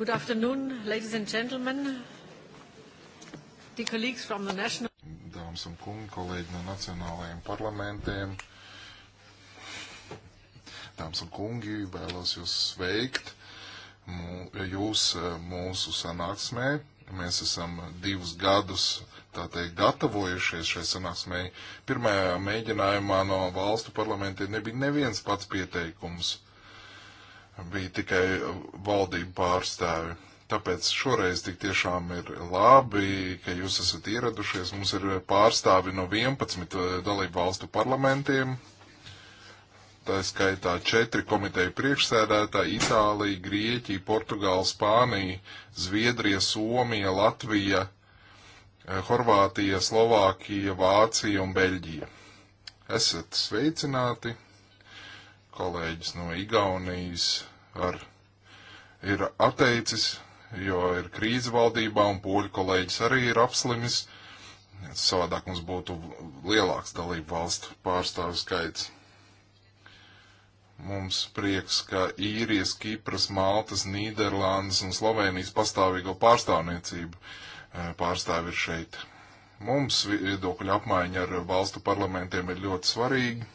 Good afternoon, ladies and gentlemen. The colleagues from the national... Dāmas un kungi, kolēģi no nacionālajiem parlamentiem. Dāmas un kungi, vēlos jūs sveikt. Jūs eh, mūsu sanāksmē. Mēs esam divus gadus tā teikt, gatavojušies šai sanāksmēji. Pirmajā mēģinājumā no valstu parlamentiem nebija neviens pats pieteikums. Uh, bija tikai valdību pārstāvi. Tāpēc šoreiz tik tiešām ir labi, ka jūs esat ieradušies. Mums ir pārstāvi no 11 eh, dalību valstu parlamentiem. Tā skaitā četri komiteju priekšsēdētāji - Itālija, Grieķija, Portugāla, Spānija, Zviedrija, Somija, Latvija, eh, Horvātija, Slovākija, Vācija un Beļģija. Esat sveicināti! kolēģis no Igaunijas ar, ir atteicis, jo ir krīze valdībā, un poļu kolēģis arī ir apslimis. Savādāk mums būtu lielāks dalību valstu pārstāvu skaits. Mums prieks, ka īrijas, Kipras, Maltas, Nīderlandes un Slovenijas pastāvīgo pārstāvniecību eh, pārstāvi ir šeit. Mums viedokļu apmaiņa ar valstu parlamentiem ir ļoti svarīga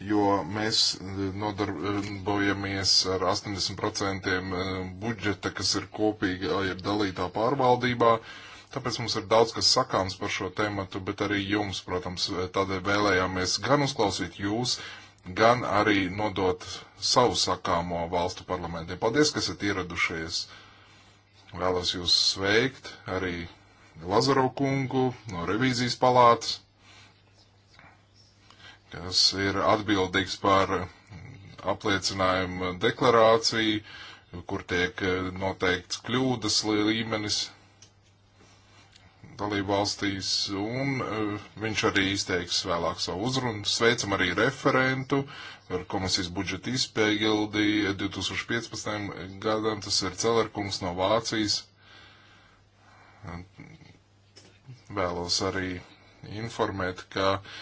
jo mēs eh, nodarbojamies ar 80% eh, budžeta, kas ir kopīgi, ir dalītā pārvaldībā. Tāpēc mums ir daudz kas sakāms par šo tēmatu, bet arī jums, protams, eh, tādēļ vēlējāmies gan uzklausīt jūs, gan arī nodot savu sakāmo valstu parlamentiem. Paldies, kas esat ieradušies. Vēlos jūs sveikt arī Lazaro kungu no revīzijas palātas kas ir atbildīgs par apliecinājumu deklarāciju, kur tiek noteikts kļūdas līmenis dalību valstīs, un eh, viņš arī izteiks vēlāk savu uzrunu. Sveicam arī referentu ar komisijas budžeta izpēgildi 2015. gadam, tas ir Celerkungs no Vācijas. Vēlos arī informēt, ka uh,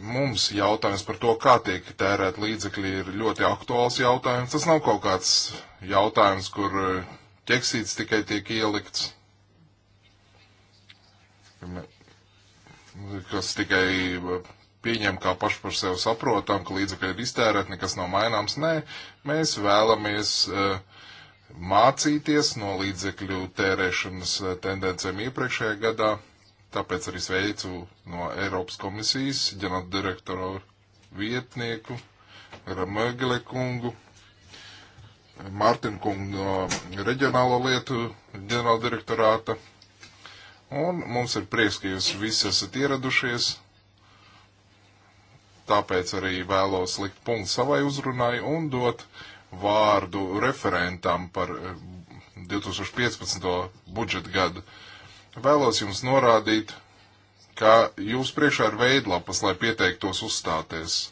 mums jautājums par to, kā tiek tērēt līdzekļi, ir ļoti aktuāls jautājums. Tas nav kaut kāds jautājums, kur eh, ķeksīts tikai tiek ielikts, kas tikai eh, pieņem kā paši par sevi saprotam, ka līdzekļi ir iztērēti, nekas nav maināms. Nē, mēs vēlamies uh, mācīties no līdzekļu tērēšanas tendencēm iepriekšējā gadā Tāpēc arī sveicu no Eiropas komisijas ģenerāldirektoru vietnieku Ramēgele kungu, Mārtiņu kungu no reģionālo lietu ģenerāldirektorāta. Un mums ir prieks, ka jūs visi esat ieradušies. Tāpēc arī vēlos likt punktu savai uzrunai un dot vārdu referentam par 2015. Eh, budžeta gadu. Vēlos jums norādīt, ka jūs priekšā ir veidlapas, lai pieteiktos uzstāties.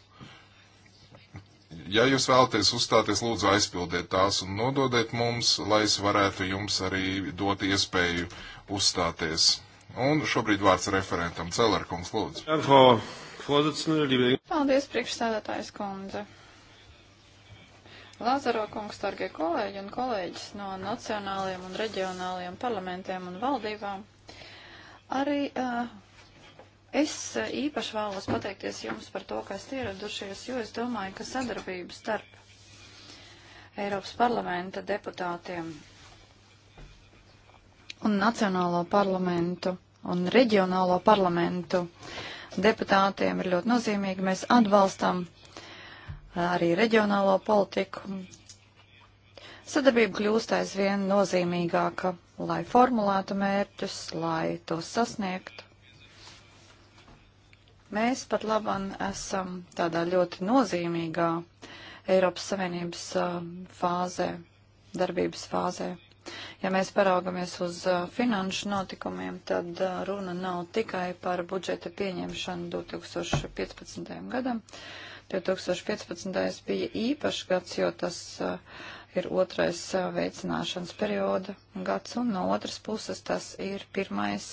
Ja jūs vēlaties uzstāties, lūdzu aizpildiet tās un nododiet mums, lai es varētu jums arī dot iespēju uzstāties. Un šobrīd vārds referentam Celerkungs, lūdzu. Paldies, priekšsēdētājs kundze. Lāzaro kungs, dargie kolēģi un kolēģis no nacionālajiem un reģionālajiem parlamentiem un valdībām. Arī uh, es īpaši vēlos pateikties jums par to, ka esat ieradušies, jo es domāju, ka sadarbība starp Eiropas parlamenta deputātiem un Nacionālo parlamentu un reģionālo parlamentu deputātiem ir ļoti nozīmīgi. Mēs atbalstam arī reģionālo politiku. Sadarbība kļūst aizvien nozīmīgāka lai formulētu mērķus, lai tos sasniegtu. Mēs pat labam esam tādā ļoti nozīmīgā Eiropas Savienības uh, fāzē, darbības fāzē. Ja mēs paraugamies uz uh, finanšu notikumiem, tad uh, runa nav tikai par budžeta pieņemšanu 2015. gadam. 2015. bija īpašs gads, jo tas uh, ir otrais uh, veicināšanas perioda gads, un no otras puses tas ir pirmais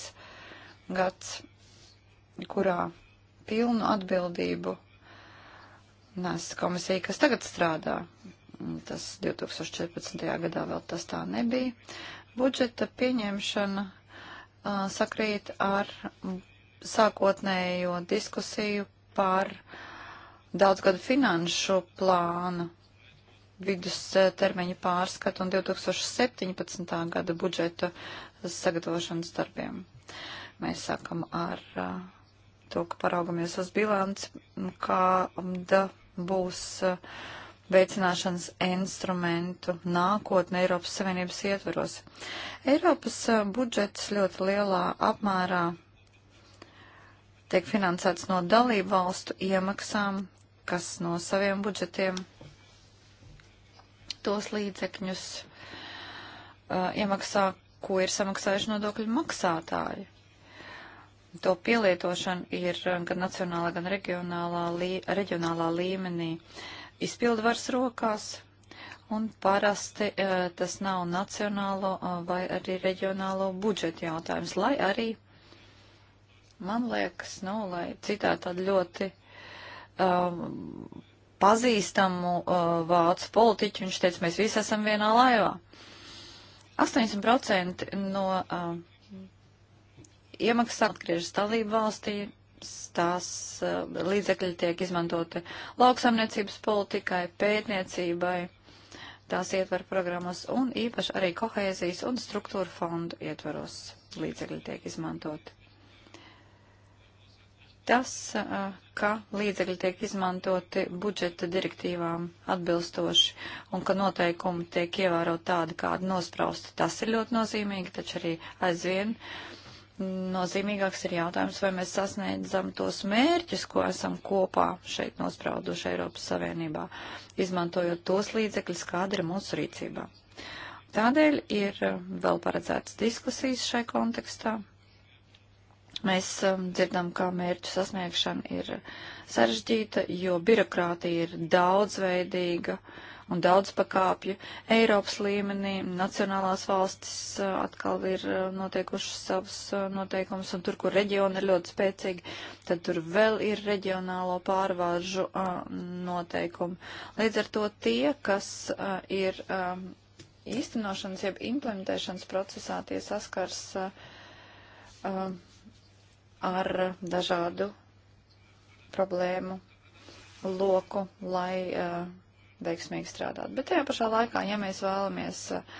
gads, kurā pilnu atbildību nes komisija, kas tagad strādā. Tas 2014. gadā vēl tas tā nebija. Budžeta pieņemšana uh, sakrīt ar sākotnējo diskusiju par daudzgadu finanšu plānu vidustermiņa pārskatu un 2017. gada budžeta sagatavošanas darbiem. Mēs sākam ar uh, to, ka paraugamies uz bilanci, kāda būs uh, veicināšanas instrumentu nākotne Eiropas Savienības ietvaros. Eiropas uh, budžets ļoti lielā apmērā tiek finansēts no dalību valstu iemaksām, kas no saviem budžetiem tos līdzekļus uh, iemaksā, ko ir samaksājuši nodokļu maksātāji. To pielietošana ir uh, gan nacionālā, gan reģionālā, lī, reģionālā līmenī izpildvaras rokās, un parasti uh, tas nav nacionālo uh, vai arī reģionālo budžetu jautājums, lai arī, man liekas, nu, lai citā tāda ļoti um, pazīstamu uh, vācu politiķu. Viņš teica, mēs visi esam vienā laivā. 80% no uh, iemaksām atgriežas dalību valstī, tās uh, līdzekļi tiek izmantoti lauksamniecības politikai, pētniecībai, tās ietver programmas un īpaši arī kohēzijas un struktūra fondu ietveros līdzekļi tiek izmantoti. Tas, ka līdzekļi tiek izmantoti budžeta direktīvām atbilstoši un ka noteikumi tiek ievērot tādi, kādi nosprausti, tas ir ļoti nozīmīgi, taču arī aizvien nozīmīgāks ir jautājums, vai mēs sasniedzam tos mērķus, ko esam kopā šeit nosprauduši Eiropas Savienībā, izmantojot tos līdzekļus, kāda ir mūsu rīcībā. Tādēļ ir vēl paredzētas diskusijas šai kontekstā. Mēs um, dzirdam, ka mērķu sasniegšana ir sarežģīta, jo birokrātija ir daudzveidīga un daudz pakāpju. Eiropas līmenī nacionālās valstis uh, atkal ir uh, noteikušas savus uh, noteikumus, un tur, kur reģioni ir ļoti spēcīgi, tad tur vēl ir reģionālo pārvāržu uh, noteikumi. Līdz ar to tie, kas uh, ir. Uh, īstenošanas, jeb implementēšanas procesā tie saskars uh, uh, ar dažādu problēmu loku, lai uh, veiksmīgi strādātu. Bet tajā pašā laikā, ja mēs vēlamies uh,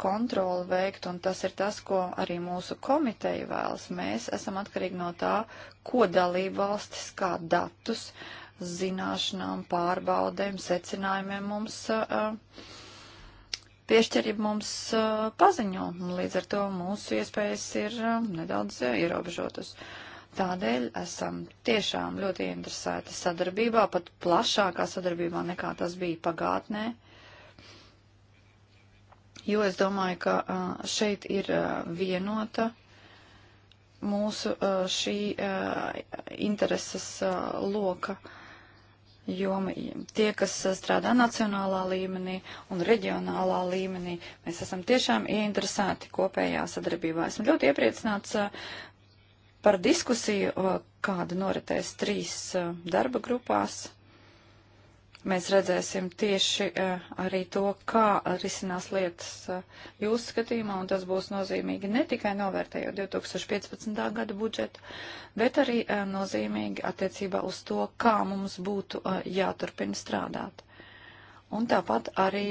kontroli veikt, un tas ir tas, ko arī mūsu komiteja vēlas, mēs esam atkarīgi no tā, ko dalība valstis kā datus zināšanām, pārbaudēm, secinājumiem mums uh, piešķirība mums uh, paziņo, līdz ar to mūsu iespējas ir um, uh, nedaudz ierobežotas. Tādēļ esam tiešām ļoti interesēti sadarbībā, pat plašākā sadarbībā nekā tas bija pagātnē, jo es domāju, ka uh, šeit ir uh, vienota mūsu uh, šī uh, intereses loka jo tie, kas strādā nacionālā līmenī un reģionālā līmenī, mēs esam tiešām ieinteresēti kopējā sadarbībā. Esmu ļoti iepriecināts eh, par diskusiju, eh, kāda noritēs trīs eh, darba grupās mēs redzēsim tieši uh, arī to, kā risinās lietas uh, jūsu skatījumā, un tas būs nozīmīgi ne tikai novērtējot 2015. gada budžetu, bet arī uh, nozīmīgi attiecībā uz to, kā mums būtu jāturpina strādāt. Un tāpat arī,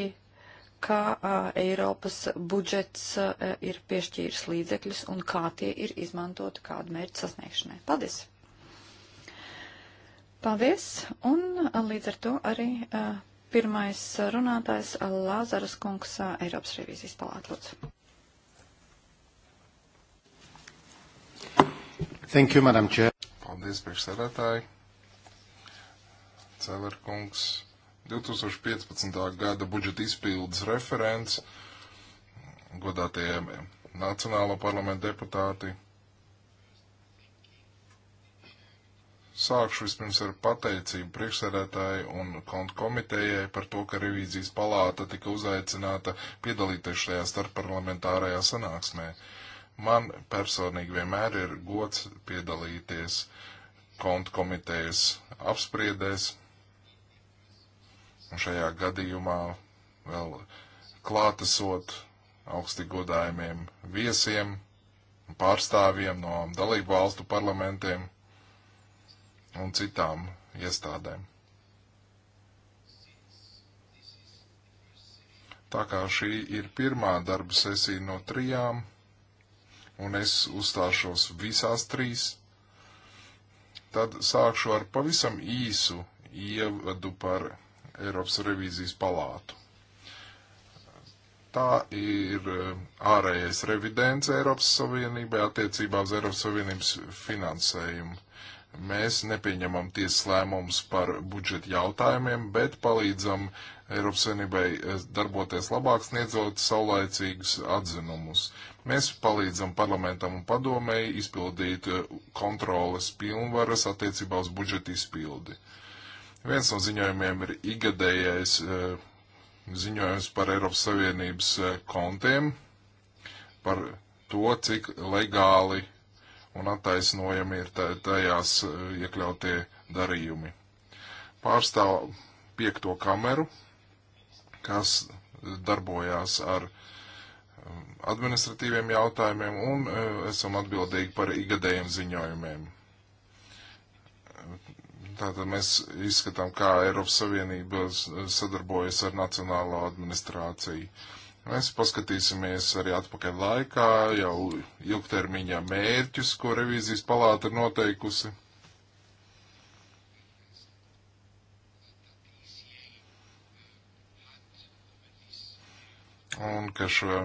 kā Eiropas budžets ir piešķīris līdzekļus un kā tie ir izmantoti kādu mērķu sasniegšanai. Paldies! Paldies, un līdz ar to arī uh, pirmais runātājs Lāzaras kungs uh, Eiropas revīzijas palātots. Thank you, Madam Chair. Paldies, priekšsēdētāji. Celer kungs, 2015. gada budžeta izpildes referents, godātie Nacionālo parlamentu deputāti, Sākšu vispirms ar pateicību priekšsēdētāju un kontu komitejai par to, ka revīzijas palāta tika uzaicināta piedalīties šajā starpparlamentārajā sanāksmē. Man personīgi vienmēr ir gods piedalīties kontu komitejas apspriedēs, un šajā gadījumā vēl klātesot augsti godājumiem viesiem, pārstāvjiem no dalību valstu parlamentiem un citām iestādēm. Tā kā šī ir pirmā darba sesija no trijām, un es uzstāšos visās trīs, tad sākšu ar pavisam īsu ievadu par Eiropas revīzijas palātu. Tā ir eh, ārējais revidents Eiropas Savienībai attiecībā uz Eiropas Savienības finansējumu. Mēs nepieņemam tiesas lēmumus par budžeta jautājumiem, bet palīdzam Eiropas Savienībai eh, darboties labāk, sniedzot saulaicīgus atzinumus. Mēs palīdzam parlamentam un padomēji izpildīt eh, kontroles pilnvaras attiecībā uz budžeta izpildi. Viens no ziņojumiem ir igadējais eh, ziņojums par Eiropas Savienības kontiem, par to, cik legāli un attaisnojami ir tajās eh, iekļautie darījumi. Pārstāv piekto kameru, kas darbojās ar eh, administratīviem jautājumiem un eh, esam atbildīgi par igadējiem ziņojumiem. Tātad mēs izskatām, kā Eiropas Savienība sadarbojas ar Nacionālo administrāciju. Uh, Mēs paskatīsimies arī atpakaļ laikā, jau ilgtermiņā mērķus, ko revīzijas palāta ir noteikusi. Un ka šajā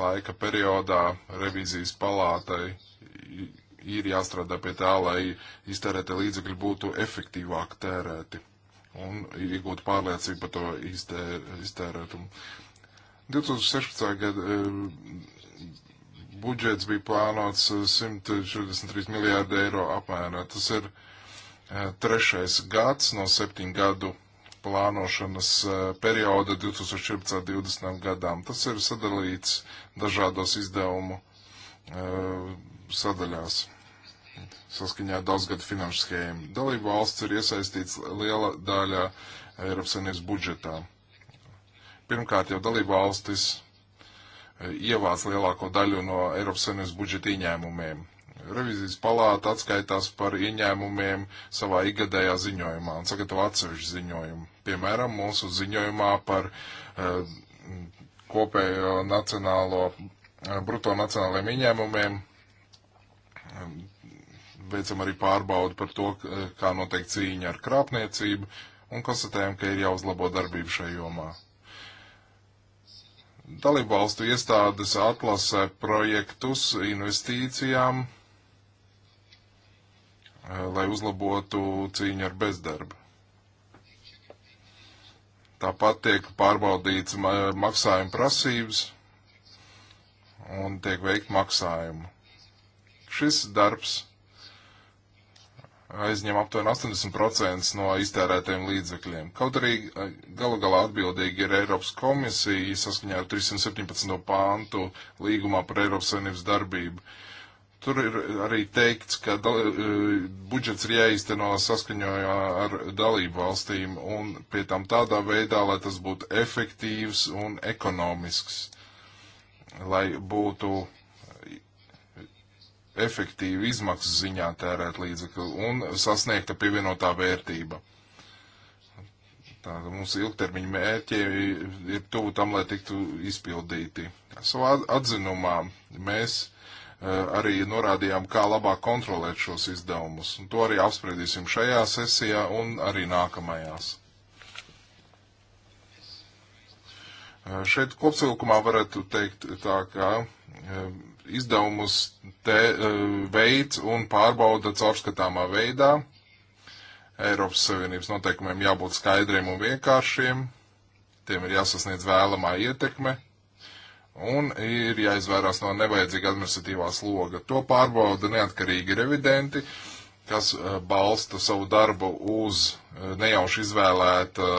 laika periodā revīzijas palātai ir jāstrādā pie tā, lai iztērētie līdzekļi būtu efektīvāk tērēti un iegūtu pārliecību par to iztērētumu. Iztērēt 2016. gada budžets bija plānots 143 eh, miljārdi eiro apmērā. Tas ir eh, trešais gads no septiņu gadu plānošanas eh, perioda 2014-2020 gadām. Tas ir sadalīts dažādos izdevumu sadaļās saskaņā ar daudzgadu finanšu schēmu. Dalību valsts ir iesaistīts liela daļā Eiropas Savienības budžetā. Pirmkārt, jau dalību valstis e, ievāc lielāko daļu no Eiropas Savienības budžeta ieņēmumiem. Revizijas palāta atskaitās par ieņēmumiem savā ikgadējā ziņojumā un sagatavo atsevišķu ziņojumu. Piemēram, mūsu ziņojumā par uh, kopējo nacionālo, uh, bruto nacionālajiem ieņēmumiem um, veicam arī pārbaudu par to, kā notiek cīņa ar krāpniecību un konstatējam, ka ir jāuzlabo darbību šajā jomā. Dalībvalstu iestādes atlasē projektus investīcijām, eh, lai uzlabotu cīņu ar bezdarbu. Tāpat tiek pārbaudīts maksājuma prasības un tiek veikt maksājumu. Šis darbs aizņem aptuveni 80% no iztērētajiem līdzekļiem. Kaut arī eh, galu galā atbildīgi ir Eiropas komisija saskaņā ar 317. pāntu līgumā par Eiropas Savienības darbību. Tur ir arī teikts, ka dal, eh, budžets ir jāizteno saskaņojā ar dalību valstīm un pie tam tādā veidā, lai tas būtu efektīvs un ekonomisks, lai būtu uh, efektīvi izmaksu ziņā tērēt līdzekļu un sasniegta pievienotā vērtība. Tāda mūsu ilgtermiņa mērķi ir tuvu tam, lai tiktu izpildīti. Savā atzinumā mēs eh, arī norādījām, kā labāk kontrolēt šos izdevumus. Un to arī apspriedīsim šajā sesijā un arī nākamajās. Eh, šeit kopsavilkumā varētu teikt tā, ka eh, izdevumus te, eh, veids un pārbauda caurskatāmā veidā. Eiropas Savienības noteikumiem jābūt skaidriem un vienkāršiem, tiem ir jāsasniedz vēlamā ietekme un ir jāizvairās no nevajadzīga administratīvā sloga. To pārbauda neatkarīgi revidenti, kas eh, balsta savu darbu uz eh, nejauši izvēlēta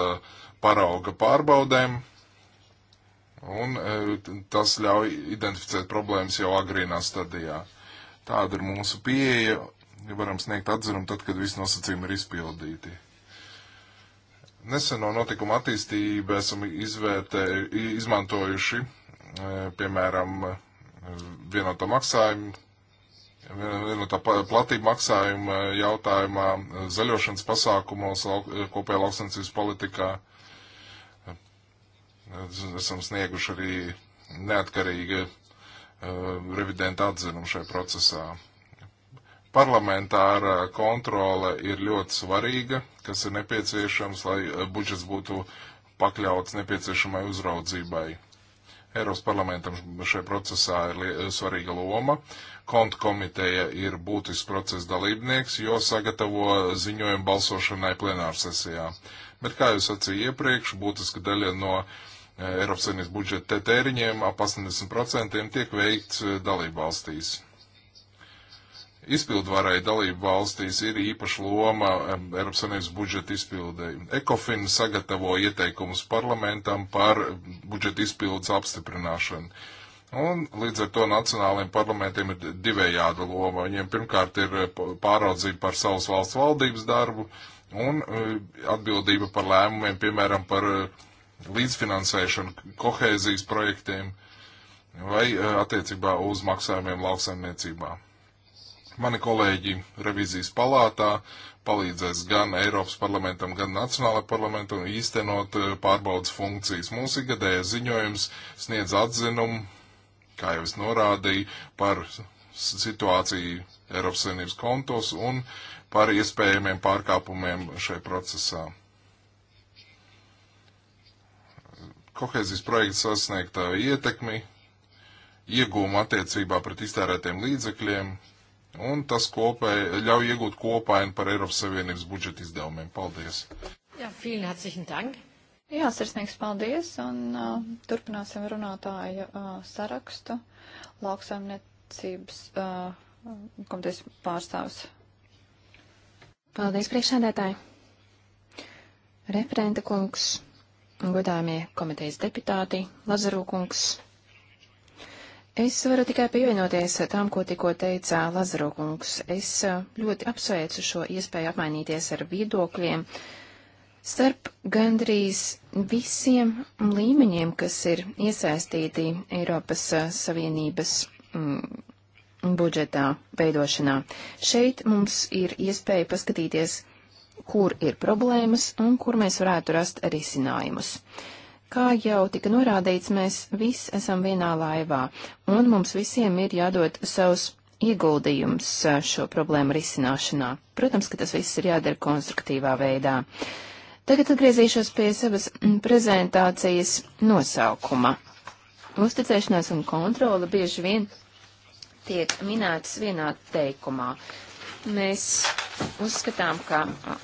parauga pārbaudēm Un e, tas ļauj identificēt problēmas jau agrīnā stadijā. Tāda ir mūsu pieeja, ja varam sniegt atzinumu tad, kad visi nosacījumi ir izpildīti. Neseno notikumu attīstību esam izvērtē, izmantojuši, e, piemēram, e, vienotā maksājuma, vienotā platība maksājuma jautājumā, zaļošanas pasākumos, kopējā lauksancības politikā Esam snieguši arī neatkarīgi uh, revidenta atzinumu šajā procesā. Parlamentārā kontrole ir ļoti svarīga, kas ir nepieciešams, lai eh, budžets būtu pakļauts nepieciešamai uzraudzībai. Eiropas parlamentam šajā procesā ir svarīga loma. Konta komiteja ir būtisks procesa dalībnieks, jo sagatavo ziņojumu balsošanai plenārsesijā. Bet, kā jau sacīju iepriekš, būtiska daļa no uh, Eiropas Savienības budžeta tēriņiem ap 80% tiek veikts eh, dalību valstīs. Izpildvarai dalību valstīs ir īpaša loma Eiropas Savienības budžeta izpildēji. Ekofin sagatavo ieteikumus parlamentam par budžeta izpildes apstiprināšanu. Un līdz ar to nacionālajiem parlamentiem ir divējāda loma. Viņiem pirmkārt ir eh, pāraudzība par savas valsts valdības darbu un eh, atbildība par lēmumiem, piemēram, par uh, līdzfinansēšanu kohēzijas projektiem vai eh, attiecībā uz maksājumiem lauksaimniecībā. Mani kolēģi revizijas palātā palīdzēs gan Eiropas parlamentam, gan Nacionālajam parlamentam īstenot eh, pārbaudas funkcijas. Mūsu ikgadējais ziņojums sniedz atzinumu, kā jau es norādīju, par situāciju Eiropas Savienības kontos un par iespējamiem pārkāpumiem šai procesā. kohēzijas projekta sasniegtā ietekmi, iegūmu attiecībā pret iztērētiem līdzekļiem, un tas kopē, ļauj iegūt kopainu par Eiropas Savienības budžeta izdevumiem. Paldies! Jā, vielen herzlichen Dank! Jā, sirsnīgs paldies, un uh, turpināsim runātāju uh, sarakstu. Lauksaimniecības uh, komitejas pārstāvs. Paldies, priekšsēdētāji. Referenta kungs godājumie komitejas deputāti, Lazarūkungs. Es varu tikai pievienoties tām, ko tikko teica Lazarūkungs. Es uh, ļoti apsveicu šo iespēju apmainīties ar viedokļiem starp gandrīz visiem līmeņiem, kas ir iesaistīti Eiropas uh, Savienības mm, budžetā veidošanā. Šeit mums ir iespēja paskatīties kur ir problēmas un kur mēs varētu rast risinājumus. Kā jau tika norādīts, mēs visi esam vienā laivā, un mums visiem ir jādod savus ieguldījums eh, šo problēmu risināšanā. Protams, ka tas viss ir jādara konstruktīvā veidā. Tagad atgriezīšos pie savas mm, prezentācijas nosaukuma. Uzticēšanās un kontrola bieži vien tiek minētas vienā teikumā. Mēs uzskatām, ka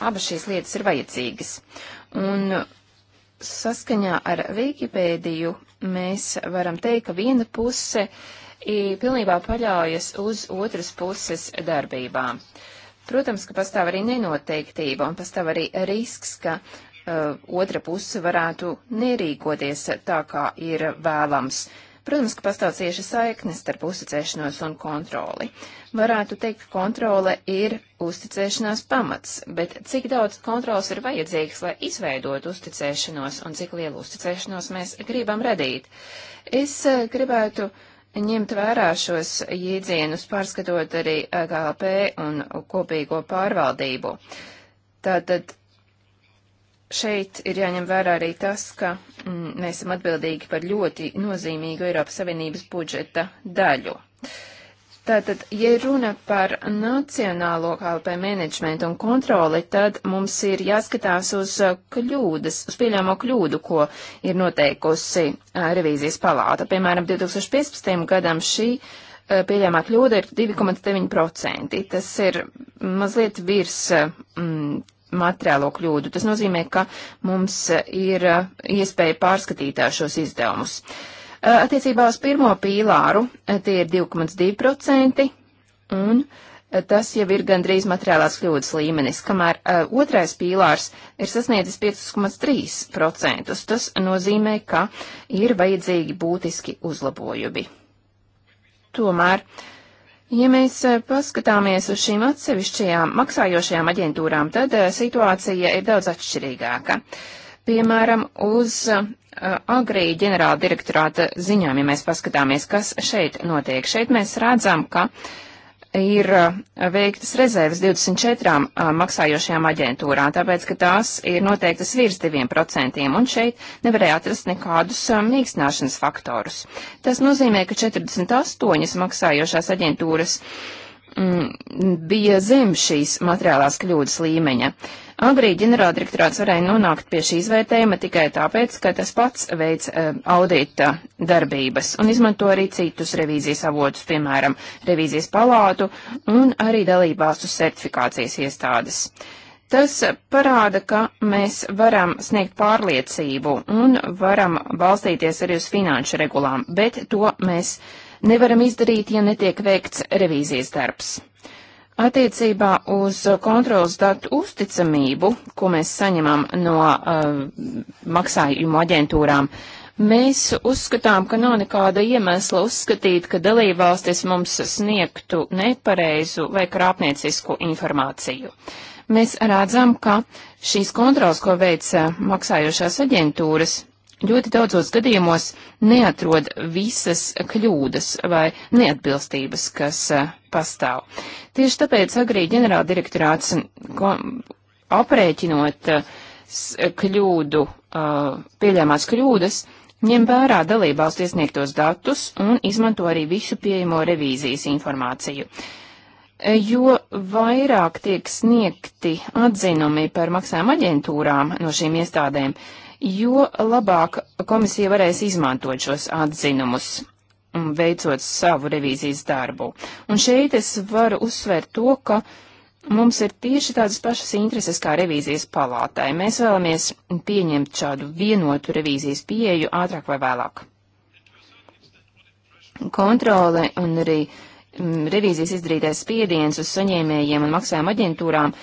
abas šīs lietas ir vajadzīgas. Un saskaņā ar Wikipēdiju mēs varam teikt, ka viena puse pilnībā paļaujas uz otras puses darbībām. Protams, ka pastāv arī nenoteiktība un pastāv arī risks, ka uh, otra puse varētu nerīkoties tā, kā ir vēlams. Uh, Protams, ka pastāv cieša saiknes starp uzticēšanos un kontroli. Varētu teikt, ka kontrole ir uzticēšanās pamats, bet cik daudz kontrols ir vajadzīgs, lai izveidot uzticēšanos un cik lielu uzticēšanos mēs gribam radīt? Es eh, gribētu ņemt vērā šos jēdzienus, pārskatot arī GLP un kopīgo pārvaldību. Tātad Šeit ir jāņem vērā arī tas, ka mm, mēs esam atbildīgi par ļoti nozīmīgu Eiropas Savienības budžeta daļu. Tātad, ja runa par nacionālo KLP menedžmentu un kontroli, tad mums ir jāskatās uz uh, kļūdas, uz pieļāmo kļūdu, ko ir noteikusi a, uh, revīzijas palāta. Piemēram, 2015. gadam šī a, uh, pieļāmā kļūda ir 2,9%. Tas ir mazliet virs mm, materiālo kļūdu. Tas nozīmē, ka mums ir uh, iespēja pārskatīt uh, šos izdevumus. Uh, attiecībā uz pirmo pīlāru tie ir 2,2% un tas jau ir gandrīz materiālās kļūdas līmenis, kamēr uh, otrais pīlārs ir sasniedzis 5,3%. Tas nozīmē, ka ir vajadzīgi būtiski uzlabojumi. Tomēr uh, Ja mēs e, paskatāmies uz šīm atsevišķajām maksājošajām aģentūrām, tad e, situācija ir daudz atšķirīgāka. Piemēram, uz e, agrī ģenerāla direktorāta ziņām, ja mēs paskatāmies, kas šeit notiek. Šeit mēs redzam, ka uh, ir uh, veiktas rezerves 24 uh, maksājošajām aģentūrām, tāpēc, ka tās ir noteiktas virs 2%, un šeit nevarēja atrast nekādus uh, mīkstināšanas faktorus. Tas nozīmē, ka 48 maksājošās aģentūras uh, mm, bija zem šīs materiālās kļūdas līmeņa. Agrī ģenerāldirektorāts varēja nonākt pie šī izvērtējuma tikai tāpēc, ka tas pats veids e, audita darbības un izmanto arī citus revīzijas avotus, piemēram, revīzijas palātu un arī dalībvalstu certifikācijas iestādes. Tas parāda, ka mēs varam sniegt pārliecību un varam balstīties arī uz finanšu regulām, bet to mēs uh, nevaram izdarīt, ja netiek veikts revīzijas darbs. Attiecībā uz kontrolas datu uzticamību, ko mēs saņemam no uh, maksājumu aģentūrām, mēs uzskatām, ka nav nekāda iemesla uzskatīt, ka dalībvalstis mums sniegtu nepareizu vai krāpniecisku informāciju. Mēs redzam, ka šīs kontrolas, ko veica maksājošās aģentūras, ļoti daudzos gadījumos neatrod visas kļūdas vai neatbilstības, kas uh, pastāv. Tieši tāpēc agrī ģenerāla direktorāts aprēķinot uh, kļūdu, uh, eh, pieļēmās kļūdas, ņem vērā dalībvalstu iesniegtos datus un izmanto arī visu pieejamo revīzijas informāciju. Jo vairāk tiek sniegti atzinumi par maksājuma aģentūrām no šīm iestādēm, uh, jo labāk komisija varēs izmantot šos atzinumus mm, veicot savu revīzijas darbu. Un šeit es varu uzsvērt to, ka mums ir tieši tādas pašas intereses kā revīzijas palātai. Mēs vēlamies pieņemt šādu vienotu revīzijas pieeju ātrāk vai vēlāk. Kontrole un arī mm, revīzijas izdarītais spiediens uz saņēmējiem un maksājuma aģentūrām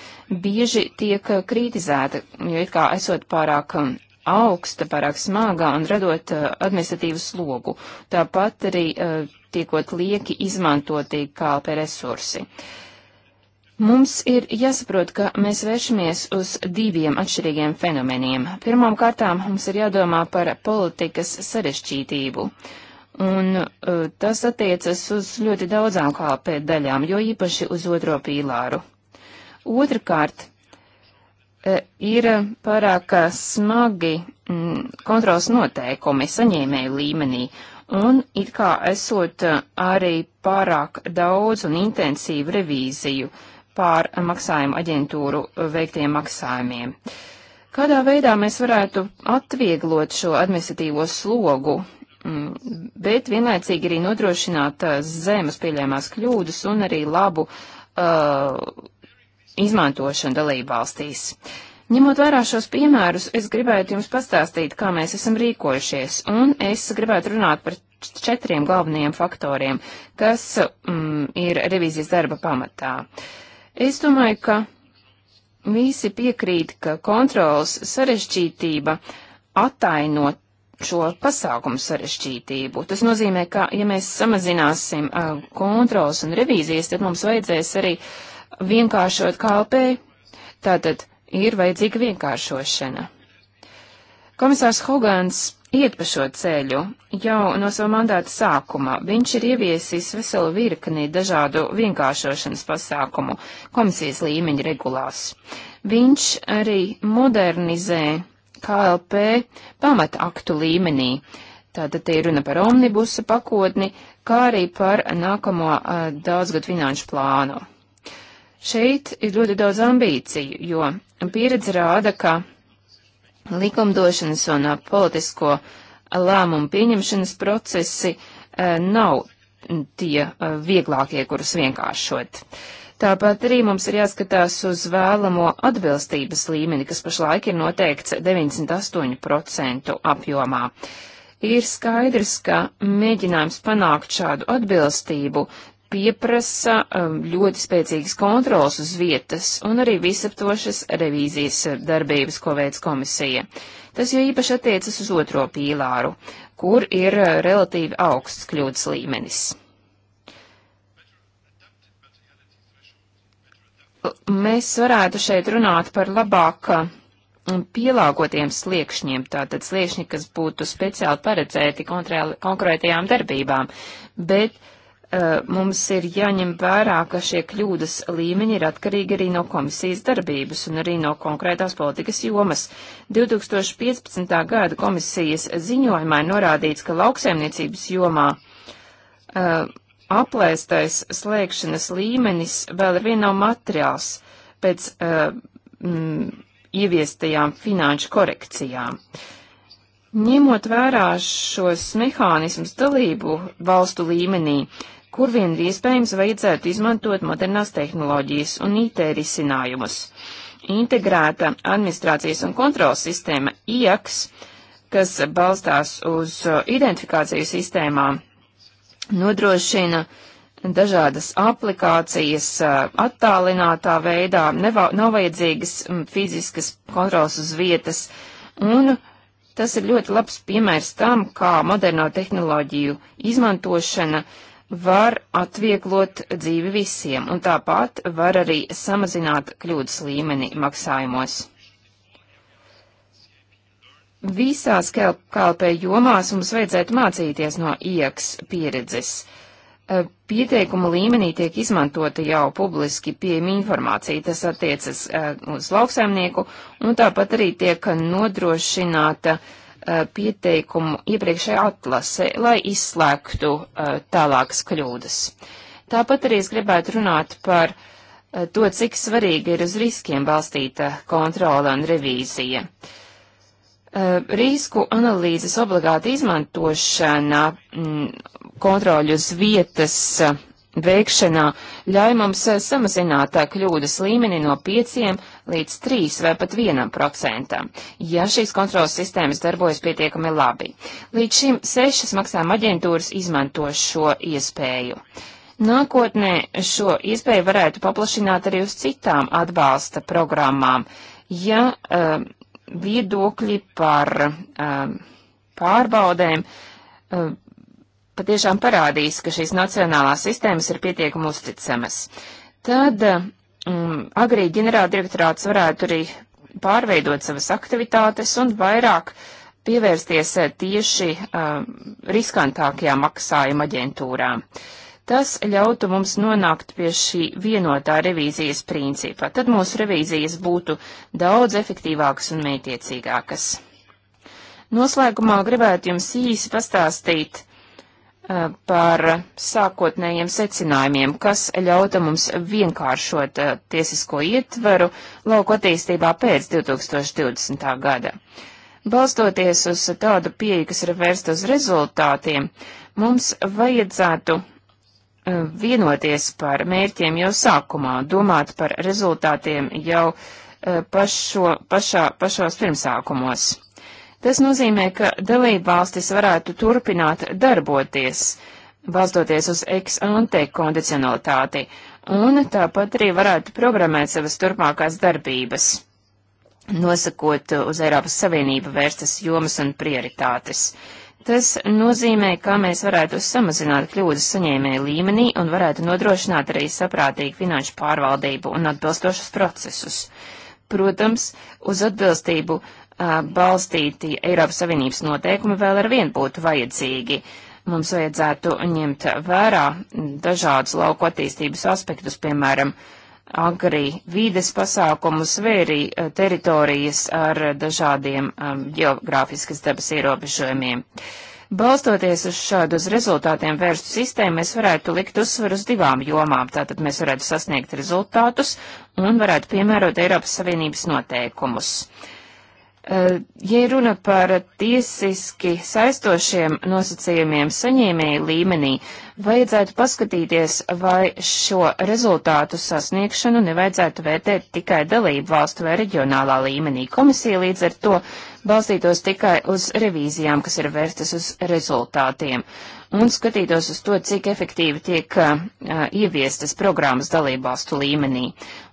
bieži tiek kritizēta, jo it kā esot pārāk mm, augsta, pārāk smagā un radot uh, administratīvu slogu. Tāpat arī uh, tiekot lieki izmantoti kalpē resursi. Mums ir jāsaprot, ka mēs vēršamies uz diviem atšķirīgiem fenomeniem. Pirmām kārtām mums ir jādomā par politikas sarešķītību. Un uh, tas attiecas uz ļoti daudzām kāpē daļām, jo īpaši uz otro pīlāru. Otrakārt, E, ir pārāk e, smagi kontrols noteikumi saņēmēju līmenī, un it kā esot e, arī pārāk daudz un intensīvu revīziju pār maksājumu aģentūru veiktiem maksājumiem. Kādā veidā mēs varētu atvieglot šo administratīvo slogu, bet vienlaicīgi arī nodrošināt zemes pieļēmās kļūdas un arī labu uh, izmantošanu dalībvalstīs. Ņemot vērā šos piemērus, es gribētu jums pastāstīt, kā mēs esam rīkojušies, un es gribētu runāt par četriem galvenajiem faktoriem, kas mm, ir revīzijas darba pamatā. Es domāju, ka visi piekrīt, ka kontrolas sarežģītība attaino šo pasākumu sarežģītību. Tas nozīmē, ka ja mēs samazināsim uh, kontrolas un revīzijas, tad mums vajadzēs arī uh, vienkāršot kalpē, tātad ir vajadzīga vienkāršošana. Komisārs Hogans iet pa šo ceļu jau no savu mandātu sākuma. Viņš ir ieviesis veselu virkni dažādu vienkāršošanas pasākumu komisijas līmeņa regulās. Viņš arī modernizē KLP pamata aktu līmenī. Tātad te ir runa par omnibusa pakotni, kā arī par nākamo uh, daudzgad finanšu plānu. Šeit ir ļoti daudz ambīciju, jo pieredze rāda, ka likumdošanas un uh, politisko lēmumu pieņemšanas procesi uh, nav tie uh, vieglākie, kurus vienkāršot. Tāpat arī mums ir jāskatās uz vēlamo atbilstības līmeni, kas pašlaik ir noteikts 98% apjomā. Ir skaidrs, ka mēģinājums panākt šādu atbilstību pieprasa um, ļoti spēcīgas kontrolas uz vietas un arī visaptošas revīzijas darbības, ko veids komisija. Tas jau īpaši attiecas uz otro pīlāru, kur ir uh, relatīvi augsts kļūdas līmenis. Mēs varētu šeit runāt par labāk um, pielāgotiem sliekšņiem, tātad sliekšņi, kas būtu speciāli paredzēti konkrētajām darbībām, bet uh, Eh, mums ir jāņem vērā, ka šie kļūdas līmeņi ir atkarīgi arī no komisijas darbības un arī no konkrētās politikas jomas. 2015. gada komisijas ziņojumā norādīts, ka lauksaimniecības jomā uh, aplēstais slēgšanas līmenis vēl ir viena no materiāls pēc uh, m, ieviestajām finanšu korekcijām. Ņemot vērā šos mehānismus dalību valstu līmenī, uh, kur vien ir iespējams vajadzētu izmantot modernās tehnoloģijas un IT risinājumus. Integrēta administrācijas un kontrolas sistēma IAKS, kas balstās uz uh, identifikāciju sistēmām, nodrošina dažādas aplikācijas uh, attālinātā veidā, nevā, nav vajadzīgas mm, fiziskas kontrolas uz vietas, un tas ir ļoti labs piemērs tam, kā moderno tehnoloģiju izmantošana uh, var atvieglot dzīvi visiem, un tāpat var arī samazināt kļūdas līmeni maksājumos. Visās KLP jomās mums vajadzētu mācīties no IEKS pieredzes. Eh, Pieteikuma līmenī tiek izmantota jau publiski pieejama informācija, tas attiecas eh, uz lauksaimnieku, un tāpat arī tiek nodrošināta uh, Eh, pieteikumu iepriekšējā atlasē, lai izslēgtu uh, tālākas kļūdas. Tāpat arī es gribētu runāt par uh, to, cik svarīgi ir uz riskiem balstīta kontrola un revīzija. Uh, risku analīzes obligāta izmantošana mm, kontroļu uz vietas veikšanā ļauj mums eh, samazināt eh, kļūdas līmeni no 5 līdz 3 vai pat 1 procentam, ja šīs kontrolas sistēmas darbojas pietiekami labi. Līdz šim sešas maksājuma aģentūras izmanto šo iespēju. Nākotnē šo iespēju varētu paplašināt arī uz citām atbalsta programmām, ja uh, viedokļi par uh, pārbaudēm uh, patiešām parādīs, ka šīs nacionālās sistēmas ir pietiekami uzticamas. Tad um, agrī ģenerāldirektorāts varētu arī pārveidot savas aktivitātes un vairāk pievērsties eh, tieši um, eh, riskantākajām maksājuma aģentūrām. Tas ļautu mums nonākt pie šī vienotā revīzijas principa. Tad mūsu revīzijas būtu daudz efektīvākas un mētiecīgākas. Noslēgumā gribētu jums īsi pastāstīt Eh, par sākotnējiem secinājumiem, kas ļauta mums vienkāršot eh, tiesisko ietveru lauku attīstībā pēc 2020. gada. Balstoties uz tādu pieeju, kas ir vērsta uz rezultātiem, mums vajadzētu eh, vienoties par mērķiem jau sākumā, domāt par rezultātiem jau pašo, pašā, pašos pirmsākumos. Tas nozīmē, ka dalībvalstis varētu turpināt darboties, balstoties uz ex ante kondicionalitāti, un tāpat arī varētu programmēt savas turpmākās darbības, nosakot uz Eiropas Savienību vērstas jomas un prioritātes. Tas nozīmē, kā mēs varētu samazināt kļūdas saņēmēju līmenī un varētu nodrošināt arī saprātīgu finanšu pārvaldību un atbilstošus procesus. Protams, uz atbilstību balstīti Eiropas Savienības noteikumi vēl ar vienu būtu vajadzīgi. Mums vajadzētu ņemt vērā dažādus lauku attīstības aspektus, piemēram, agrī vīdes pasākumus, vai arī teritorijas ar dažādiem um, geogrāfiskas dabas ierobežojumiem. Balstoties uz šādus rezultātiem vērstu sistēmu, mēs varētu likt uzsvaru uz divām jomām. Tātad mēs varētu sasniegt rezultātus un varētu piemērot Eiropas Savienības noteikumus. Uh, Eh, ja runa par tiesiski saistošiem nosacījumiem saņēmēju līmenī, vajadzētu paskatīties, vai šo rezultātu sasniegšanu nevajadzētu vērtēt tikai dalību valstu vai reģionālā līmenī. Komisija līdz ar to balstītos tikai uz revīzijām, kas ir vērstas uz rezultātiem, un skatītos uz to, cik efektīvi tiek uh, ieviestas programmas dalību valstu līmenī,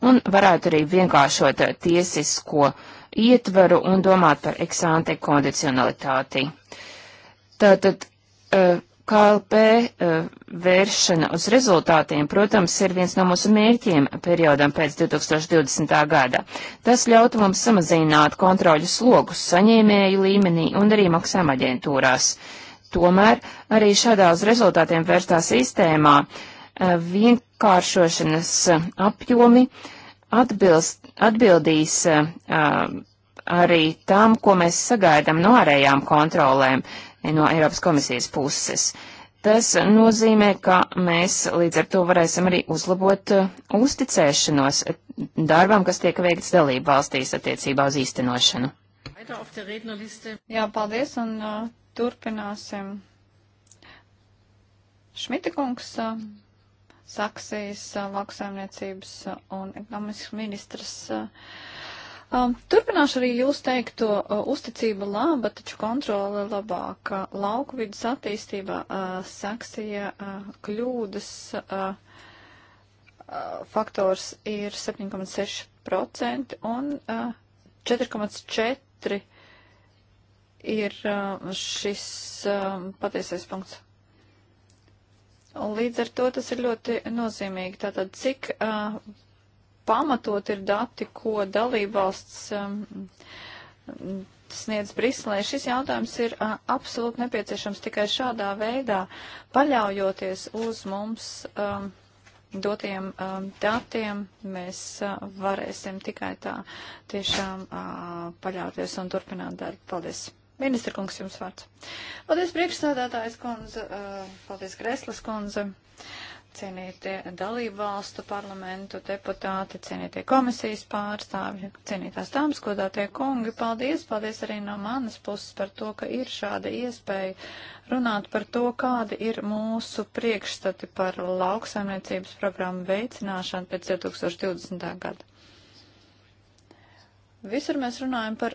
un varētu arī vienkāršot tiesisko uh, ietvaru un domāt par eksāntē kondicionalitāti. Tātad eh, KLP eh, vēršana uz rezultātiem, protams, ir viens no mūsu mērķiem periodam pēc 2020. gada. Tas ļautu mums samazināt kontroļu slogus saņēmēju līmenī un arī maksām aģentūrās. Tomēr arī šādā uz rezultātiem vērstā sistēmā eh, vienkāršošanas apjomi uh, atbilst, atbildīs uh, arī tam, ko mēs sagaidām no ārējām kontrolēm eh, no Eiropas komisijas puses. Tas nozīmē, ka mēs līdz ar to varēsim arī uzlabot uh, uzticēšanos darbam, kas tiek veikts dalību valstīs attiecībā uz īstenošanu. Jā, paldies un uh, turpināsim. Šmita kungs. Uh, Saksijas lauksaimniecības un ekonomikas ministras. Turpināšu arī jūs teikto uzticība laba, taču kontrole labāka. Lauku vidas attīstībā Saksija kļūdas faktors ir 7,6% un 4,4% ir šis patiesais punkts. Un līdz ar to tas ir ļoti nozīmīgi. Tātad, cik uh, pamatot ir dati, ko dalībvalsts um, sniedz Briselē, šis jautājums ir uh, absolūti nepieciešams tikai šādā veidā, paļaujoties uz mums um, dotiem um, datiem, mēs uh, varēsim tikai tā tiešām uh, paļauties un turpināt darbu. Paldies! Ministra kungs, jums vārds. Paldies, priekšsādātājs kundze, uh, paldies, Greslas kundze, cienītie dalību valstu parlamentu deputāti, cienītie komisijas pārstāvji, cienītās dāmas, godātie kungi, paldies, paldies arī no manas puses par to, ka ir šāda iespēja runāt par to, kādi ir mūsu priekšstati par lauksaimniecības programmu veicināšanu pēc 2020. gada. Visur mēs runājam par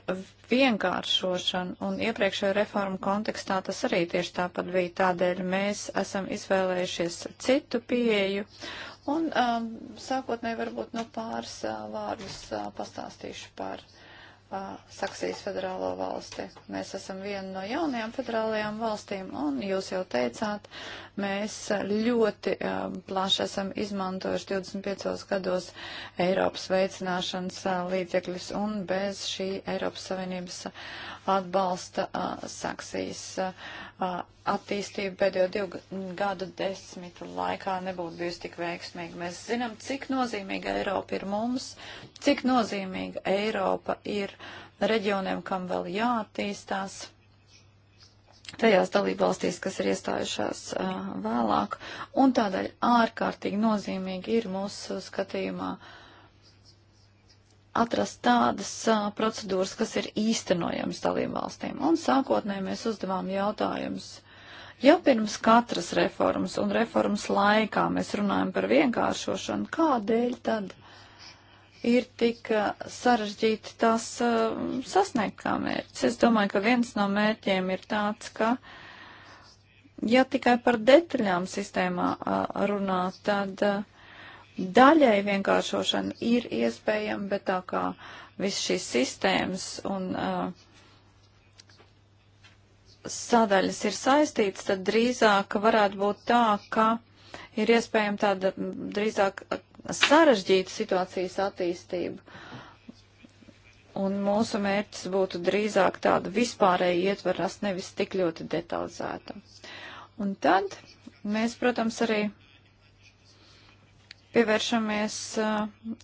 vienkāršošanu, un iepriekšējā reforma kontekstā tas arī tieši tāpat bija. Tādēļ mēs esam izvēlējušies citu pieeju, un um, sākotnēji varbūt no pāris uh, vārdus uh, pastāstīšu par uh, Saksijas federālo valsti. Mēs esam viena no jaunajām federālajām valstīm, un jūs jau teicāt, mēs ļoti um, plaši esam izmantojuši 25 gados Eiropas veicināšanas uh, līdzekļus, un bez šī Eiropas Savienības atbalsta saksijas attīstību pēdējo divu gadu desmitu laikā nebūtu bijusi tik veiksmīga. Mēs zinām, cik nozīmīga Eiropa ir mums, cik nozīmīga Eiropa ir reģioniem, kam vēl jāattīstās tajās dalībvalstīs, kas ir iestājušās uh, vēlāk, un tādēļ ārkārtīgi nozīmīgi ir mūsu skatījumā uh, atrast tādas uh, procedūras, kas ir īstenojamas dalībvalstīm. Un sākotnēji mēs uzdevām jautājumus. Ja pirms katras reformas un reformas laikā mēs runājam par vienkāršošanu, kādēļ tad ir tik sarežģīti tās uh, sasniegt kā mērķis? Es domāju, ka viens no mērķiem ir tāds, ka ja tikai par detaļām sistēmā uh, runā, tad. Uh, Daļai vienkāršošana ir iespējama, bet tā kā viss šīs sistēmas un uh, sadaļas ir saistītas, tad drīzāk varētu būt tā, ka ir iespējama tāda drīzāk sarežģīta situācijas attīstība. Un mūsu mērķis būtu drīzāk tāda vispārēja ietvaras, nevis tik ļoti detalizēta. Un tad mēs, protams, arī pievēršamies uh,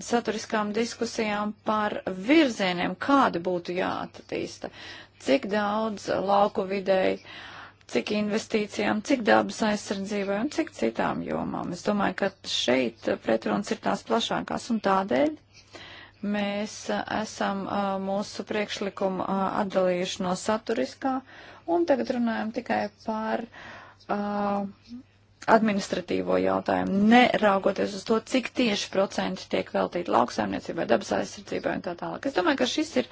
saturiskām diskusijām par virzieniem, kādi būtu jāattīsta, cik daudz lauku videi, cik investīcijām, cik dabas aizsardzībai un cik citām jomām. Es domāju, ka šeit pretrunas ir tās plašākās un tādēļ mēs a, esam a, mūsu priekšlikumu a, atdalījuši no saturiskā, un tagad runājam tikai par administratīvo jautājumu, neraugoties uz to, cik tieši procenti tiek veltīti lauksaimniecībai, dabas aizsardzībai un tā tālāk. Es domāju, ka šis ir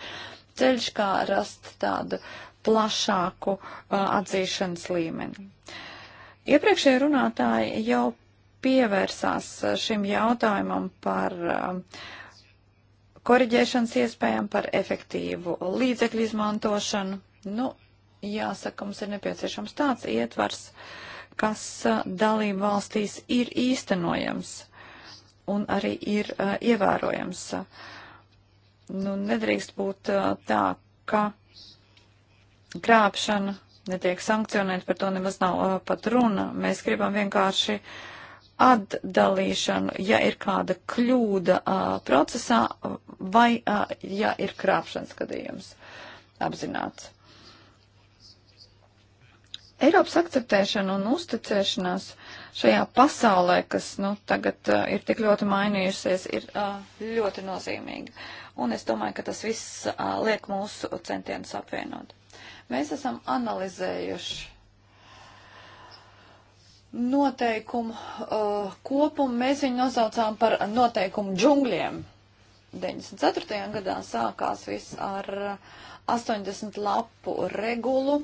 ceļš, kā rast tādu plašāku uh, atzīšanas līmeni. Iepriekšēji runātāji jau pievērsās uh, šim jautājumam par uh, koriģēšanas iespējām, par efektīvu līdzekļu izmantošanu. Nu, jāsaka, mums ir nepieciešams tāds ietvars, uh, kas dalību valstīs ir īstenojams un arī ir uh, ievērojams. Nu, nedrīkst būt uh, tā, ka krāpšana netiek sankcionēta, par to nemaz nav uh, pat runa. Mēs gribam vienkārši atdalīšanu, ja ir kāda kļūda uh, procesā vai uh, ja ir krāpšanas gadījums apzināts. Eiropas akceptēšana un uzticēšanās šajā pasaulē, kas nu, tagad uh, ir tik ļoti mainījusies, ir uh, ļoti nozīmīga. Un es domāju, ka tas viss uh, liek mūsu centienus apvienot. Mēs esam analizējuši noteikumu uh, kopumu. Mēs viņu nosaucām par noteikumu džungļiem. 94. gadā sākās viss ar 80 uh, lapu regulu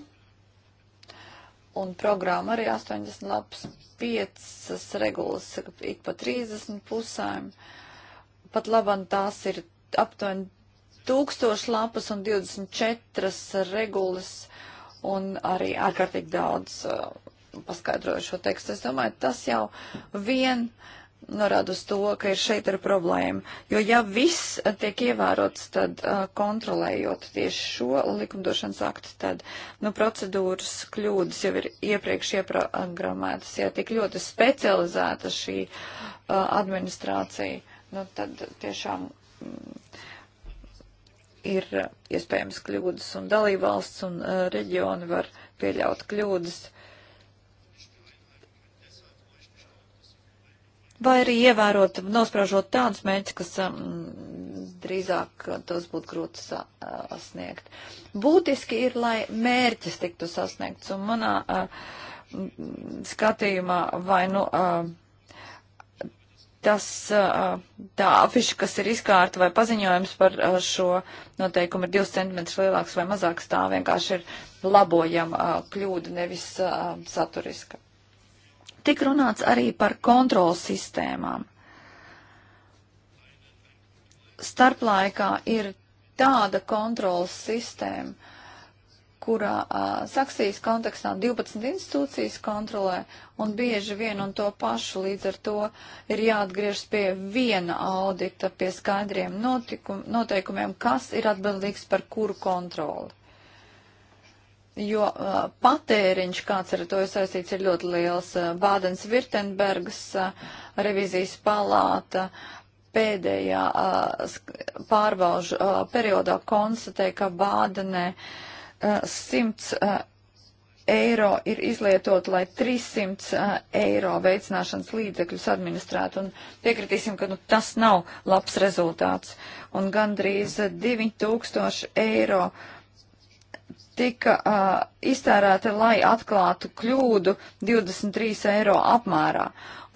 un programma arī 80 lapas, 5 regulas ik pa 30 pusēm. Pat labam tās ir aptuveni 1000 lapas un 24 regulas un arī ārkārtīgi daudz uh, paskaidroju šo tekstu. Es domāju, tas jau vien norāda uz to, ka ir šeit ir problēma. Jo ja viss tiek ievērots, tad kontrolējot tieši šo likumdošanas aktu, tad nu, procedūras kļūdas jau ir iepriekš ieprogrammētas. Ja tik ļoti specializēta šī administrācija, nu, tad tiešām mm, ir iespējams kļūdas un dalībvalsts un reģioni var pieļaut kļūdas. vai arī ievērot, nospraužot tādus mērķus, kas um, drīzāk tos būtu grūti uh, sasniegt. Būtiski ir, lai mērķis tiktu sasniegts, un manā uh, skatījumā vai nu. Uh, Tas uh, tā afiša, kas ir izkārta vai paziņojums par uh, šo noteikumu ir 2 cm lielāks vai mazāks, tā vienkārši ir labojama uh, kļūda, nevis uh, saturiska. Tik runāts arī par kontrols sistēmām. Starplaikā ir tāda kontrols sistēma, kurā uh, saksijas kontekstā 12 institūcijas kontrolē un bieži vien un to pašu līdz ar to ir jāatgriežas pie viena audita, pie skaidriem notikum, noteikumiem, kas ir atbildīgs par kuru kontroli jo uh, patēriņš, kāds ar to ir saistīts, ir ļoti liels. Uh, Bādens Virtenbergs uh, revizijas palāta pēdējā uh, pārbaužu uh, periodā konstatēja, ka Bādenē uh, 100 uh, eiro ir izlietot, lai 300 uh, eiro veicināšanas līdzekļus administrētu. Un piekritīsim, ka nu, tas nav labs rezultāts. Un gandrīz 2000 uh, eiro uh, tika uh, iztērēta, lai atklātu kļūdu 23 eiro apmērā.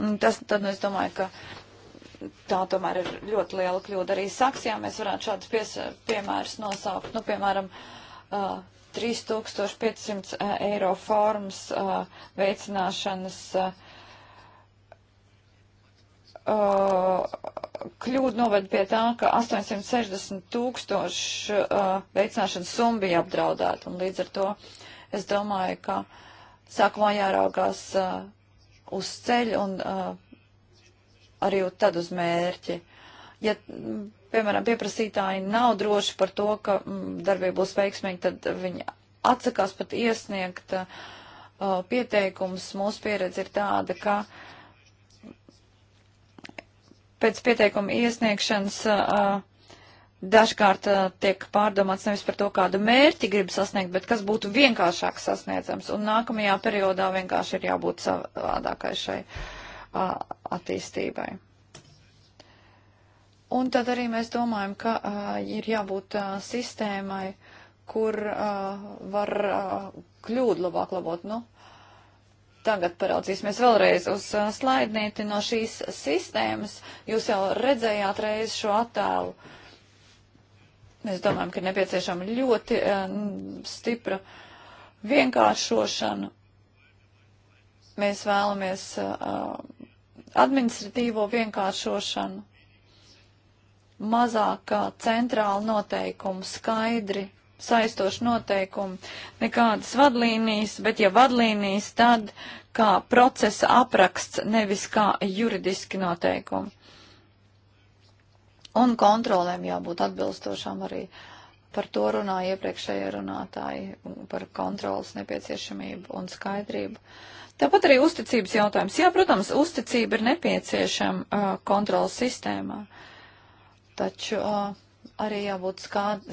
Un tas, tad nu, es domāju, ka tā tomēr ir ļoti liela kļūda. Arī Saksijā mēs varētu šādus pies, piemērus nosaukt. Nu, piemēram, uh, 3500 eiro formas uh, veicināšanas. Uh, Uh, kļūda noved pie tā, ka 860 tūkstoši uh, veicināšanas summa bija apdraudēta. Un līdz ar to es domāju, ka sākumā jāraugās uh, uz ceļu un uh, arī tad uz mērķi. Ja, mm, piemēram, pieprasītāji nav droši par to, ka mm, darbība būs veiksmīga, tad viņi atsakās pat iesniegt uh, pieteikumus. Mūsu pieredze ir tāda, ka uh, pēc pieteikuma iesniegšanas dažkārt tiek pārdomāts nevis par to, kādu mērķi grib sasniegt, bet kas būtu vienkāršāk sasniedzams. Un nākamajā periodā vienkārši ir jābūt savādākai šai attīstībai. Un tad arī mēs domājam, ka uh, ir jābūt uh, sistēmai, kur uh, var uh, kļūdu labāk labot. Nu, uh, Tagad paraudzīsimies vēlreiz uz uh, slaidnīti no šīs sistēmas. Jūs jau redzējāt reiz šo attēlu. Mēs domājam, ka nepieciešama ļoti um, stipra vienkāršošana. Mēs vēlamies uh, administratīvo vienkāršošanu, mazāk uh, centrālu noteikumu, skaidri saistoši noteikumi, nekādas vadlīnijas, bet ja vadlīnijas, tad kā procesa apraksts, nevis kā juridiski noteikumi. Un kontrolēm jābūt atbilstošām arī. Par to runāja iepriekšējie runātāji, par kontrolas nepieciešamību un skaidrību. Tāpat arī uzticības jautājums. Jā, protams, uzticība ir nepieciešama uh, kontrolas sistēmā. Taču uh, arī jābūt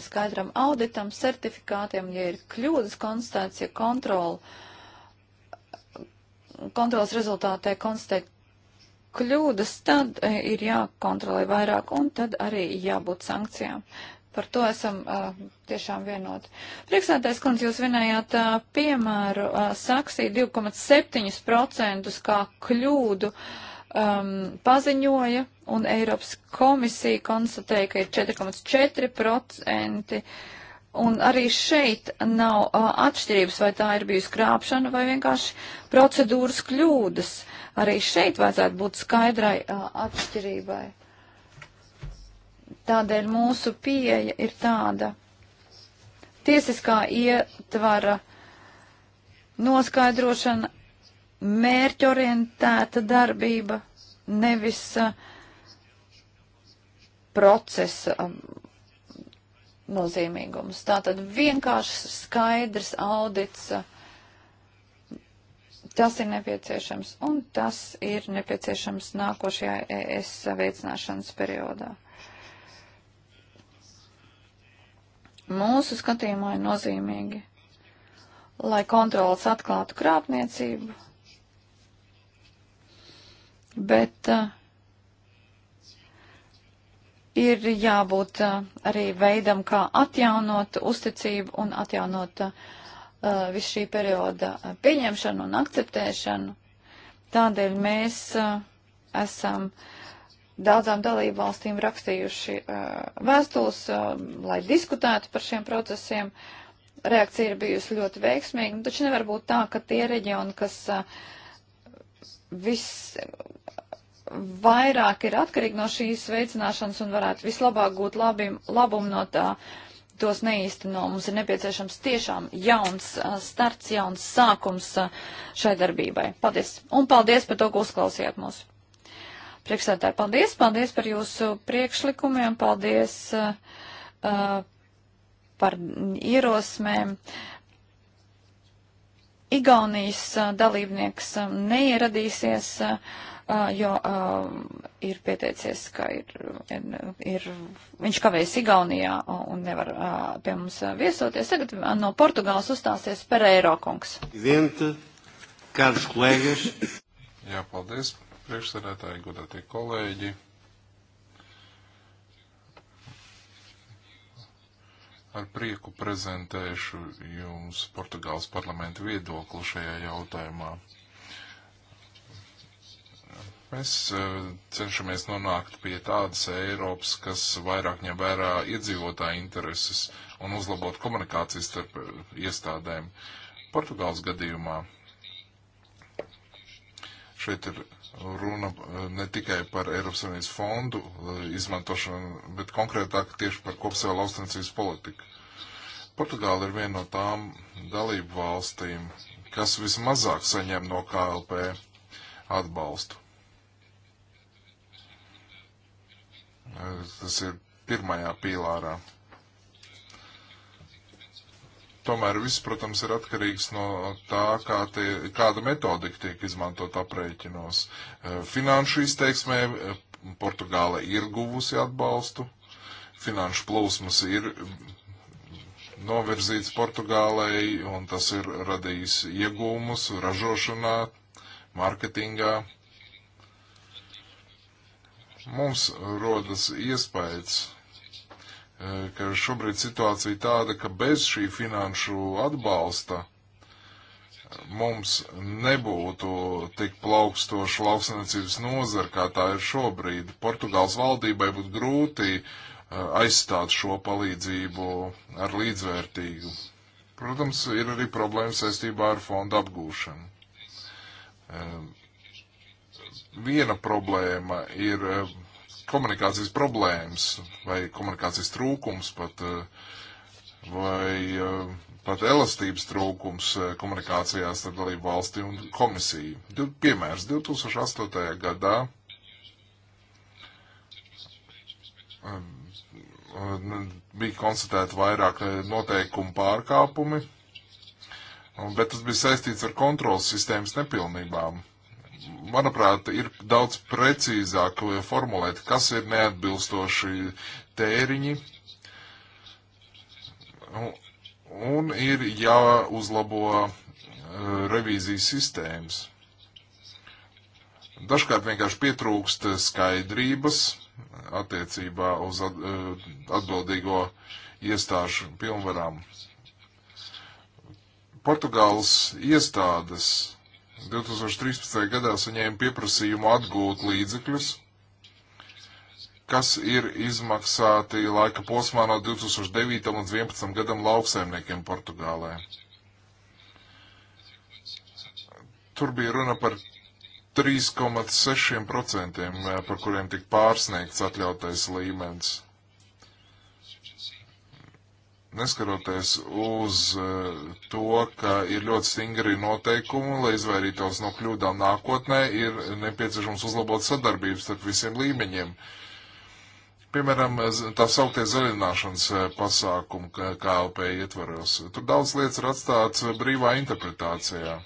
skaidram auditam, certifikātiem, ja ir kļūdas konstatēts, ja kontrola, kontrolas rezultātē konstatē kļūdas, tad e, ir jākontrolē vairāk un tad arī jābūt sankcijām. Par to esam uh, tiešām vienoti. Priekšsētais kundze, jūs vinējāt uh, e, piemēru uh, saksī 2,7% kā kļūdu uh, um, paziņoja, un Eiropas komisija konstatēja, ka ir 4,4%, un arī šeit nav uh, atšķirības, vai tā ir bijusi krāpšana vai vienkārši procedūras kļūdas. Arī šeit vajadzētu būt skaidrai uh, atšķirībai. Tādēļ mūsu pieeja ir tāda. Tiesiskā ietvara noskaidrošana mērķorientēta darbība, nevis procesa nozīmīgums. Tātad vienkārši skaidrs audits, tas ir nepieciešams, un tas ir nepieciešams nākošajā ES veicināšanas periodā. Mūsu skatījumā ir nozīmīgi, lai kontrols atklātu krāpniecību, bet uh, ir jābūt uh, arī veidam, kā atjaunot uzticību un atjaunot uh, uh visu šī perioda uh, pieņemšanu un akceptēšanu. Tādēļ mēs uh, esam daudzām dalībvalstīm rakstījuši uh, vēstules, uh, lai diskutētu par šiem procesiem. Reakcija ir bijusi ļoti veiksmīga, nu, taču nevar būt tā, ka tie reģioni, kas uh, viss vairāk ir atkarīgi no šīs veicināšanas un varētu vislabāk gūt labim, labumu no tā, tos neīsteno. Mums ir nepieciešams tiešām jauns a, starts, jauns sākums a, šai darbībai. Paldies! Un paldies par to, ka uzklausījāt mūs. Priekšsētāji, paldies! Paldies par jūsu priekšlikumiem! Paldies! Uh, par ierosmēm. Uh, Igaunijas dalībnieks neieradīsies, jo ir pieteicies, ka ir, ir, ir, viņš kavējas Igaunijā un nevar pie mums viesoties. Tagad no Portugāles uzstāsies Pereiro kungs. Jā, paldies, priekšsēdētāji, godātie kolēģi. Ar prieku prezentēšu jums Portugāles parlamenta viedokli šajā jautājumā. Mēs e, cenšamies nonākt pie tādas Eiropas, kas vairāk ņem vērā iedzīvotāju intereses un uzlabot komunikācijas starp e, iestādēm. Portugāles gadījumā šeit ir runa eh, ne tikai par Eiropas Savienības fondu eh, izmantošanu, bet konkrētāk tieši par kopsēlu lauksaimniecības politiku. Portugāla ir viena no tām dalību valstīm, kas vismazāk saņem no KLP atbalstu. Eh, tas ir pirmajā pīlārā. Tomēr viss, protams, ir atkarīgs no tā, kā tie, kāda metodika tiek izmantot aprēķinos. Eh, finanšu izteiksmē eh, Portugāla ir guvusi atbalstu, finanšu plūsmas ir novirzīts Portugālei, un tas ir radījis iegūmus ražošanā, mārketingā. Mums rodas iespējas, E, ka šobrīd situācija tāda, ka bez šī finanšu atbalsta e, mums nebūtu tik plaukstoša lauksainicības nozara, kā tā ir šobrīd. Portugāls valdībai būtu grūti e, aizstāt šo palīdzību ar līdzvērtīgu. Protams, ir arī problēma saistībā ar fondu apgūšanu. Viena problēma ir komunikācijas problēmas vai komunikācijas trūkums pat, eh, vai eh, pat elastības trūkums eh, komunikācijās ar dalību valsti un komisiju. Piemērs 2008. gadā bija konstatēti vairāk noteikumu pārkāpumi, bet tas bija saistīts ar kontrolas sistēmas nepilnībām manuprāt, ir daudz precīzāk formulēt, kas ir neatbilstoši tēriņi. Un ir jāuzlabo uh, revīzijas sistēmas. Dažkārt vienkārši pietrūkst skaidrības attiecībā uz uh, atbildīgo iestāžu pilnvarām. Portugāles iestādes 2013. gadā saņēma pieprasījumu atgūt līdzekļus, kas ir izmaksāti laika posmā no 2009. līdz 2011. gadam lauksaimniekiem Portugālē. Tur bija runa par 3,6%, par kuriem tika pārsniegts atļautais līmenis neskaroties uz eh, to, ka ir ļoti stingri noteikumi, lai izvairītos no kļūdām nākotnē, ir nepieciešams uzlabot sadarbības starp visiem līmeņiem. Piemēram, tā sauktie zaļināšanas eh, pasākumi KLP ietvaros. Tur daudz lietas ir atstāts brīvā interpretācijā.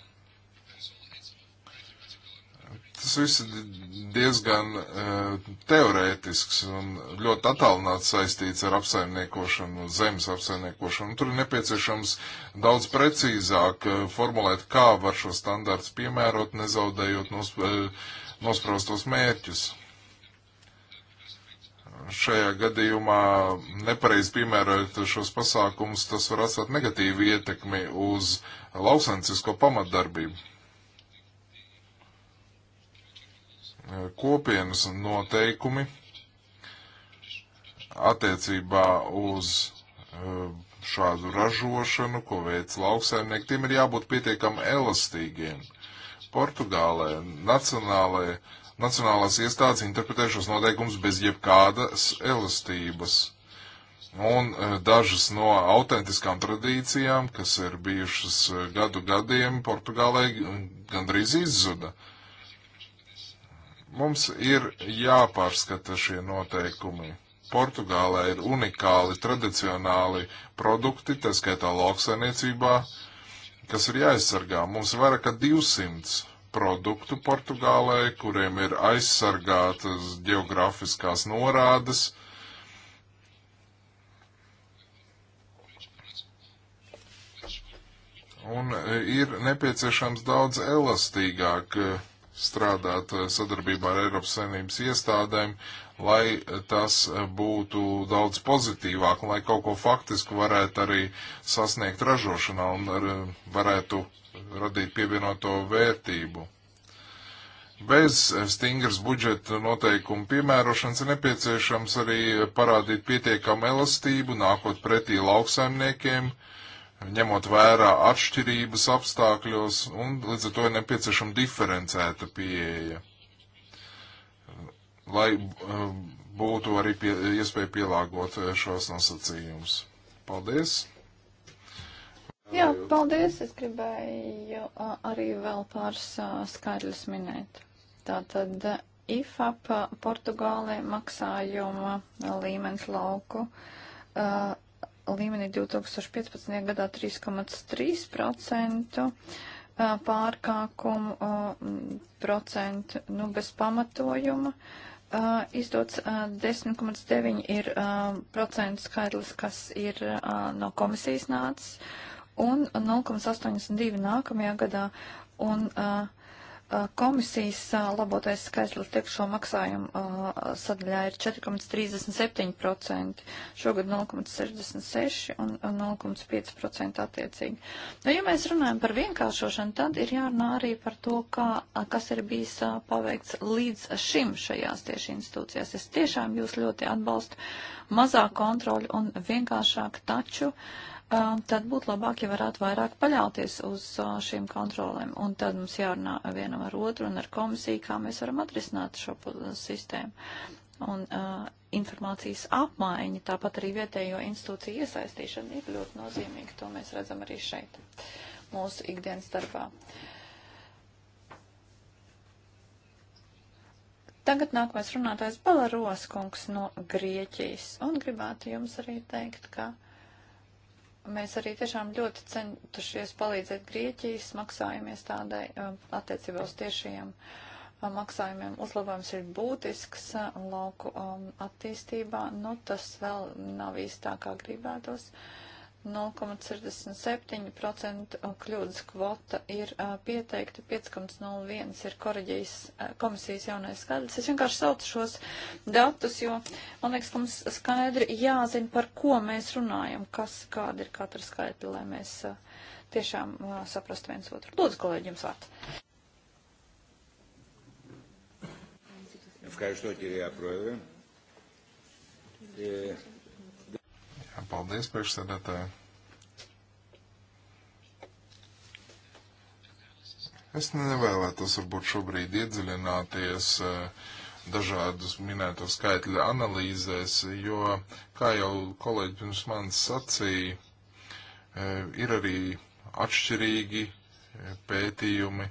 Tas viss ir diezgan uh, teorētisks un ļoti attālināts saistīts ar apsaimniekošanu, zemes apsaimniekošanu. Tur ir nepieciešams daudz precīzāk uh, formulēt, kā var šo standārtu piemērot, nezaudējot nosp uh, eh, nospraustos mērķus šajā gadījumā nepareizi piemērojot šos pasākumus, tas var atstāt negatīvu ietekmi uz lauksancisko pamatdarbību. kopienas noteikumi attiecībā uz eh, šādu ražošanu, ko veic lauksaimnieki, tiem ir jābūt pietiekami elastīgiem. Portugālē nacionālai, nacionālās iestādes interpretē šos noteikumus bez jebkādas elastības. Un eh, dažas no autentiskām tradīcijām, kas ir bijušas eh, gadu gadiem Portugālē, gandrīz izzuda. Uh, Mums ir jāpārskata šie noteikumi. Portugālē ir unikāli tradicionāli produkti, tā skaitā lauksainiecībā, kas ir jāaizsargā. Mums ir vairāk kā 200 produktu Portugālē, kuriem ir aizsargātas geogrāfiskās norādes. Un ir nepieciešams daudz elastīgāk uh, strādāt eh, sadarbībā ar Eiropas saimnības iestādēm, lai eh, tas eh, būtu daudz pozitīvāk un lai kaut ko faktiski varētu arī sasniegt ražošanā un varētu radīt pievienoto vērtību. Bez stingras budžeta noteikumu piemērošanas ir nepieciešams arī parādīt pietiekamu elastību, nākot pretī lauksaimniekiem, uh, ņemot vērā atšķirības apstākļos, un līdz ar to ir nepieciešama diferencēta pieeja, lai eh, būtu arī pie, iespēja pielāgot eh, šos nosacījumus. Paldies! Jā, paldies! Es gribēju arī vēl pāris skaidrs minēt. Tātad eh, IFAP Portugālē maksājuma līmenis lauku. Uh, līmenī 2015. gadā 3,3% pārkākumu procentu nu, bez pamatojuma. Izdots 10,9 ir procentu skaidrs, kas ir no komisijas nācis, un 0,82 nākamajā gadā. Un, uh, Komisijas labotais skaitlis tiekšo maksājumu sadaļā ir 4,37%, šogad 0,66% un 0,5% attiecīgi. Nu, ja mēs runājam par vienkāršošanu, tad ir jārunā arī par to, kā, kas ir bijis paveikts līdz šim šajās tieši institūcijās. Es tiešām jūs ļoti atbalstu mazāk kontroļu un vienkāršāk taču. Uh, tad būtu labāk, ja varētu vairāk paļauties uz šīm kontrolēm. Un tad mums jārunā vienam ar otru un ar komisiju, kā mēs varam atrisināt šo sistēmu. Un uh, informācijas apmaiņa, tāpat arī vietējo institūciju iesaistīšana ir ļoti nozīmīga. To mēs redzam arī šeit, mūsu ikdienas darbā. Tagad nākamais runātājs Balaros kungs no Grieķijas. Un gribētu jums arī teikt, ka Mēs arī tiešām ļoti centušies palīdzēt Grieķijas maksājumies tādai uh, attiecībā uz tiešajiem uh, maksājumiem. Uzlabojums ir būtisks uh, lauku um, attīstībā, nu tas vēl nav īstā kā gribētos. Uh, 0,67% kļūdas kvota ir uh, pieteikta, 5,01 ir koreģijas, uh, komisijas jaunais skaidrs. Es vienkārši saucu šos datus, jo man liekas, ka mums skaidri jāzina, par ko mēs runājam, kas, kāda ir katra skaidra, lai mēs uh, tiešām uh, saprastu viens otru. Lūdzu, kolēģi, jums vārds. Ευχαριστώ κυρία Πρόεδρε. Ε, Paldies, priekšsēdētāji. Es nevēlētos varbūt šobrīd iedziļināties eh, dažādus minēto skaitļu analīzēs, jo, kā jau kolēģi pirms manis sacīja, eh, ir arī atšķirīgi eh, pētījumi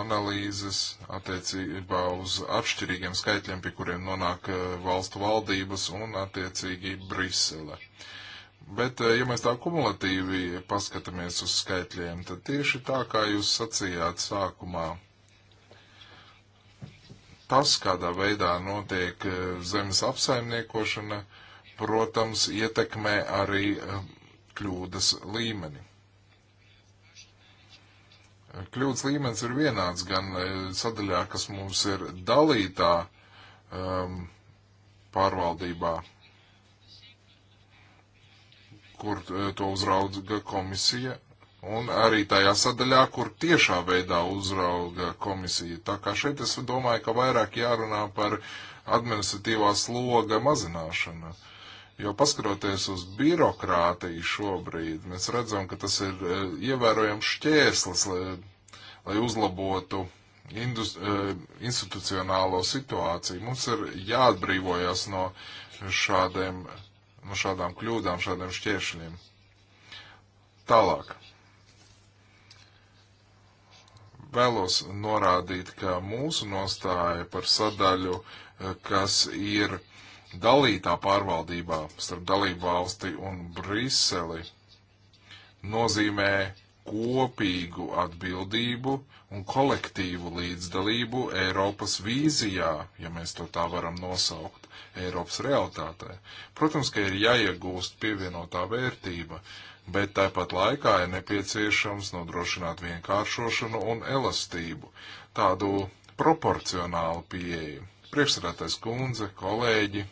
analīzes attiecībā uz atšķirīgiem skaitļiem, pie kuriem nonāk eh, valstu valdības un attiecīgi Brisele. Bet, eh, ja mēs tā kumulatīvi paskatāmies uz skaitļiem, tad tieši tā, kā jūs sacījāt sākumā, tas, kādā veidā notiek eh, zemes apsaimniekošana, protams, ietekmē arī kļūdas līmeni. Kļūdas līmenis ir vienāds gan eh, sadaļā, kas mums ir dalītā um, pārvaldībā, kur eh, to uzrauga komisija, un arī tajā sadaļā, kur tiešā veidā uzrauga komisija. Tā kā šeit es domāju, ka vairāk jārunā par administratīvā sloga mazināšanu. Uh, Jo paskatoties uz birokrātiju šobrīd, mēs redzam, ka tas ir e, ievērojams šķērslis, lai, lai uzlabotu indus, e, institucionālo situāciju. Mums ir jāatbrīvojas no, šādiem, no šādām kļūdām, šādiem šķēršļiem. Tālāk. Vēlos norādīt, ka mūsu nostāja par sadaļu, e, kas ir dalītā pārvaldībā starp dalību valsti un Briseli nozīmē kopīgu atbildību un kolektīvu līdzdalību Eiropas vīzijā, ja mēs to tā varam nosaukt, Eiropas realitātē. Protams, ka ir jāiegūst pievienotā vērtība, bet tāpat laikā ir nepieciešams nodrošināt vienkāršošanu un elastību, tādu proporcionālu pieeju. Priekšsēdētais kundze, kolēģi,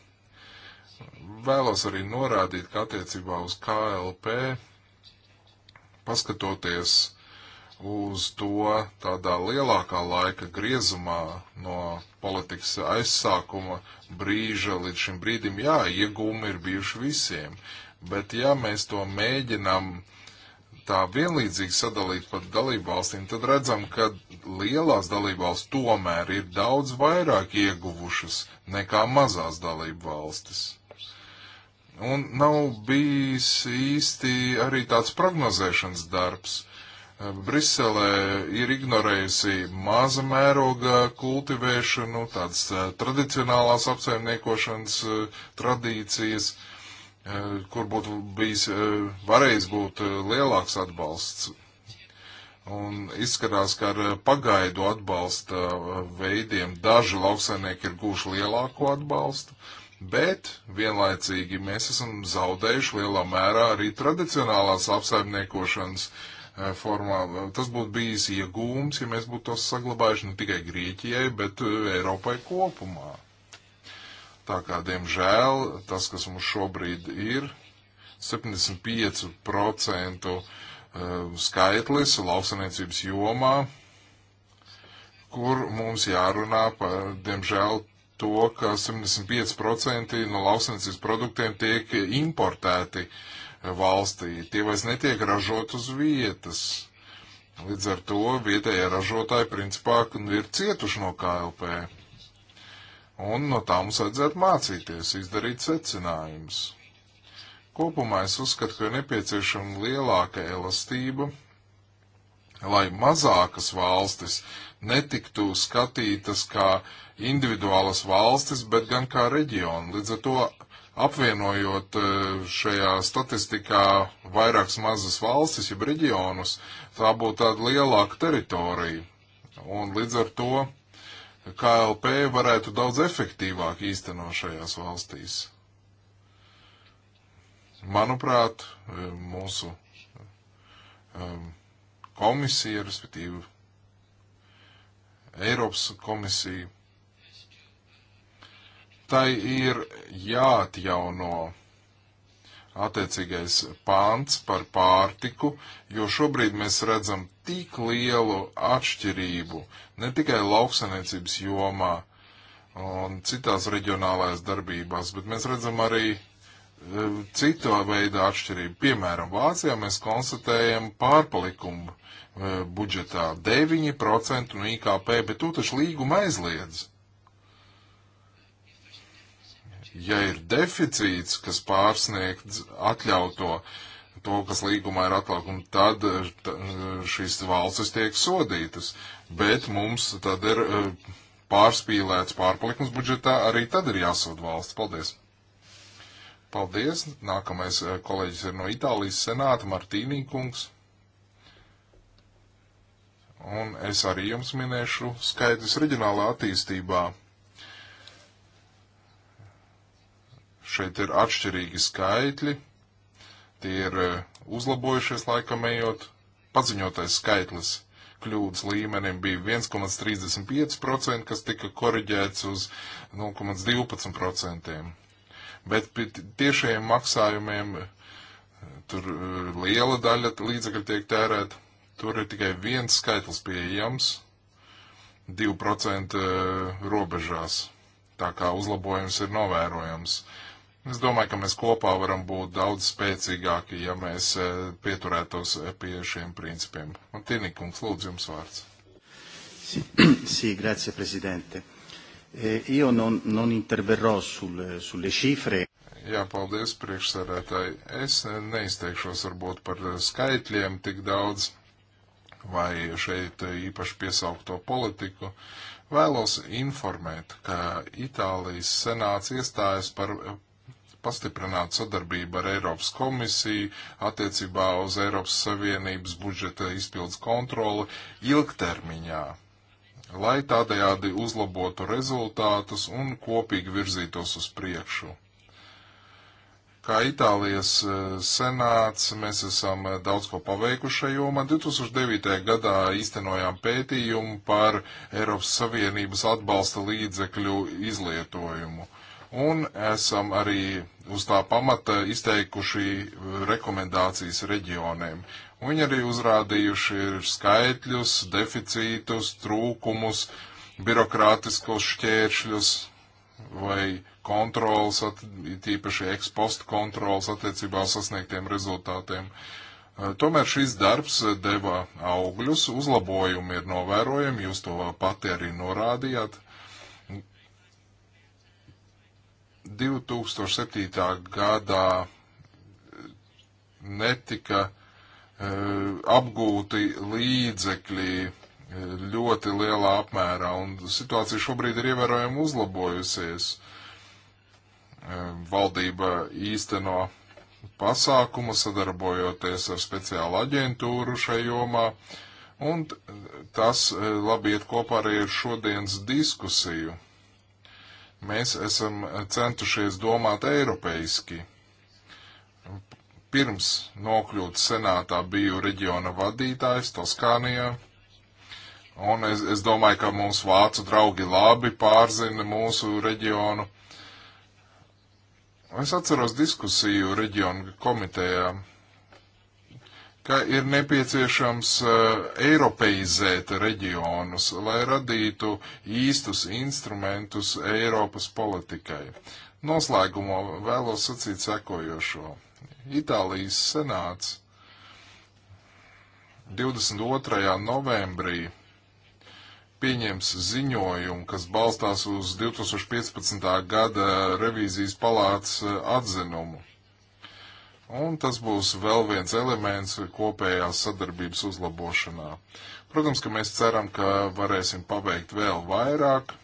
Vēlos arī norādīt, ka attiecībā uz KLP, paskatoties uz to tādā lielākā laika griezumā no politikas aizsākuma brīža līdz šim brīdim, jā, iegūmi ir bijuši visiem, bet ja mēs to mēģinām tā vienlīdzīgi sadalīt pat dalībvalstīm, tad redzam, ka lielās dalībvalsts tomēr ir daudz vairāk ieguvušas nekā mazās dalībvalstis. Un nav bijis īsti arī tāds prognozēšanas darbs. Eh, Briselē ir ignorējusi maza mēroga kultivēšanu, tādas eh, tradicionālās apsaimniekošanas eh, tradīcijas, kur būtu bijis varējis būt lielāks atbalsts. Un izskatās, ka ar pagaidu atbalsta veidiem daži lauksainieki ir guvuši lielāko atbalstu. Uh, bet vienlaicīgi mēs esam zaudējuši lielā mērā arī tradicionālās apsaimniekošanas e, formā. Tas būtu bijis iegūms, ja mēs būtu tos saglabājuši ne tikai Grieķijai, bet e, Eiropai kopumā. Tā kā, diemžēl, tas, kas mums šobrīd ir, 75% e, skaitlis lauksaniecības jomā, kur mums jārunā par, diemžēl, to, ka 75% no lauksainicības produktiem tiek importēti eh, valstī. Tie vairs netiek ražot uz vietas. Līdz ar to vietējie ražotāji principā ir cietuši no KLP. Un no tā mums vajadzētu mācīties, izdarīt secinājumus. Kopumā es uzskatu, ka ir nepieciešama lielāka elastība, lai mazākas valstis netiktu skatītas kā uh, individuālas valstis, bet gan kā reģionu. Līdz ar to apvienojot e, šajā statistikā vairākas mazas valstis, jeb reģionus, tā būtu tāda lielāka teritorija. Un līdz ar to KLP varētu daudz efektīvāk īstenot šajās valstīs. Manuprāt, e, mūsu e, komisija, respektīvi Eiropas komisija, tai ir jāatjauno attiecīgais pāns par pārtiku, jo šobrīd mēs redzam tik lielu atšķirību ne tikai lauksaimniecības jomā un citās reģionālās darbībās, bet mēs redzam arī e, citu veidu atšķirību. Piemēram, Vācijā mēs konstatējam pārpalikumu e, budžetā 9% no IKP, bet to taču līguma aizliedz ja ir deficīts, kas pārsniegts atļauto to, kas līgumā ir atlaukums, tad eh, eh, šīs valstis tiek sodītas. Bet mums tad ir eh, pārspīlēts pārpalikums budžetā, arī tad ir jāsod valsts. Paldies! Paldies! Nākamais kolēģis ir no Itālijas senāta Martīnī kungs. Un es arī jums minēšu skaidrs reģionālā attīstībā Šeit ir atšķirīgi skaitļi, tie ir e, uzlabojušies laikam ejot. Paziņotais skaitlis kļūdas līmenim bija 1,35%, kas tika koriģēts uz 0,12%. Bet tiešajiem maksājumiem e, tur e, liela daļa līdzekļu tiek tērēta. Tur ir tikai viens skaitlis pieejams, 2% robežās. Tā kā uzlabojums ir novērojams. Uh, Es domāju, ka mēs kopā varam būt daudz spēcīgāki, ja mēs eh, pieturētos eh, pie šiem principiem. Un Tinikungs, lūdzu, jums vārds. Sì, sì grazie Presidente. Eh, io non, non interverrò sul, sulle cifre. Jā, paldies priekšsarētāji. Es eh, neizteikšos varbūt par skaitļiem tik daudz vai šeit īpaši piesaukto politiku. Vēlos informēt, ka Itālijas senāts iestājas par pastiprināt sadarbību ar Eiropas komisiju attiecībā uz Eiropas Savienības budžeta izpildes kontroli ilgtermiņā, lai tādējādi uzlabotu rezultātus un kopīgi virzītos uz priekšu. Kā Itālijas e, senāts, mēs esam e, daudz ko paveikuši šajā jomā. 2009. gadā īstenojām pētījumu par Eiropas Savienības atbalsta līdzekļu izlietojumu un esam arī uz tā pamata izteikuši rekomendācijas reģioniem. Viņi arī uzrādījuši ir skaitļus, deficītus, trūkumus, birokrātiskos šķēršļus vai kontrols, tīpaši ekspostu kontrols attiecībā uz sasniegtiem rezultātiem. Eh, tomēr šis darbs deva augļus, uzlabojumi ir novērojami, jūs to pati arī norādījāt 2007. gadā eh, netika uh, apgūti līdzekļi eh, ļoti lielā apmērā, un situācija šobrīd ir ievērojami uzlabojusies. Uh, valdība īsteno pasākumu sadarbojoties ar speciālu aģentūru šai jomā, un tas uh, labi iet kopā arī ar šodienas diskusiju Mēs esam centušies domāt eiropeiski. Pirms nokļūt senātā biju reģiona vadītājs Toskānijā. Un es, es domāju, ka mūsu vācu draugi labi pārzina mūsu reģionu. Es atceros diskusiju reģionu komitejā ka ir nepieciešams uh, eiropeizēt reģionus, lai radītu īstus instrumentus Eiropas politikai. Noslēgumā vēlos sacīt sekojošo. Itālijas senāts 22. novembrī pieņems ziņojumu, kas balstās uz 2015. gada revīzijas palātas eh, atzinumu Un tas būs vēl viens elements kopējās sadarbības uzlabošanā. Protams, ka mēs ceram, ka varēsim paveikt vēl vairāk,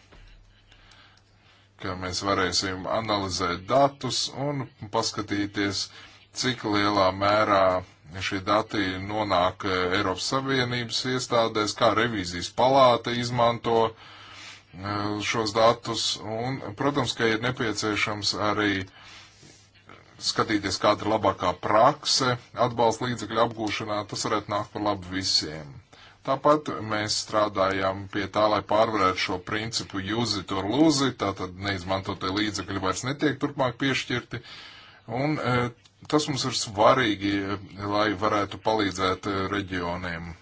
ka mēs varēsim analizēt datus un paskatīties, cik lielā mērā šie dati nonāk Eiropas Savienības iestādēs, kā revīzijas palāta izmanto eh, šos datus. Un, protams, ka ir nepieciešams arī skatīties, kāda ir labākā prakse atbalsta līdzekļu apgūšanā, tas varētu nākt par labu visiem. Tāpat mēs strādājam pie tā, lai pārvarētu šo principu use it or lose it, tātad neizmantotie līdzekļi vairs netiek turpmāk piešķirti. Un e, tas mums ir svarīgi, lai varētu palīdzēt e, reģioniem.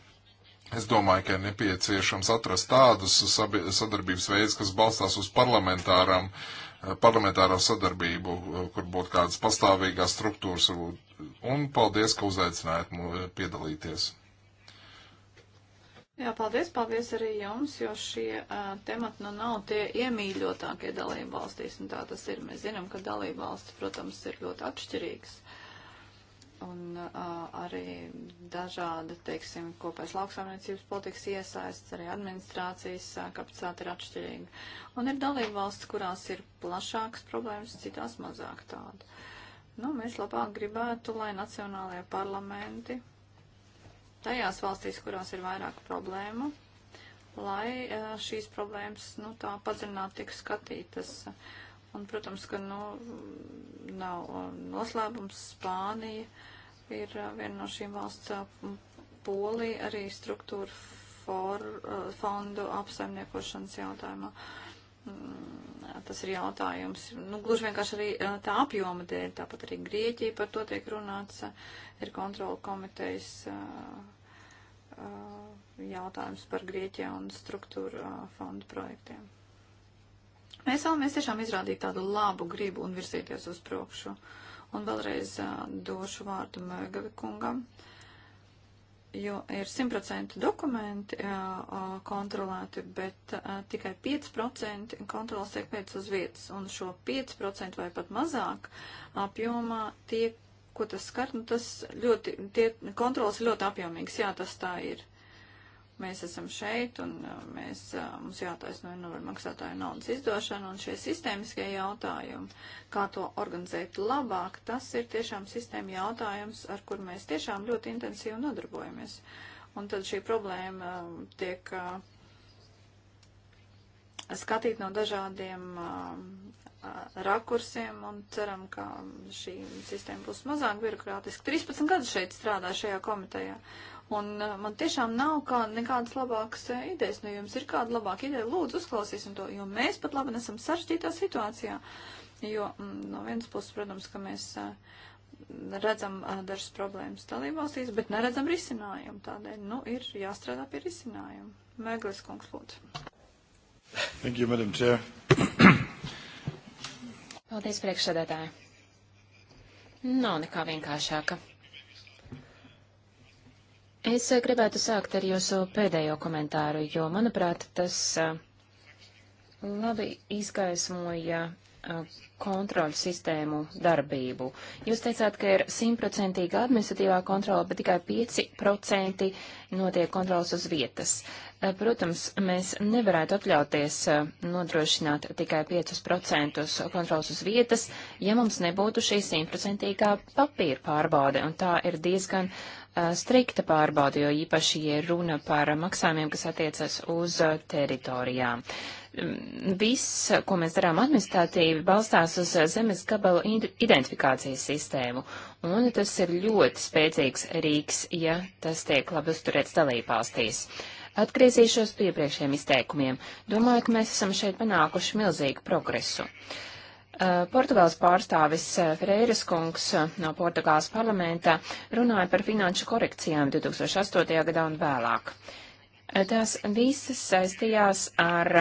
Es domāju, ka ir nepieciešams atrast tādus sadarbības veidus, kas balstās uz parlamentāram uh, parlamentāro sadarbību, eh, kur būtu kādas pastāvīgās struktūras. Un paldies, ka uzaicinājāt mums eh, piedalīties. Jā, paldies, paldies arī jums, jo šie uh, temati nu nav tie iemīļotākie dalību valstīs, un tā tas ir. Mēs zinām, ka dalību valstis, protams, ir ļoti atšķirīgas un uh, arī dažāda, teiksim, kopējas lauksaimniecības politikas iesaists, arī administrācijas uh, kapacitāte ir atšķirīga. Un ir dalība valsts, kurās ir plašākas problēmas, citās mazāk tādu. Nu, mēs labāk gribētu, lai nacionālajie parlamenti tajās valstīs, kurās ir vairāk problēmu, lai uh, šīs problēmas, nu, tā padziļināti tiek skatītas. Uh, Un, protams, ka nu, nav um, noslēpums Spānija ir uh, viena no šīm valsts uh, polija arī struktūra for, uh, fondu apsaimniekošanas jautājumā. Mm, tas ir jautājums, nu, gluži vienkārši arī tā apjoma dēļ, tāpat arī Grieķija par to tiek runāts, ir kontrola komitejas jautājums par Grieķiju un struktūra fondu projektiem. Mēs vēlamies tiešām izrādīt tādu labu gribu un virzīties uz priekšu. Un vēlreiz uh, došu vārdu Mēgavi kungam, jo ir 100% dokumenti uh, kontrolēti, bet uh, tikai 5% kontrolas tiek veids uz vietas. Un šo 5% vai pat mazāk apjomā tiek, ko tas skar, nu tas ļoti, tie kontrolas ļoti apjomīgs, jā, tas tā ir. Mēs esam šeit un uh, mēs, uh, mums jātaisno ir nu, nodokļu maksātāju naudas izdošana un šie sistēmiskie jautājumi, kā to organizēt labāk, tas ir tiešām sistēma jautājums, ar kur mēs tiešām ļoti intensīvi nodarbojamies. Un tad šī problēma um, tiek uh, skatīt no dažādiem um, rakursiem un ceram, ka šī sistēma būs mazāk birokrātiska. 13 gadus šeit strādā šajā komitejā, Un uh, man tiešām nav kā nekādas labākas uh, idejas. Nu, jums ir kāda labāka ideja, lūdzu, uzklausīsim to, jo mēs pat labi esam sarežģītā situācijā. Jo mm, no vienas puses, protams, ka mēs uh, redzam dažas problēmas dalībvalstīs, bet neredzam risinājumu. Tādēļ, nu, ir jāstrādā pie risinājumu. Mēglis kungs, lūdzu. Thank you, Madam Chair. Paldies, priekšsēdētāji. Nav nekā vienkāršāka. Es eh, gribētu sākt ar jūsu pēdējo komentāru, jo, manuprāt, tas eh, labi izgaismoja eh, kontroļu sistēmu darbību. Jūs teicāt, ka ir simtprocentīga administratīvā kontrola, bet tikai 5% notiek kontrols uz vietas. Protams, mēs nevarētu atļauties nodrošināt tikai 5% kontrols uz vietas, ja mums nebūtu šī simtprocentīgā papīra pārbaude, un tā ir diezgan Uh, strikta pārbauda, jo īpaši, ja runa par maksājumiem, kas attiecas uz teritorijām. Um, viss, ko mēs darām administratīvi, balstās uz zemes gabalu identifikācijas sistēmu, un tas ir ļoti spēcīgs rīks, ja tas tiek labi uzturēts dalībvalstīs. Atgriezīšos pie iepriekšējiem izteikumiem. Domāju, ka mēs esam šeit panākuši milzīgu progresu. Uh, Eh, Portugāles pārstāvis eh, Freiras kungs eh, no Portugāles parlamenta runāja par finanšu korekcijām 2008. gadā un vēlāk. Tās visas saistījās ar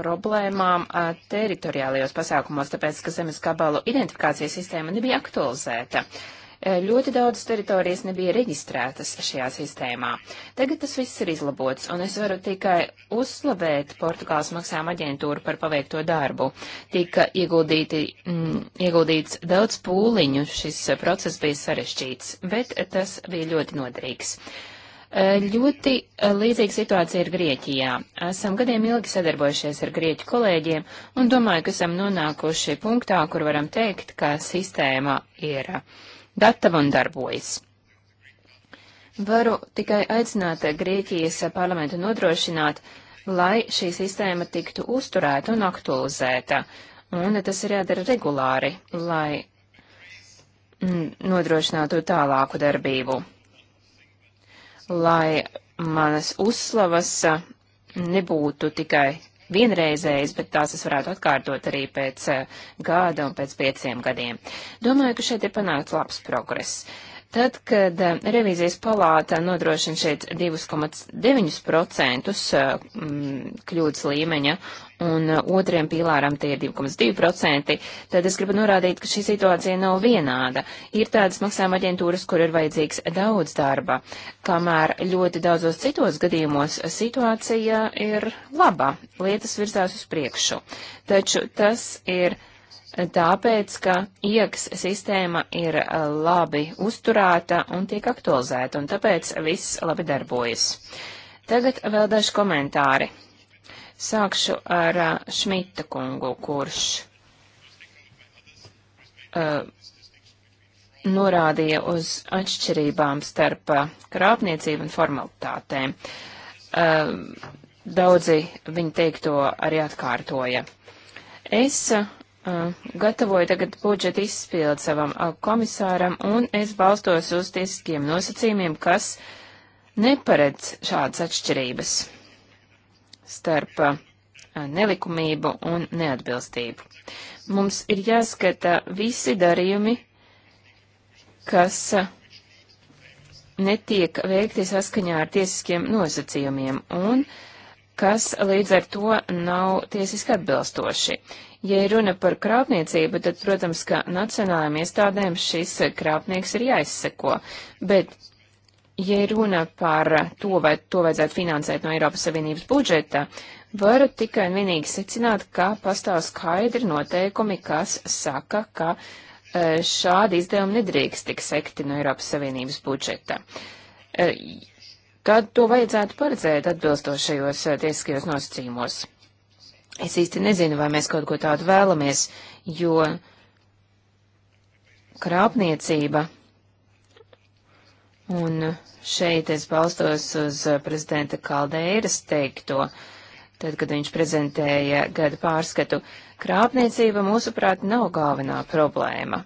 problēmām teritoriālajos pasākumos, tāpēc, ka zemes gabalu identifikācijas sistēma nebija aktualizēta. Uh, Eh, ļoti daudz teritorijas nebija reģistrētas šajā sistēmā. Tagad tas viss ir izlabots, un es varu tikai uzslavēt Portugāles maksājuma aģentūru par paveikto darbu. Tika ieguldīti, mm, ieguldīts daudz pūliņu, šis eh, process bija sarežģīts, bet eh, tas bija ļoti noderīgs. Ļoti līdzīga situācija ir Grieķijā. Esam gadiem ilgi sadarbojušies ar grieķu kolēģiem un domāju, ka esam nonākuši punktā, kur varam teikt, ka sistēma ir datavu un darbojas. Varu tikai aicināt Grieķijas parlamentu nodrošināt, lai šī sistēma tiktu uzturēta un aktualizēta. Un tas ir jādara regulāri, lai nodrošinātu tālāku darbību. Lai manas uzslavas nebūtu tikai vienreizējas, bet tās es varētu atkārtot arī pēc eh, gada un pēc pieciem gadiem. Domāju, ka šeit ir panākts labs progress. Tad, kad eh, revīzijas palāta nodrošina šeit 2,9% eh, kļūdas līmeņa un uh, otriem pīlāram tie ir 2,2%, tad es gribu norādīt, ka šī situācija nav vienāda. Ir tādas maksājuma aģentūras, kur ir vajadzīgs daudz darba, kamēr ļoti daudzos citos gadījumos situācija ir laba, lietas virzās uz priekšu. Taču tas ir tāpēc, ka ieks sistēma ir uh, labi uzturēta un tiek aktualizēta, un tāpēc viss labi darbojas. Tagad vēl daži komentāri Sākšu ar uh, Šmita kungu, kurš uh, norādīja uz atšķirībām starp uh, krāpniecību un formalitātēm. Uh, daudzi viņa teikto arī atkārtoja. Es uh, gatavoju tagad budžeta izpildu savam komisāram, un es balstos uz tiesiskiem nosacījumiem, kas neparedz šādas atšķirības starp uh, nelikumību un neatbilstību. Mums ir jāskata visi darījumi, kas uh, netiek veikti saskaņā ar tiesiskiem nosacījumiem un kas līdz ar to nav tiesiski atbilstoši. Ja runa par krāpniecību, tad, protams, ka nacionālajām iestādēm šis krāpnieks ir jāizseko, bet Ja runa par to, vai to vajadzētu finansēt no Eiropas Savienības budžeta, varu tikai un vienīgi secināt, ka pastāv skaidri noteikumi, kas saka, ka e, šādi izdevumi nedrīkst tik sekti no Eiropas Savienības budžeta. E, kad to vajadzētu paredzēt atbilstošajos e, tiesiskajos nosacījumos? Es īsti nezinu, vai mēs kaut ko tādu vēlamies, jo krāpniecība Un šeit es balstos uz prezidenta Kaldeiras teikto, tad, kad viņš prezentēja gada pārskatu. Krāpniecība, mūsuprāt, nav galvenā problēma.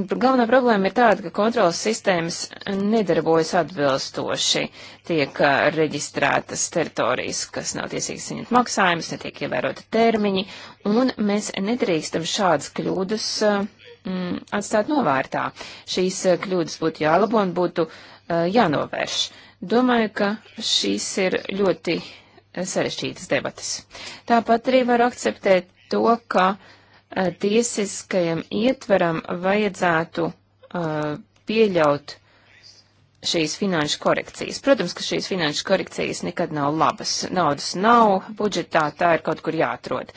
Galvenā problēma ir tāda, ka kontrolas sistēmas nedarbojas atbilstoši. Tiek uh, reģistrētas teritorijas, kas nav tiesīgas saņemt maksājumus, netiek ievēroti termiņi, un mēs nedrīkstam šādas kļūdas uh, mm, atstāt novārtā. Šīs eh, kļūdas būtu jālabo un būtu uh, jānovērš. Domāju, ka šīs ir ļoti eh, sarežģītas debatas. Tāpat arī var akceptēt to, ka uh, tiesiskajam ietveram vajadzētu uh, pieļaut šīs finanšu korekcijas. Protams, ka šīs finanšu korekcijas nekad nav labas. Naudas nav, budžetā tā ir kaut kur jāatrod.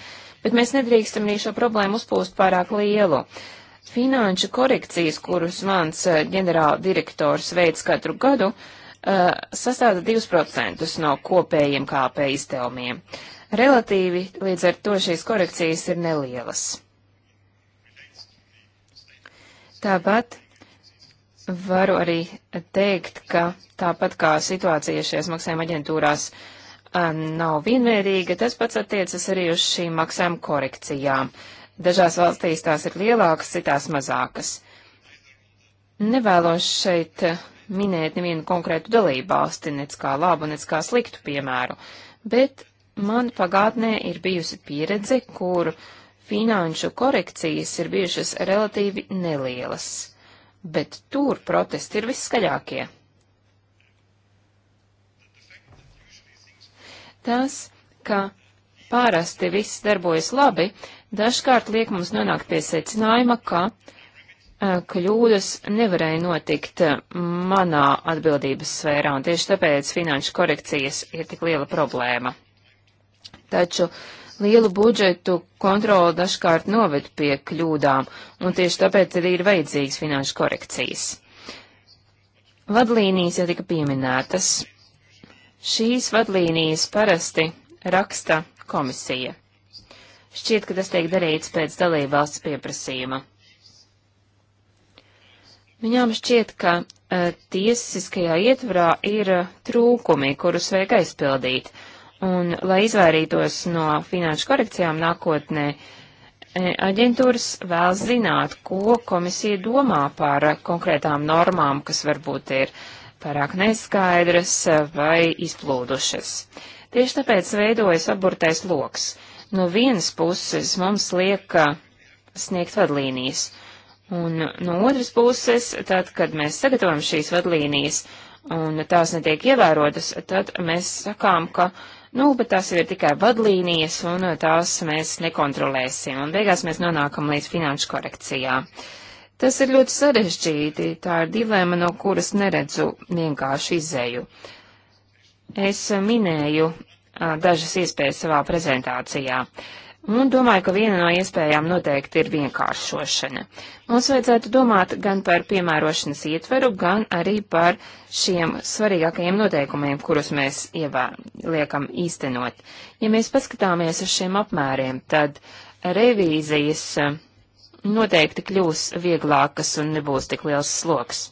Bet mēs nedrīkstam arī šo problēmu uzpūst pārāk lielu. Uh, Finanšu korekcijas, kurus mans eh, ģenerāldirektors veids katru gadu, uh, sastāda 2% no kopējiem KP izdevumiem. Relatīvi līdz ar to šīs korekcijas ir nelielas. Tāpat varu arī teikt, ka tāpat kā situācija šajās maksājuma aģentūrās um, nav vienmērīga, tas pats attiecas arī uz šīm maksājuma korekcijām. Uh, Dažās valstīs tās ir lielākas, citās mazākas. Nevēlos šeit minēt nevienu konkrētu dalību valsti, nec kā labu, nec kā sliktu piemēru, bet man pagātnē ir bijusi pieredze, kur finanšu korekcijas ir bijušas relatīvi nelielas, bet tur protesti ir viskaļākie. Tas, ka Parasti viss darbojas labi, dažkārt liek mums nonākt pie secinājuma, ka e, kļūdas nevarēja notikt e, manā atbildības sfērā, un tieši tāpēc finanšu korekcijas ir tik liela problēma. Taču lielu budžetu kontroli dažkārt noved pie kļūdām, un tieši tāpēc arī ir vajadzīgas finanšu korekcijas. Vadlīnijas jau tika pieminētas. Šīs vadlīnijas parasti raksta komisija. Šķiet, ka tas tiek darīts pēc dalībvalsts pieprasījuma. Viņām šķiet, ka uh, tiesiskajā ietvarā ir uh, trūkumi, kurus vajag aizpildīt, un, lai izvairītos no finanšu korekcijām nākotnē, eh, aģentūras vēl zināt, ko komisija domā par konkrētām normām, kas varbūt ir pārāk neskaidras vai izplūdušas. Tieši tāpēc veidojas aburtais loks. No vienas puses mums liek uh, sniegt vadlīnijas, un no otras puses, tad, kad mēs sagatavojam šīs vadlīnijas un tās netiek ievērotas, tad mēs sakām, ka nu, bet tās ir tikai vadlīnijas, un uh, tās mēs nekontrolēsim, un beigās mēs nonākam līdz finanšu korekcijā. Tas ir ļoti sarežģīti, tā ir dilēma, no kuras neredzu vienkārši izēju. Es minēju dažas iespējas savā prezentācijā. Un domāju, ka viena no iespējām noteikti ir vienkāršošana. Mums vajadzētu domāt gan par piemērošanas ietveru, gan arī par šiem svarīgākajiem noteikumiem, kurus mēs ievā, liekam īstenot. Ja mēs paskatāmies uz šiem apmēriem, tad revīzijas noteikti kļūs vieglākas un nebūs tik liels sloks.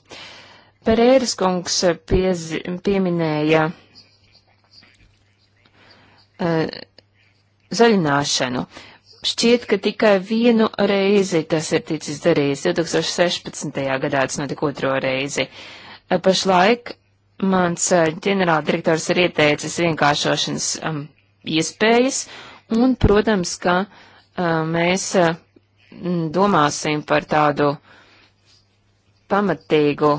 Pereiras kungs piez, pieminēja Eh, zaļināšanu. Šķiet, ka tikai vienu reizi tas ir ticis darīts. 2016. gadā tas notika otro reizi. Eh, pašlaik mans eh, ģenerāldirektors ir ieteicis vienkāršošanas um, iespējas, un, protams, ka um, mēs um, domāsim par tādu pamatīgu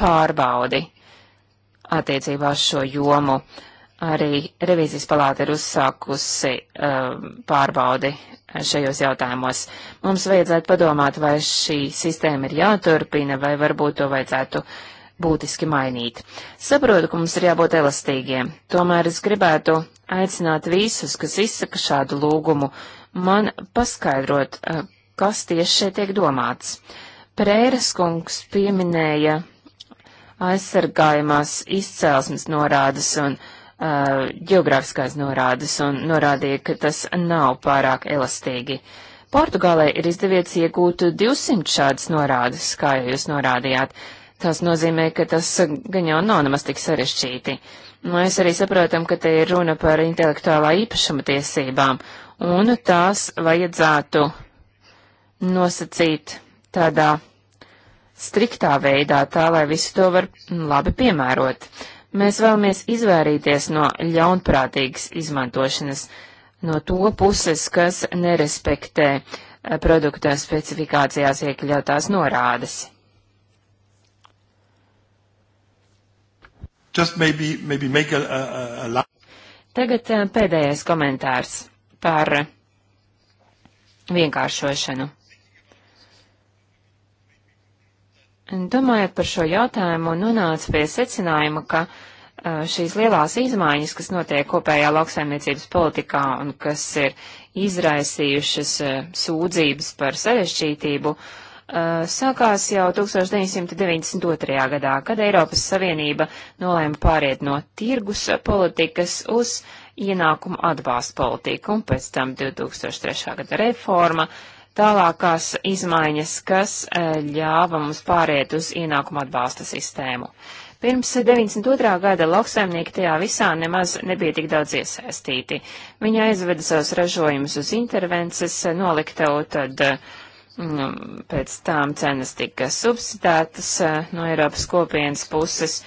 pārbaudi attiecībā uz šo jomu. Uh, Arī revīzijas palāta ir uzsākusi um, pārbaudi šajos jautājumos. Mums vajadzētu padomāt, vai šī sistēma ir jāturpina, vai varbūt to vajadzētu būtiski mainīt. Saprotu, ka mums ir jābūt elastīgiem. Tomēr es gribētu aicināt visus, kas izsaka šādu lūgumu, man paskaidrot, uh, kas tieši šeit tiek domāts. Prēras kungs pieminēja aizsargājumās izcelsmes norādes un uh, uh, geogrāfiskās norādes un norādīja, ka tas nav pārāk elastīgi. Portugālē ir izdevies iegūt 200 šādas norādes, kā jūs norādījāt. Tas nozīmē, ka tas gan jau nav nemaz tik sarežģīti. Mēs nu, arī saprotam, ka te ir runa par intelektuālā īpašuma tiesībām, un tās vajadzētu nosacīt tādā striktā veidā, tā lai visu to var labi piemērot. Mēs vēlamies izvairīties no ļaunprātīgas izmantošanas no to puses, kas nerespektē eh, produktā specifikācijās iekļautās norādes. Maybe, maybe a, a, a... Tagad eh, pēdējais komentārs par vienkāršošanu. Domājot par šo jautājumu, nonāca pie secinājuma, ka šīs lielās izmaiņas, kas notiek kopējā lauksaimniecības politikā un kas ir izraisījušas sūdzības par sarešķītību, sākās jau 1992. gadā, kad Eiropas Savienība nolēma pāriet no tirgus politikas uz ienākumu atbalstu politiku, un pēc tam 2003. gada reforma tālākās izmaiņas, kas e, ļāva mums pāriet uz ienākuma atbalsta sistēmu. Pirms 92. gada lauksaimnieki tajā visā nemaz nebija tik daudz iesaistīti. Viņi aizveda savus ražojumus uz intervences, noliktavu tad mm, pēc tām cenas tika subsidētas e, no Eiropas kopienas puses,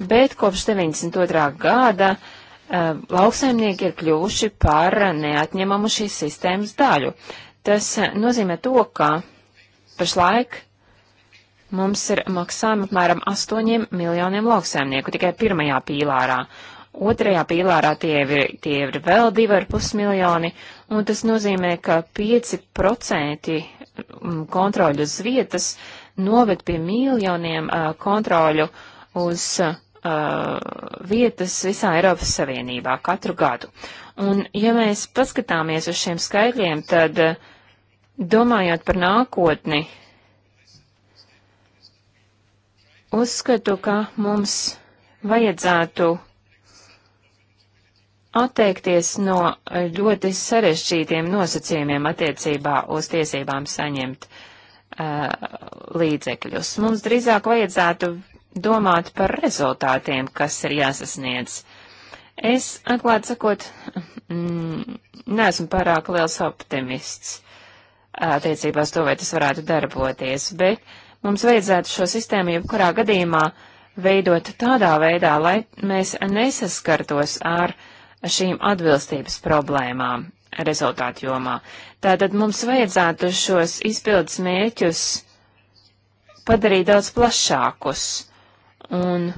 bet kopš 92. gada e, lauksaimnieki ir kļuvuši par neatņemamu šīs sistēmas daļu. Tas nozīmē to, ka pašlaik mums ir maksājumi apmēram 8 miljoniem lauksēmnieku tikai pirmajā pīlārā. Otrajā pīlārā tie ir, tie ir vēl 2,5 miljoni, un tas nozīmē, ka 5% mm, kontroļu uz vietas noved pie miljoniem uh, kontroļu uz uh, vietas visā Eiropas Savienībā katru gadu. Un, ja mēs paskatāmies uz šiem skaitļiem, tad uh, Domājot par nākotni, uzskatu, ka mums vajadzētu atteikties no ļoti sarežģītiem nosacījumiem attiecībā uz tiesībām saņemt uh, līdzekļus. Mums drīzāk vajadzētu domāt par rezultātiem, kas ir jāsasniedz. Es, atklāt sakot, mm, neesmu pārāk liels optimists attiecībās to, vai tas varētu darboties, bet mums vajadzētu šo sistēmu jebkurā gadījumā veidot tādā veidā, lai mēs nesaskartos ar šīm atbilstības problēmām rezultātu jomā. Tātad mums vajadzētu šos izpildes mērķus padarīt daudz plašākus, un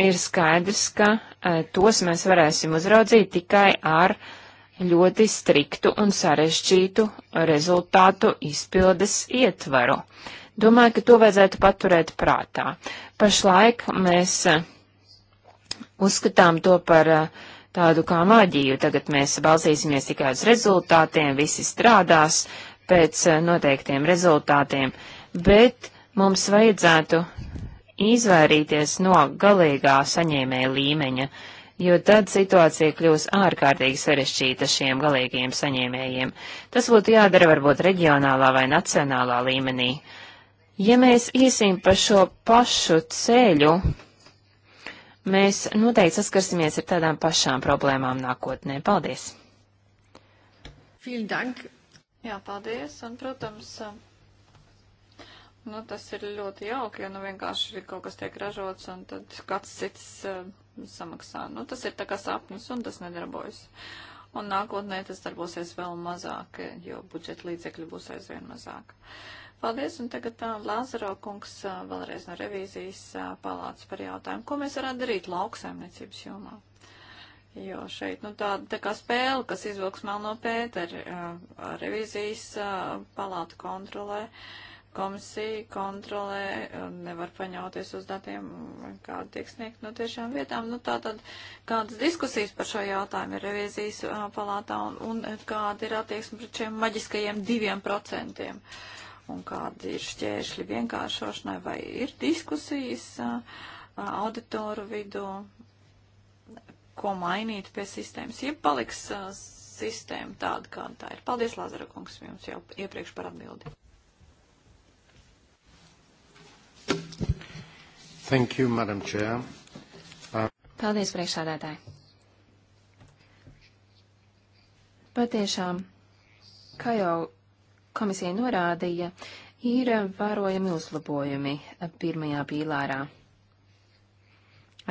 ir skaidrs, ka eh, tos mēs varēsim uzraudzīt tikai ar uh, ļoti striktu un sarežģītu rezultātu izpildes ietvaru. Domāju, ka to vajadzētu paturēt prātā. Pašlaik mēs eh, uzskatām to par eh, tādu kā maģiju. Tagad mēs balsīsimies tikai uz rezultātiem, visi strādās pēc eh, noteiktiem rezultātiem, bet mums vajadzētu izvairīties no galīgā saņēmēja līmeņa. Uh, jo tad situācija kļūs ārkārtīgi sarešķīta šiem galīgajiem saņēmējiem. Tas būtu jādara varbūt reģionālā vai nacionālā līmenī. Ja mēs iesim pa šo pašu ceļu, mēs noteikti saskarsimies ar tādām pašām problēmām nākotnē. Paldies! Dank. Jā, paldies, un, protams, nu, tas ir ļoti jauki, jo, nu, vienkārši kaut kas tiek ražots, un tad kāds cits uh, samaksā. Nu, tas ir tā kā sapnis un tas nedarbojas. Un nākotnē tas darbosies vēl mazāk, jo budžeta līdzekļi būs aizvien mazāk. Paldies, un tagad Lāzaro kungs vēlreiz no revīzijas palāca par jautājumu, ko mēs varētu darīt lauksaimniecības jomā. Jo šeit, nu, tāda tā kā spēle, kas izvilks melno pēteri, revīzijas palāta kontrolē. Uh, komisija kontrolē, nevar paņauties uz datiem, kādi tiek sniegt no tiešām vietām. Nu, tātad, kādas diskusijas par šo jautājumu ir revizijas palātā un, un kāda ir attieksme pret šiem maģiskajiem diviem procentiem? Un kādi ir šķēršļi vienkāršošanai vai ir diskusijas auditoru vidū, ko mainīt pie sistēmas, ja paliks sistēma tāda, kāda tā ir. Paldies, Lāzara kungs, jums jau iepriekš par atbildi. Thank you, Madam Chair. Uh... Paldies, priekšsādātāji. Patiešām, kā jau komisija norādīja, ir vērojami uzlabojumi pirmajā pīlārā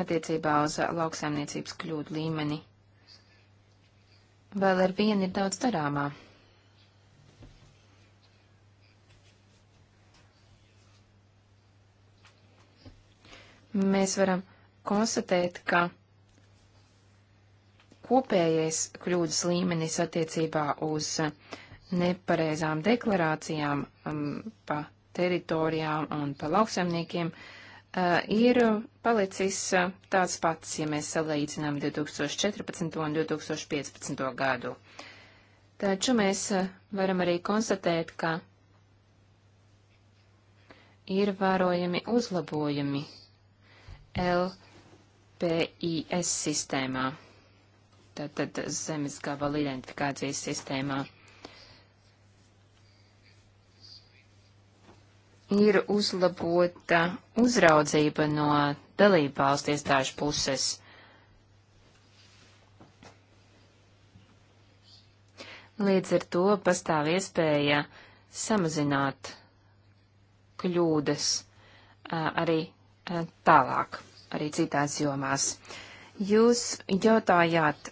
attiecībā uz lauksaimniecības kļūdu līmeni. Vēl ar vienu ir daudz darāmā. mēs varam konstatēt, ka kopējais kļūdas līmenis attiecībā uz nepareizām deklarācijām um, pa teritorijām un pa lauksaimniekiem uh, ir palicis uh, tāds pats, ja mēs salīdzinām 2014. un 2015. gadu. Taču mēs uh, varam arī konstatēt, ka ir vērojami uzlabojumi LPIS sistēmā, tātad zemes gabala identifikācijas sistēmā. Ir uzlabota uzraudzība no dalību valsts iestāžu puses. Līdz ar to pastāv iespēja samazināt kļūdas arī tālāk arī citās jomās. Jūs jautājāt,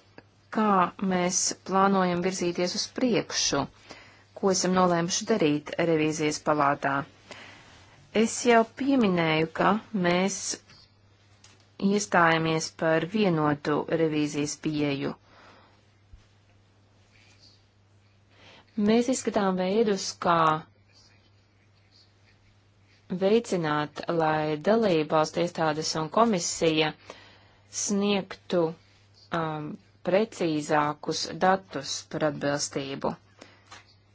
kā mēs plānojam virzīties uz priekšu, ko esam nolēmuši darīt revīzijas palātā. Es jau pieminēju, ka mēs iestājamies par vienotu revīzijas pieeju. Mēs izskatām veidus, kā veicināt, lai dalībvalstu iestādes un komisija sniegtu um, precīzākus datus par atbilstību.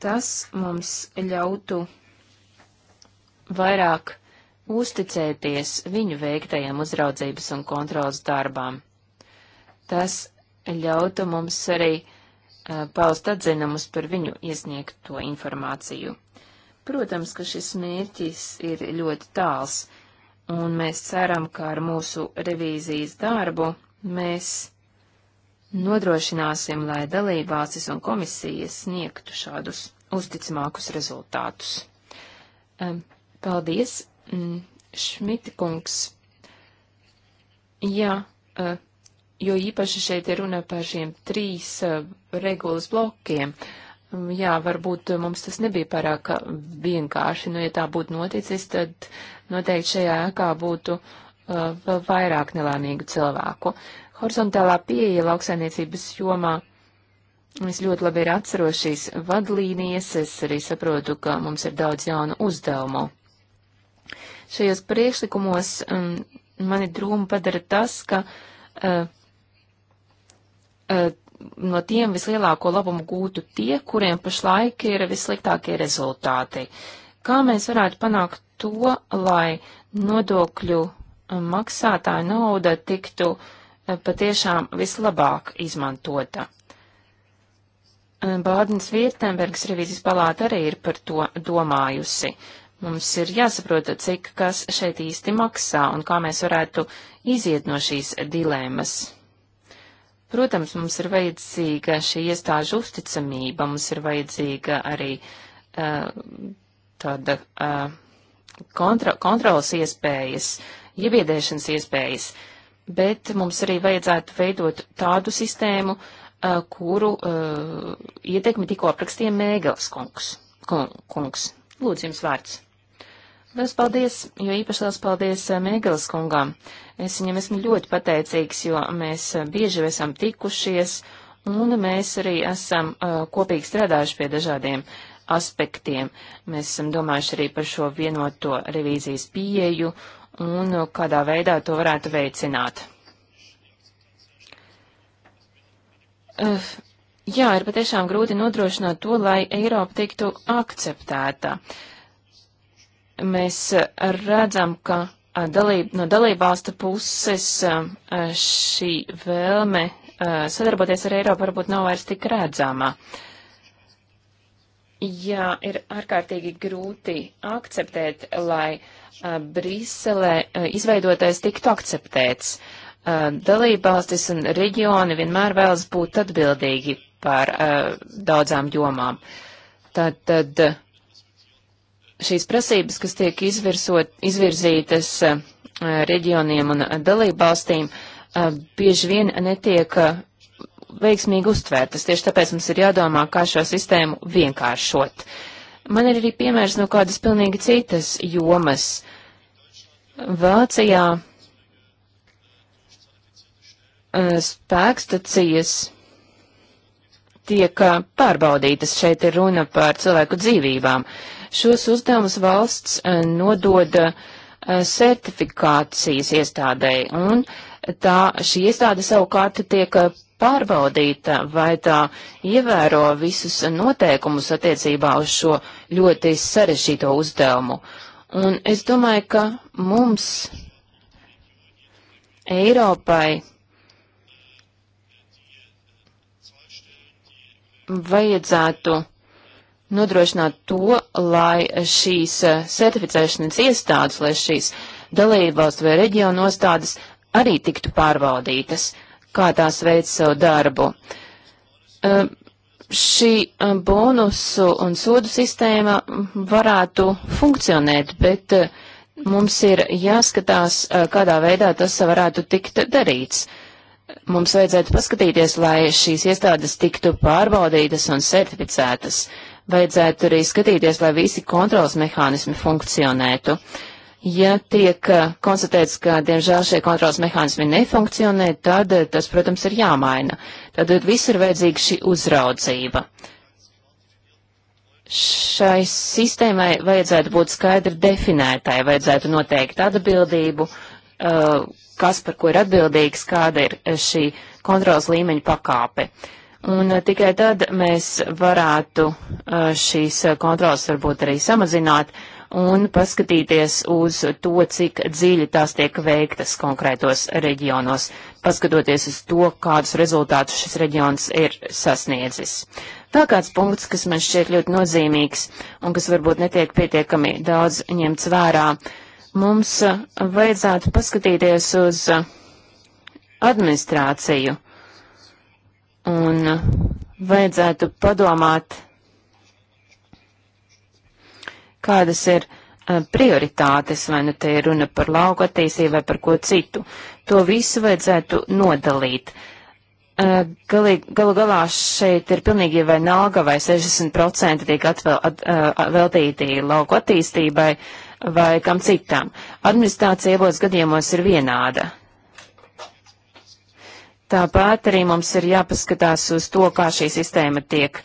Tas mums ļautu vairāk uzticēties viņu veiktajam uzraudzības un kontrolas darbām. Tas ļautu mums arī uh, paust atzinumus par viņu iesniegto informāciju. Protams, ka šis mērķis ir ļoti tāls, un mēs ceram, ka ar mūsu revīzijas darbu mēs nodrošināsim, lai dalībvalstis un komisijas sniegtu šādus uzticamākus rezultātus. Paldies, mm, Šmitkungs. Jā, e, jo īpaši šeit ir runa par šiem trīs e, regulas blokiem. Uh, Mm, jā, varbūt mums tas nebija pārāk vienkārši. Nu, ja tā būtu noticis, tad noteikti šajā ēkā būtu uh, vēl uh, vairāk nelāmīgu cilvēku. Horizontālā pieeja lauksainiecības jomā. Es ļoti labi atceros šīs vadlīnijas, es arī saprotu, ka mums ir daudz jaunu uzdevumu. Šajos priekšlikumos um, mani drūmu padara tas, ka uh, uh, no tiem vislielāko labumu gūtu tie, kuriem pašlaik ir vissliktākie rezultāti. Kā mēs varētu panākt to, lai nodokļu um, maksātāja nauda tiktu uh, patiešām vislabāk izmantota? Um, Bādens Viertembergs revīzijas palāta arī ir par to domājusi. Mums ir jāsaprot, cik kas šeit īsti maksā un kā mēs varētu iziet no šīs dilēmas. Protams, mums ir vajadzīga šī iestāžu uzticamība, mums ir vajadzīga arī uh, tāda uh, kontra, kontrolas iespējas, iebiedēšanas iespējas, bet mums arī vajadzētu veidot tādu sistēmu, uh, kuru uh, ietekmi tikko aprakstīja Mēgels kungs. Kun, kungs. Lūdzu, jums vārds. Liels paldies, jo īpaši liels paldies eh, Mēgeles kungām. Es viņam esmu ļoti pateicīgs, jo mēs eh, bieži esam tikušies, un mēs arī esam uh, kopīgi strādājuši pie dažādiem aspektiem. Mēs esam domājuši arī par šo vienoto revīzijas pieeju un uh, kādā veidā to varētu veicināt. Uh, jā, ir patiešām grūti nodrošināt to, lai Eiropa tiktu akceptēta. Uh, mēs eh, redzam, ka eh, dalība, no dalībvalstu puses eh, šī vēlme sadarboties ar Eiropu varbūt nav vairs tik redzama. Jā, ir ārkārtīgi grūti akceptēt, lai Briselē izveidotais tiktu akceptēts. Dalībvalstis un reģioni vienmēr vēlas būt atbildīgi par daudzām jomām. Tad, tad uh, šīs prasības, kas tiek izvirsot, izvirzītas eh, reģioniem un dalībvalstīm, eh, bieži vien netiek eh, veiksmīgi uztvērtas. Tieši tāpēc mums ir jādomā, kā šo sistēmu vienkāršot. Man ir arī piemērs no kādas pilnīgi citas jomas. Vācijā spēkstacijas tiek pārbaudītas. Šeit ir runa par cilvēku dzīvībām. Uh, Šos uzdevumus valsts eh, nodod eh, certifikācijas iestādēji, un tā šī iestāde savukārt tiek eh, pārbaudīta, vai tā ievēro visus noteikumus attiecībā uz šo ļoti sarešķīto uzdevumu. Un es domāju, ka mums Eiropai vajadzētu nodrošināt to, lai šīs eh, certificēšanas iestādes, lai šīs dalībvalstu vai reģionu nostādes arī tiktu pārvaldītas, kā tās veids savu darbu. Uh, šī eh, bonusu un sodu sistēma varētu funkcionēt, bet uh, mums ir jāskatās, uh, kādā veidā tas varētu tikt darīts. Mums vajadzētu paskatīties, lai šīs iestādes tiktu pārbaudītas un certificētas. Uh, vajadzētu arī skatīties, lai visi kontrolas mehānismi funkcionētu. Ja tiek eh, konstatēts, ka, diemžēl, šie kontrolas mehānismi nefunkcionē, tad eh, tas, protams, ir jāmaina. Tad viss ir vajadzīga šī uzraudzība. Šai sistēmai vajadzētu būt skaidri definētai, vajadzētu noteikt atbildību, eh, kas par ko ir atbildīgs, kāda ir šī kontrolas līmeņa pakāpe. Uh, Un eh, tikai tad mēs varētu eh, šīs eh, kontrolas varbūt arī samazināt un paskatīties uz to, cik dziļi tās tiek veiktas konkrētos reģionos, paskatoties uz to, kādus rezultātus šis reģions ir sasniedzis. Vēl kāds punkts, kas man šķiet ļoti nozīmīgs un kas varbūt netiek pietiekami daudz ņemts vērā, mums vajadzētu paskatīties uz administrāciju Un vajadzētu padomāt, kādas ir eh, prioritātes, vai nu te ir runa par lauku attīstību vai par ko citu. To visu vajadzētu nodalīt. Eh, galī, galu galā šeit ir pilnīgi vai nalga, vai 60% tiek atvel, at, eh, veltīti lauku attīstībai vai kam citam. Administrācija abos gadījumos ir vienāda. Tāpat arī mums ir jāpaskatās uz to, kā šī sistēma tiek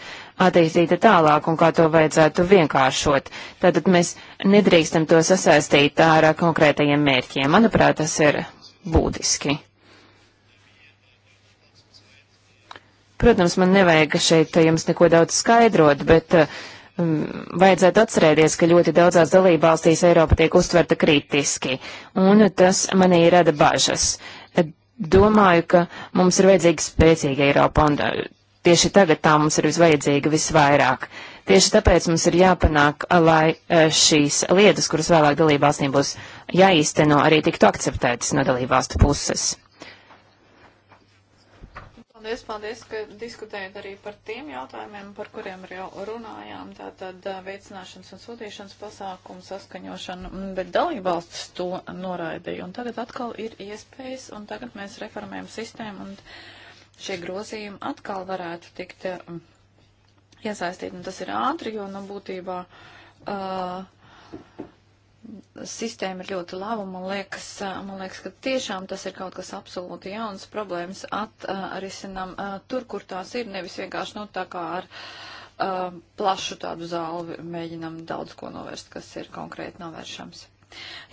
attīstīta tālāk un kā to vajadzētu vienkāršot. Tātad mēs nedrīkstam to sasaistīt ar konkrētajiem mērķiem. Manuprāt, tas ir būtiski. Protams, man nevajag šeit jums neko daudz skaidrot, bet um, vajadzētu atcerēties, ka ļoti daudzās dalībvalstīs Eiropa tiek uztverta kritiski, un tas manī rada bažas. Uh, domāju, ka mums ir vajadzīga spēcīga Eiropa, un uh, tieši tagad tā mums ir visvajadzīga visvairāk. Tieši tāpēc mums ir jāpanāk, uh, lai uh, šīs lietas, kuras vēlāk dalībvalstīm būs jāīsteno, arī tiktu akceptētas no dalībvalstu puses. Paldies, paldies, ka diskutējat arī par tiem jautājumiem, par kuriem jau runājām. Tātad veicināšanas un sūtīšanas pasākumu saskaņošana, bet dalībvalstis to noraidīja. Un tagad atkal ir iespējas, un tagad mēs reformējam sistēmu, un šie grozījumi atkal varētu tikt iesaistīti. Un tas ir ātri, jo, nu, būtībā. Uh, sistēma ir ļoti laba. Man liekas, man liekas, ka tiešām tas ir kaut kas absolūti jauns. Problēmas atrisinām tur, kur tās ir, nevis vienkārši nu, tā kā ar uh, plašu tādu zāli mēģinam daudz ko novērst, kas ir konkrēti novēršams.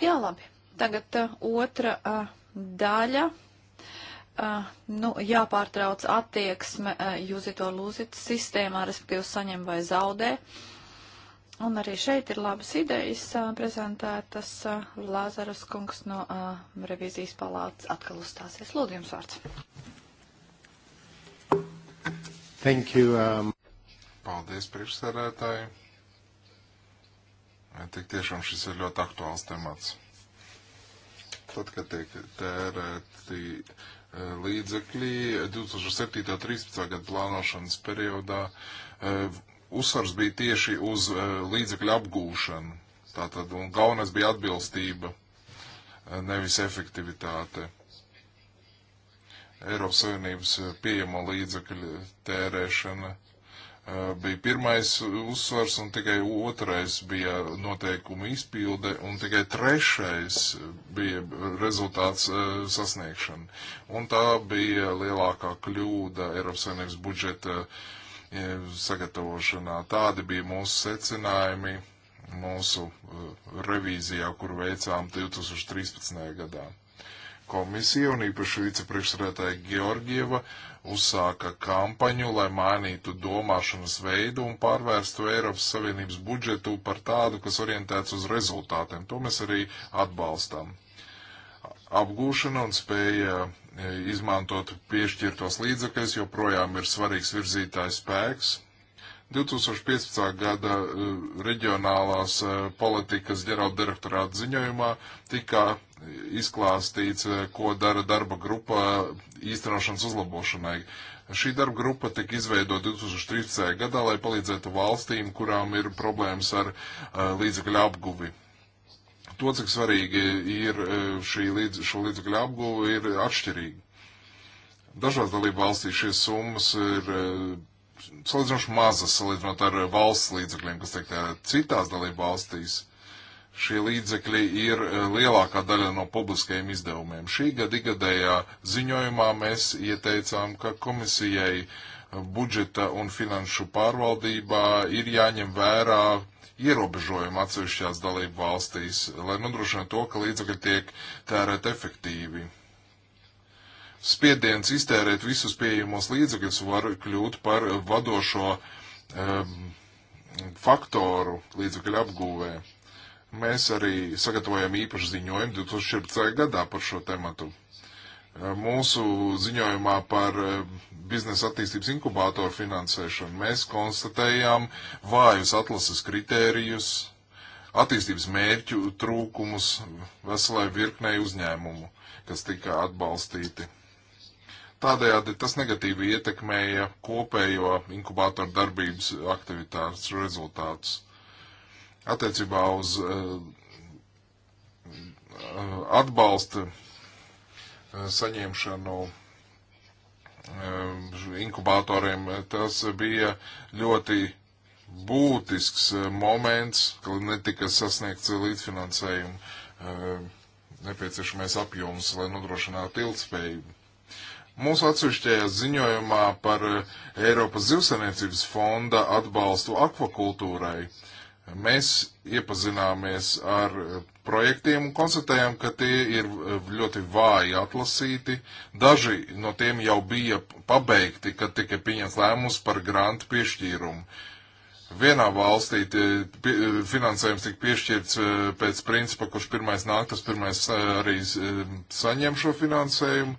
Jā, labi. Tagad uh, otra uh, daļa. Uh, nu, jāpārtrauc attieksme uh, jūzito lūzīt sistēmā, respektīvi saņem vai zaudē. Uh, Un arī šeit ir labas idejas a, prezentētas. A, Lāzaras kungs no a, revizijas palātas atkal uzstāsies. Lūdzu, jums vārds. Thank you. Um... Paldies, priekšsēdētāji. Tik tiešām šis ir ļoti aktuāls temats. Tad, kad tiek tērēti līdzekļi 2007. 13. gada plānošanas periodā, uzsvars bija tieši uz e, līdzekļu apgūšanu. Tātad, un galvenais bija atbilstība, e, nevis efektivitāte. Eiropas Savienības e, pieejamo līdzekļu tērēšana bija pirmais uzsvars, un tikai otrais bija noteikumu izpilde, un tikai trešais bija rezultāts uh, sasniegšana. Un tā bija lielākā kļūda Eiropas Savienības budžeta uh, E, sagatavošanā. Tādi bija mūsu secinājumi mūsu e, revīzijā, kur veicām 2013. gadā. Komisija un īpaši vicepriekšsēdētāja Georgieva uzsāka kampaņu, lai mainītu domāšanas veidu un pārvērstu Eiropas Savienības budžetu par tādu, kas orientēts uz rezultātiem. To mēs arī atbalstam. Apgūšana un spēja E, izmantot piešķirtos līdzekļus, joprojām ir svarīgs virzītājs spēks. 2015. gada e, reģionālās e, politikas ģenerāla direktorāta ziņojumā tika izklāstīts, ko dara darba grupa īstenošanas uzlabošanai. Šī darba grupa tika izveidota 2013. gadā, lai palīdzētu valstīm, kurām ir problēmas ar līdzekļu apguvi to, cik svarīgi ir e, šī līdz, šo līdzekļu apguva, ir atšķirīgi. Dažās dalību valstīs šīs summas ir e, salīdzinoši mazas, salīdzinot ar valsts līdzekļiem, kas teikt, e, citās dalību valstīs šie līdzekļi ir lielākā daļa no publiskajiem izdevumiem. Šī gada ikgadējā ziņojumā mēs ieteicām, ka komisijai budžeta un finanšu pārvaldībā ir jāņem vērā ierobežojumu atsevišķās dalību valstīs, lai nodrošinātu to, ka līdzekļi tiek tērēt efektīvi. Spiediens iztērēt visus pieejamos līdzekļus var kļūt par vadošo um, faktoru līdzekļu apgūvē. Mēs arī sagatavojam īpašu ziņojumu 2014. gadā par šo tematu. Eh, mūsu ziņojumā par eh, biznesa attīstības inkubātoru finansēšanu mēs konstatējām vājus atlases kritērijus, attīstības mērķu trūkumus veselai virknei uzņēmumu, kas tika atbalstīti. Tādējādi tas negatīvi ietekmēja kopējo inkubātoru darbības aktivitātes rezultātus. Attiecībā uz uh, atbalsta saņemšanu eh, inkubatoriem, tas bija ļoti būtisks eh, moments, kad netika sasniegts līdzfinansējumu eh, nepieciešamais apjoms, lai nodrošinātu ilgspējību. Mūsu atsevišķajā ziņojumā par Eiropas zivsainiecības fonda atbalstu akvakultūrai mēs iepazināmies ar eh, projektiem un konstatējām, ka tie ir eh, ļoti vāji atlasīti. Daži no tiem jau bija pabeigti, kad tika pieņemts lēmums par grantu piešķīrumu. Vienā valstī eh, finansējums tika piešķirts pēc principa, kurš pirmais nāk, tas pirmais arī saņem šo finansējumu.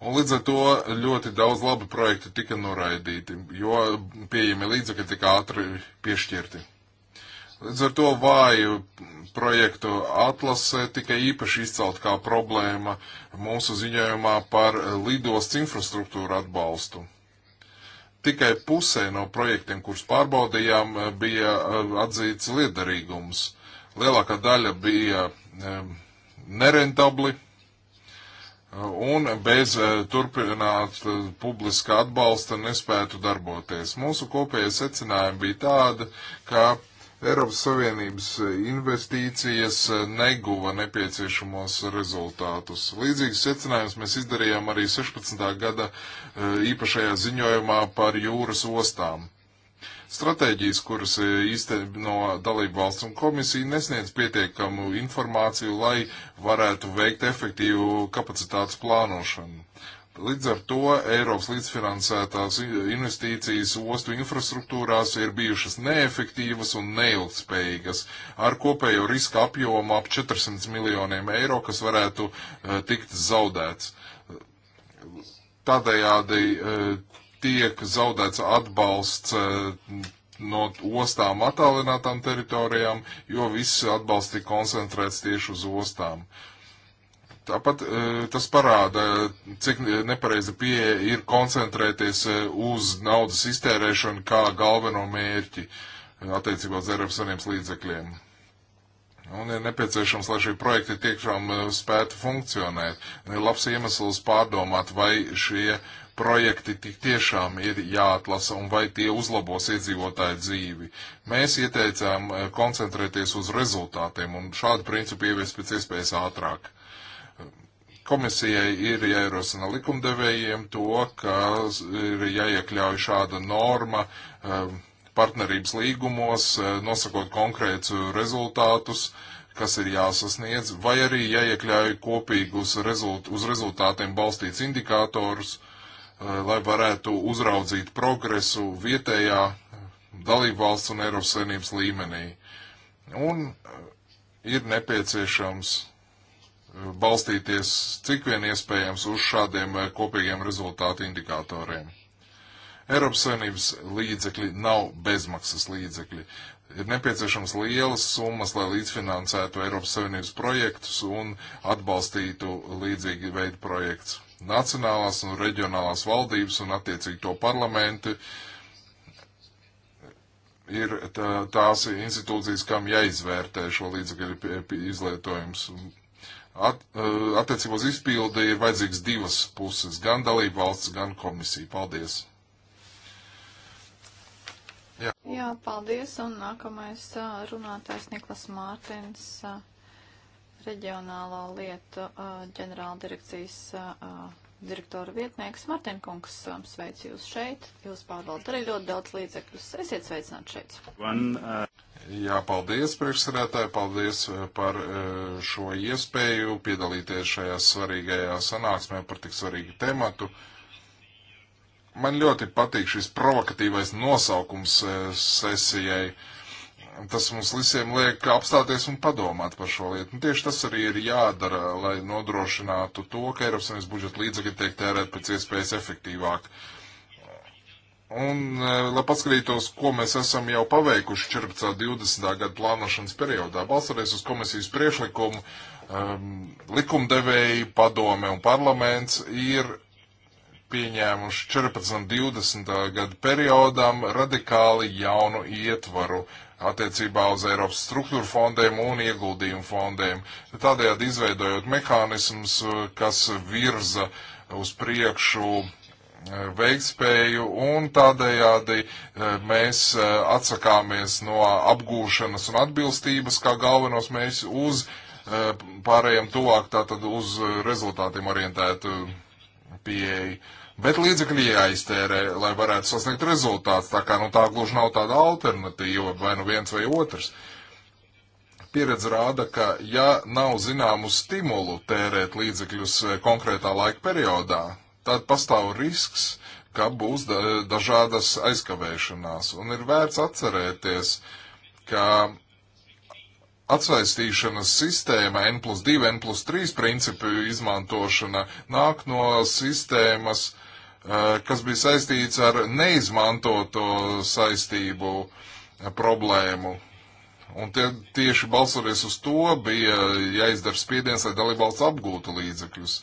Un līdz ar to ļoti daudz labu projektu tika noraidīti, jo pieejami līdzekļi tika ātri piešķirti. Līdz ar to vāju projektu atlase tika īpaši izcelt kā problēma mūsu ziņojumā par lidosts infrastruktūru atbalstu. Tikai pusē no projektiem, kurus pārbaudījām, bija eh, atzīts liederīgums. Lielākā daļa bija eh, nerentabli eh, un bez turpināt publiska atbalsta nespētu darboties. Mūsu kopējais secinājumi bija tāda, ka Eiropas Savienības investīcijas neguva nepieciešamos rezultātus. Līdzīgs secinājums mēs izdarījām arī 16. gada eh, īpašajā ziņojumā par jūras ostām. Stratēģijas, kuras īsteno eh, dalību valsts un komisija, nesniedz pietiekamu informāciju, lai varētu veikt efektīvu kapacitātes plānošanu. Līdz ar to Eiropas līdzfinansētās investīcijas ostu infrastruktūrās ir bijušas neefektīvas un neilgspējīgas, ar kopējo riska apjomu ap 400 miljoniem eiro, kas varētu uh, tikt zaudēts. Tādējādi uh, tiek zaudēts atbalsts uh, no ostām attālinātām teritorijām, jo viss atbalsts tika koncentrēts tieši uz ostām. Uh, Tāpat e, tas parāda, cik nepareiza pieeja ir koncentrēties e, uz naudas iztērēšanu kā galveno mērķi e, attiecībā uz Eiropas Savienības līdzekļiem. Un ir nepieciešams, lai šie projekti tiešām spētu funkcionēt. Un ir labs iemesls pārdomāt, vai šie projekti tik tiešām ir jāatlasa un vai tie uzlabos iedzīvotāju dzīvi. Mēs ieteicām koncentrēties uz rezultātiem un šādu principu ievies pēc iespējas ātrāk. Komisijai ir jāierosina likumdevējiem to, ka ir jāiekļauj šāda norma um, partnerības līgumos, uh, nosakot konkrētus rezultātus, kas ir jāsasniedz, vai arī jāiekļauj kopīgus rezult, uz rezultātiem balstīts indikātors, uh, lai varētu uzraudzīt progresu vietējā uh, dalību valsts un Eiropas savienības līmenī. Un ir nepieciešams balstīties cik vien iespējams uz šādiem eh, kopīgiem rezultātu indikatoriem. Eiropas Savienības līdzekļi nav bezmaksas līdzekļi. Ir nepieciešams lielas summas, lai līdzfinansētu Eiropas Savienības projektus un atbalstītu līdzīgi veidu projekts. Nacionālās un reģionālās valdības un attiecīgi to parlamenti ir tās institūcijas, kam jāizvērtē šo līdzekļu izlietojums. At, eh, attiecībā uz izpildi ir vajadzīgs divas puses - gan dalība valsts, gan komisija. Paldies! Jā, Jā paldies! Un nākamais eh, runātājs Niklas Mārtins, eh, reģionālā lieta ģenerāla direkcijas direktora vietnieks Martinkungs sveic jūs šeit. Jūs pārvaldat arī ļoti daudz līdzekļus. Esiet sveicināti šeit. One, uh... Jā, paldies priekšsarētāji, paldies eh, par eh, šo iespēju piedalīties šajā svarīgajā sanāksmē par tik svarīgu tematu. Man ļoti patīk šis provokatīvais nosaukums eh, sesijai. Tas mums visiem liek apstāties un padomāt par šo lietu. Un nu, tieši tas arī ir jādara, lai nodrošinātu to, ka Eiropas Savienības budžeta līdzekļi tiek tērēt pēc iespējas efektīvāk. Uh, Un, e, lai paskatītos, ko mēs esam jau paveikuši 14. 20. gada plānošanas periodā, balstoties uz komisijas priešlikumu, um, likumdevēji, padome un parlaments ir pieņēmuši 14. 20. gada periodam radikāli jaunu ietvaru attiecībā uz Eiropas struktūra fondiem un ieguldījumu fondiem, tādējādi izveidojot mehānismus, kas virza uz priekšu uh, veiktspēju un tādējādi eh, mēs eh, atsakāmies no apgūšanas un atbilstības kā galvenos mēs uz eh, pārējiem tuvāk tātad uz rezultātiem orientētu pieeju. Bet līdzekļi jāiztērē, lai varētu sasniegt rezultāts, tā kā nu tā gluži nav tāda alternatīva, vai nu viens vai otrs. Pieredze rāda, ka ja nav zināmu stimulu tērēt līdzekļus konkrētā laika periodā, tad pastāv risks, ka būs dažādas aizkavēšanās. Un ir vērts atcerēties, ka atsaistīšanas sistēma N plus 2, N plus 3 principu izmantošana nāk no sistēmas, eh, kas bija saistīts ar neizmantoto saistību eh, problēmu. Un tie, tieši balsoties uz to, bija jāizdara spiediens, lai dalībvalsts apgūtu līdzekļus.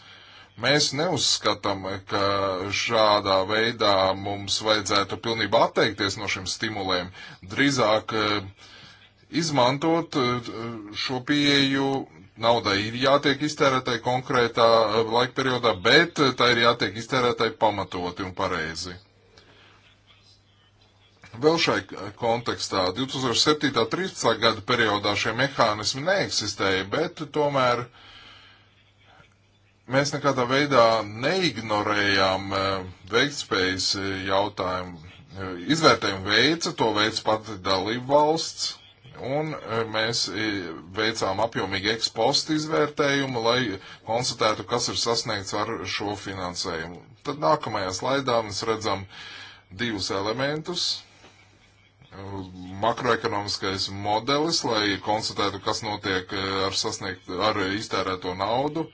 Mēs neuzskatām, ka šādā veidā mums vajadzētu pilnībā atteikties no šiem stimuliem. Drīzāk eh, izmantot eh, šo pieeju nauda ir jātiek iztērētai konkrētā eh, laika periodā, bet tā ir jātiek iztērētai pamatoti un pareizi. Vēl šai kontekstā 2007.13. gada periodā šie mehānismi neeksistēja, bet tomēr uh, Mēs nekādā veidā neignorējām eh, veiktspējas eh, jautājumu. Eh, izvērtējumu veica, to veica pati dalību valsts, un mēs veicām apjomīgi ekspostu izvērtējumu, lai konstatētu, kas ir sasniegts ar šo finansējumu. Tad nākamajā slaidā mēs redzam divus elementus, makroekonomiskais modelis, lai konstatētu, kas notiek ar, sasniegt, ar iztērēto naudu.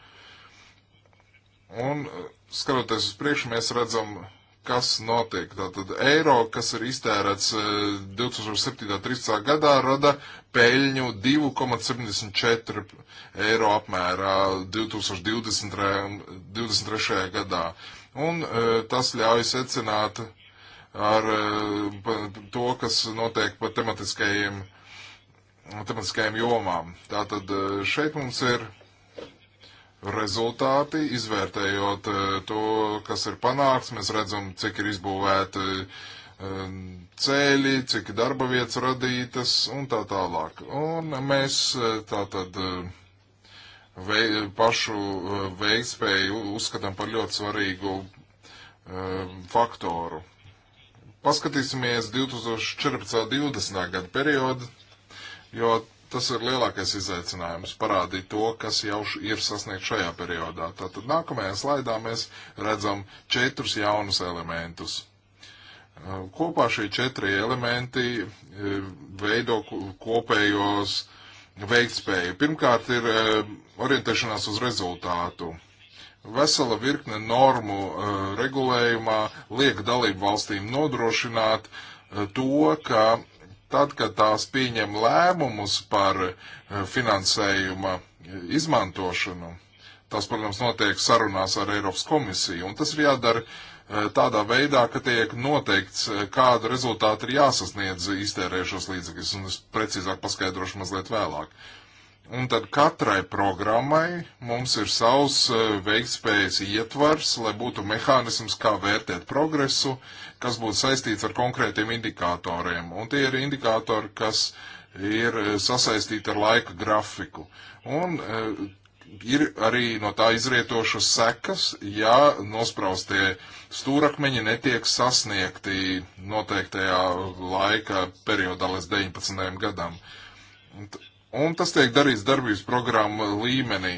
Un eh, skatoties uz priekšu, mēs redzam, kas notiek. Tātad eiro, kas ir iztērēts 2007.13. Eh, gadā, rada peļņu 2,74 eiro apmērā 2023. gadā. Un eh, tas ļauj secināt ar to, kas notiek pa tematiskajiem, tematiskajiem jomām. Tātad šeit mums ir rezultāti, izvērtējot eh, to, kas ir panākts. Mēs redzam, cik ir izbūvēti eh, ceļi, cik darba vietas radītas un tā tālāk. Un mēs eh, tā tad vei, pašu veikspēju uzskatām par ļoti svarīgu faktoru. Paskatīsimies 2014. 20. gada periodu, jo Tas ir lielākais izaicinājums - parādīt to, kas jau ir sasniegts šajā periodā. Tātad nākamajā slaidā mēs redzam četrus jaunus elementus. Kopā šie četri elementi veido kopējos veiktspēju. Pirmkārt ir orientēšanās uz rezultātu. Vesela virkne normu regulējumā liek dalību valstīm nodrošināt to, ka tad, kad tās pieņem lēmumus par eh, finansējuma eh, izmantošanu, tas, protams, notiek sarunās ar Eiropas komisiju, un tas ir jādara eh, tādā veidā, ka tiek noteikts, kādu rezultātu ir jāsasniedz iztērējušos līdzekļus, un es precīzāk paskaidrošu mazliet vēlāk. Uh, Un tad katrai programmai mums ir savs e, veiktspējas ietvars, lai būtu mehānisms, kā vērtēt progresu, kas būtu saistīts ar konkrētiem indikatoriem. Un tie ir indikatori, kas ir e, sasaistīti ar laika grafiku. Un e, ir arī no tā izrietošas sekas, ja nospraustie stūrakmeņi netiek sasniegti noteiktajā laika periodā līdz 19. gadam. Un tas tiek darīts darbības programma līmenī,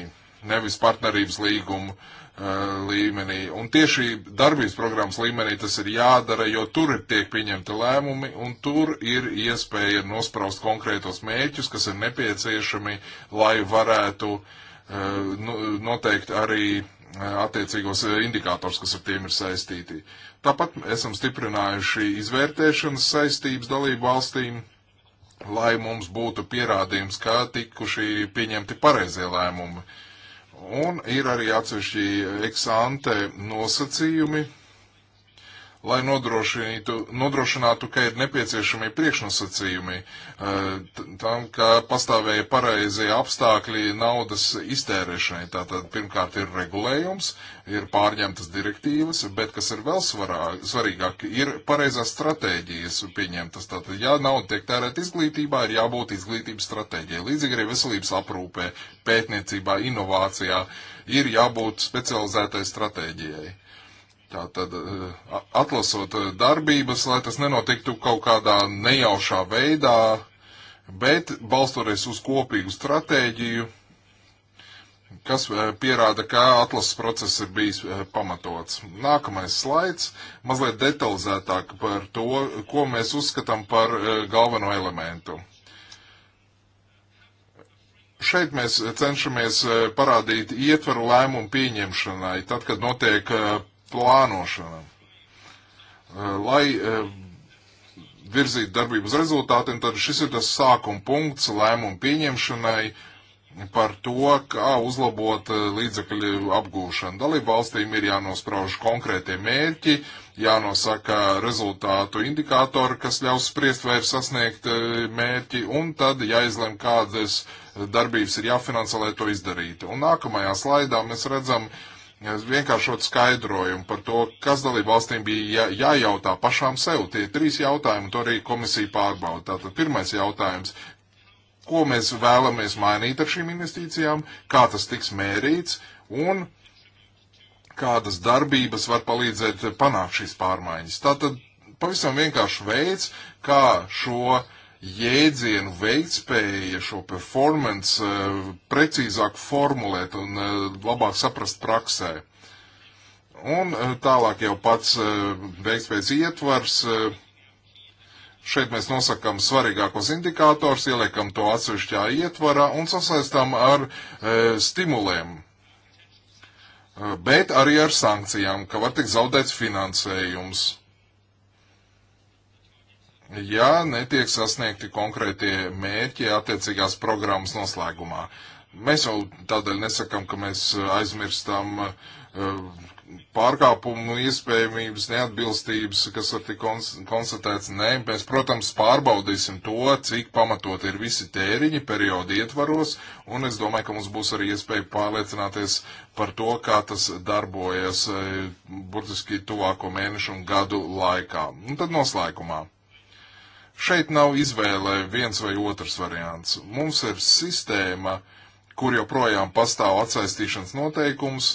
nevis partnerības līguma uh, līmenī. Un tieši darbības programmas līmenī tas ir jādara, jo tur ir tiek pieņemti lēmumi un tur ir iespēja nospraust konkrētos mēķus, kas ir nepieciešami, lai varētu uh, noteikt arī eh, attiecīgos indikātors, kas ar tiem ir saistīti. Tāpat esam stiprinājuši izvērtēšanas saistības dalību valstīm lai mums būtu pierādījums, kā tikuši pieņemti pareizie lēmumi. Un ir arī atsevišķi eksante nosacījumi, lai nodrošinātu, ka ir nepieciešami priekšnosacījumi eh, tam, ka pastāvēja pareizie apstākļi naudas iztērēšanai. Tātad pirmkārt ir regulējums, ir pārņemtas direktīvas, bet kas ir vēl svarāk, svarīgāk, ir pareizās stratēģijas pieņemtas. Tātad, ja nauda tiek tērēt izglītībā, ir jābūt izglītības stratēģijai. Līdzīgi arī veselības aprūpē, pētniecībā, inovācijā ir jābūt specializētai stratēģijai Tātad eh, atlasot eh, darbības, lai tas nenotiktu kaut kādā nejaušā veidā, bet balstoties uz kopīgu stratēģiju, kas eh, pierāda, ka atlases process ir bijis pamatots. Nākamais slaids mazliet detalizētāk par to, ko mēs uzskatām par galveno elementu. Šeit mēs cenšamies parādīt ietvaru lēmumu pieņemšanai, tad, kad notiek plānošana, eh, lai eh, virzītu darbības rezultātiem, tad šis ir tas sākuma punkts lēmumu pieņemšanai par to, kā uzlabot eh, līdzekļu apgūšanu. Dalību valstīm ir jānosprauž konkrētie mērķi, jānosaka rezultātu indikātori, kas ļaus spriest, vai ir sasniegt mērķi, un tad jāizlem, kādas darbības ir jāfinansē, lai to izdarītu. Un nākamajā slaidā mēs redzam, uh, vienkāršot skaidrojumu par to, kas dalību valstīm bija jā, jājautā pašām sev. Tie trīs jautājumi, to arī komisija pārbauda. Tātad pirmais jautājums, ko mēs vēlamies mainīt ar šīm investīcijām, kā tas tiks mērīts un kādas darbības var palīdzēt panākt šīs pārmaiņas. Tātad pavisam vienkārši veids, kā šo uh, jēdzienu veiktspēja, šo performance eh, precīzāk formulēt un eh, labāk saprast praksē. Un eh, tālāk jau pats veiktspējas ietvars. Šeit mēs nosakām svarīgākos indikātors, ieliekam to atsevišķā ietvarā un sasaistām ar e, stimuliem. Bet arī ar sankcijām, ka var tikt zaudēts finansējums ja netiek sasniegti konkrētie mērķi attiecīgās programmas noslēgumā. Mēs jau tādēļ nesakam, ka mēs uh, aizmirstam uh, pārkāpumu iespējamības, neatbilstības, kas var tik konstatēts. Nē, mēs, protams, pārbaudīsim to, cik pamatot ir visi tēriņi periodi ietvaros, un es domāju, ka mums būs arī iespēja pārliecināties par to, kā tas darbojas uh, burtiski tuvāko mēnešu un gadu laikā. Un tad noslēgumā Šeit nav izvēlē viens vai otrs variants. Mums ir sistēma, kur joprojām pastāv atsaistīšanas noteikums,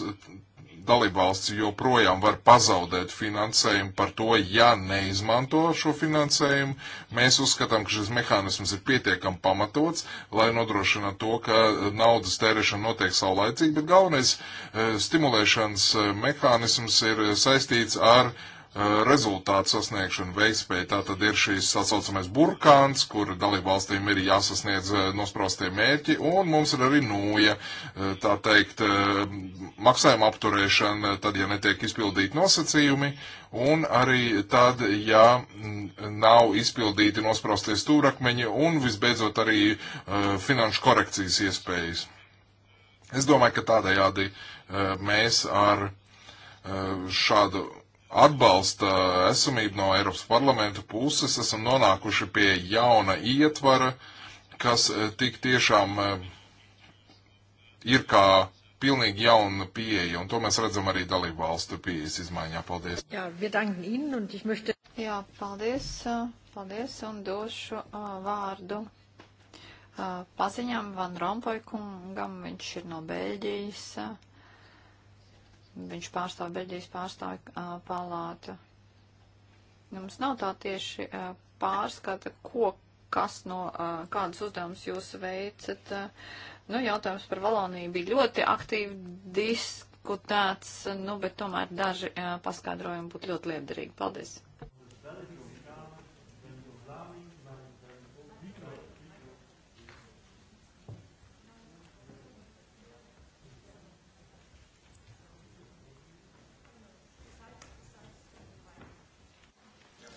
dalībvalsts joprojām var pazaudēt finansējumu par to, ja neizmanto šo finansējumu. Mēs uzskatām, ka šis mehānisms ir pietiekami pamatots, lai nodrošinātu to, ka naudas tērēšana notiek saulaicīgi, bet galvenais e, stimulēšanas eh, mehānisms ir saistīts ar e, Eh, rezultātu sasniegšanu veiktspēju. Tā tad ir šīs tā saucamais burkāns, kur dalībvalstīm ir jāsasniedz eh, nosprostie mērķi, un mums ir arī nūja, eh, tā teikt, maksājuma apturēšana, tad, ja netiek izpildīti nosacījumi, un arī tad, ja mm, nav izpildīti nosprostie stūrakmeņi, un visbeidzot arī uh, finanšu korekcijas iespējas. Es domāju, ka tādējādi uh, mēs ar uh, šādu atbalsta esamību no Eiropas parlamenta puses, esam nonākuši pie jauna ietvara, kas eh, tik tiešām eh, ir kā pilnīgi jauna pieeja, un to mēs redzam arī dalību valstu pieejas izmaiņā. Paldies! Jā, Ihnen, möchte... Jā paldies, eh, paldies, un došu uh, vārdu uh, paziņām Van Rompoj kungam, viņš ir no Beļģijas. Uh, Viņš pārstāv Beļģijas pārstāvju palātu. Nu, mums nav tā tieši pārskata, ko, kas no, kādas uzdevumus jūs veicat. Nu, jautājums par Valoniju bija ļoti aktīvi diskutēts, nu, bet tomēr daži paskaidrojumi būtu ļoti liederīgi. Paldies!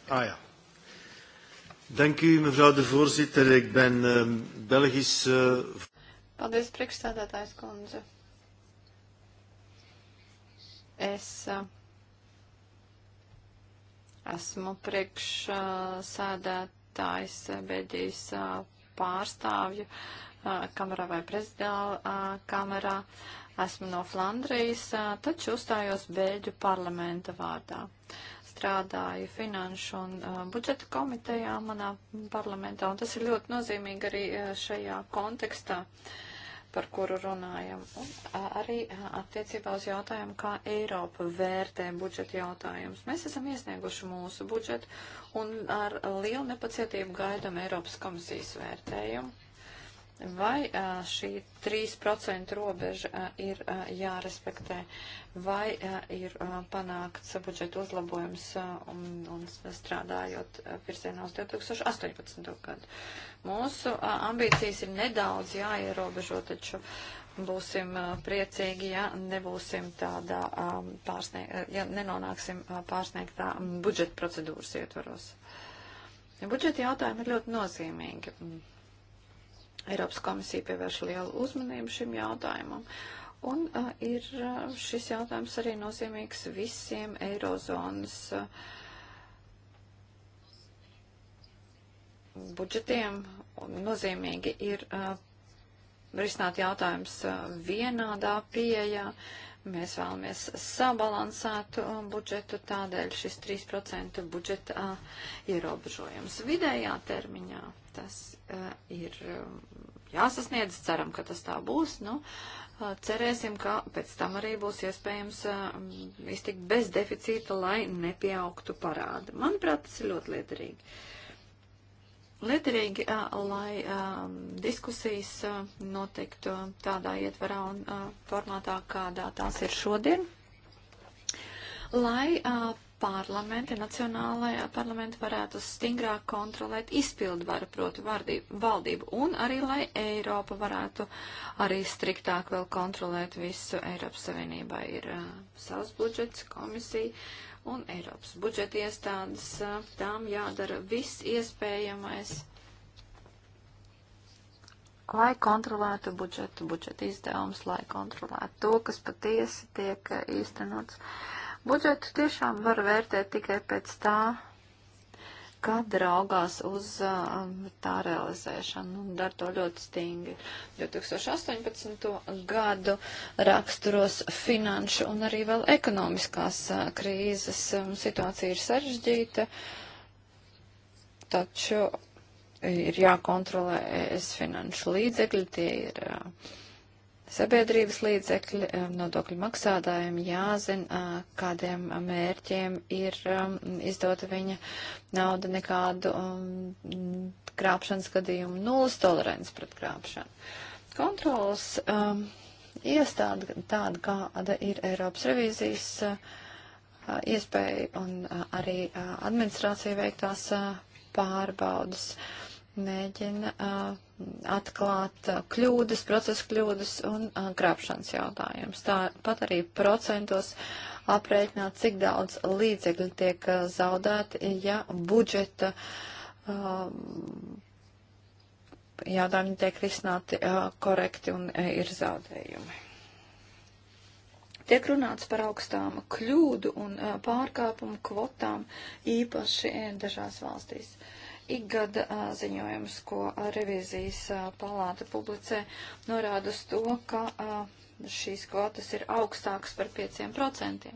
Ah ja. Dank u, mevrouw de voorzitter. Ik ben um, Belgisch. Uh... Paldies, priekšstādātājs kundze. Es uh, esmu priekšsādātājs uh, Beļģijas uh, pārstāvju uh, kamerā vai prezidāla uh, kamerā. Esmu no Flandrijas, uh, taču uzstājos Beļģu parlamenta vārdā. Uh, strādāju finanšu un uh, budžeta komitejā manā parlamentā, un tas ir ļoti nozīmīgi arī uh, šajā kontekstā, par kuru runājam. Un uh, arī uh, attiecībā uz jautājumu, kā Eiropa vērtē budžeta jautājumus. Mēs esam iesnieguši mūsu budžetu un ar lielu nepacietību gaidam Eiropas komisijas vērtējumu Vai šī 3% robeža ir jārespektē, vai ir panākts budžeta uzlabojums un, un strādājot virzienā uz 2018. gadu. Mūsu ambīcijas ir nedaudz jāierobežo, taču būsim priecīgi, ja nebūsim tādā pārsniegtā, ja nenonāksim pārsniegtā budžeta procedūras ietvaros. Budžeta jautājumi ir ļoti nozīmīgi Eiropas komisija pievērš lielu uzmanību šim jautājumam. Un uh, ir šis jautājums arī nozīmīgs visiem eirozonas uh, budžetiem. Nozīmīgi ir uh, risināt jautājums uh, vienādā pieejā. Mēs vēlamies sabalansētu uh, budžetu, tādēļ šis 3% budžeta uh, ierobežojums vidējā termiņā tas uh, ir e, jāsasniedz, ceram, ka tas tā būs. Nu, uh, cerēsim, ka pēc tam arī būs iespējams uh, iztikt bez deficīta, lai nepieaugtu parāda. Manuprāt, tas ir ļoti liederīgi. Liederīgi, uh, lai uh, diskusijas uh, notiktu tādā ietvarā un uh, formātā, kādā tās ir šodien, lai uh, parlamenti, nacionālajā parlamenta varētu stingrāk kontrolēt izpildvaru, proti vardību, valdību, un arī, lai Eiropa varētu arī striktāk vēl kontrolēt visu. Eiropas Savienībā ir uh, savs budžets, komisija un Eiropas budžeta iestādes. Uh, tām jādara viss iespējamais, lai kontrolētu budžetu, budžeta izdevumus, lai kontrolētu to, kas patiesi tiek uh, īstenots. Uh, Budžetu tiešām var vērtēt tikai pēc tā, kad raugās uz um, tā realizēšanu un dar to ļoti stingri. 2018. gadu raksturos finanšu un arī vēl ekonomiskās uh, krīzes um, situācija ir sarežģīta, taču ir jākontrolē es finanšu līdzekļi, tie ir. Uh, Sabiedrības līdzekļi, um, nodokļu maksātājiem jāzina, uh, kādiem mērķiem ir um, izdota viņa nauda, nekādu um, krāpšanas gadījumu nulles tolerants pret krāpšanu. Kontrolas um, iestāde tāda, kāda ir Eiropas revīzijas uh, iespēja un uh, arī uh, administrācija veiktās uh, pārbaudas. Uh, mēģina uh, atklāt uh, kļūdas, procesu kļūdas un uh, krāpšanas jautājumus. Tāpat arī procentos aprēķināt, cik daudz līdzekļu tiek uh, zaudēti, ja budžeta uh, jautājumi tiek risināti uh, korekti un uh, ir zaudējumi. Tiek runāts par augstām kļūdu un uh, pārkāpumu kvotām īpaši dažās valstīs. Uh, ikgada ziņojums, ko revizijas palāta publicē, norāda uz to, ka šīs kvotas ir augstākas par 5%.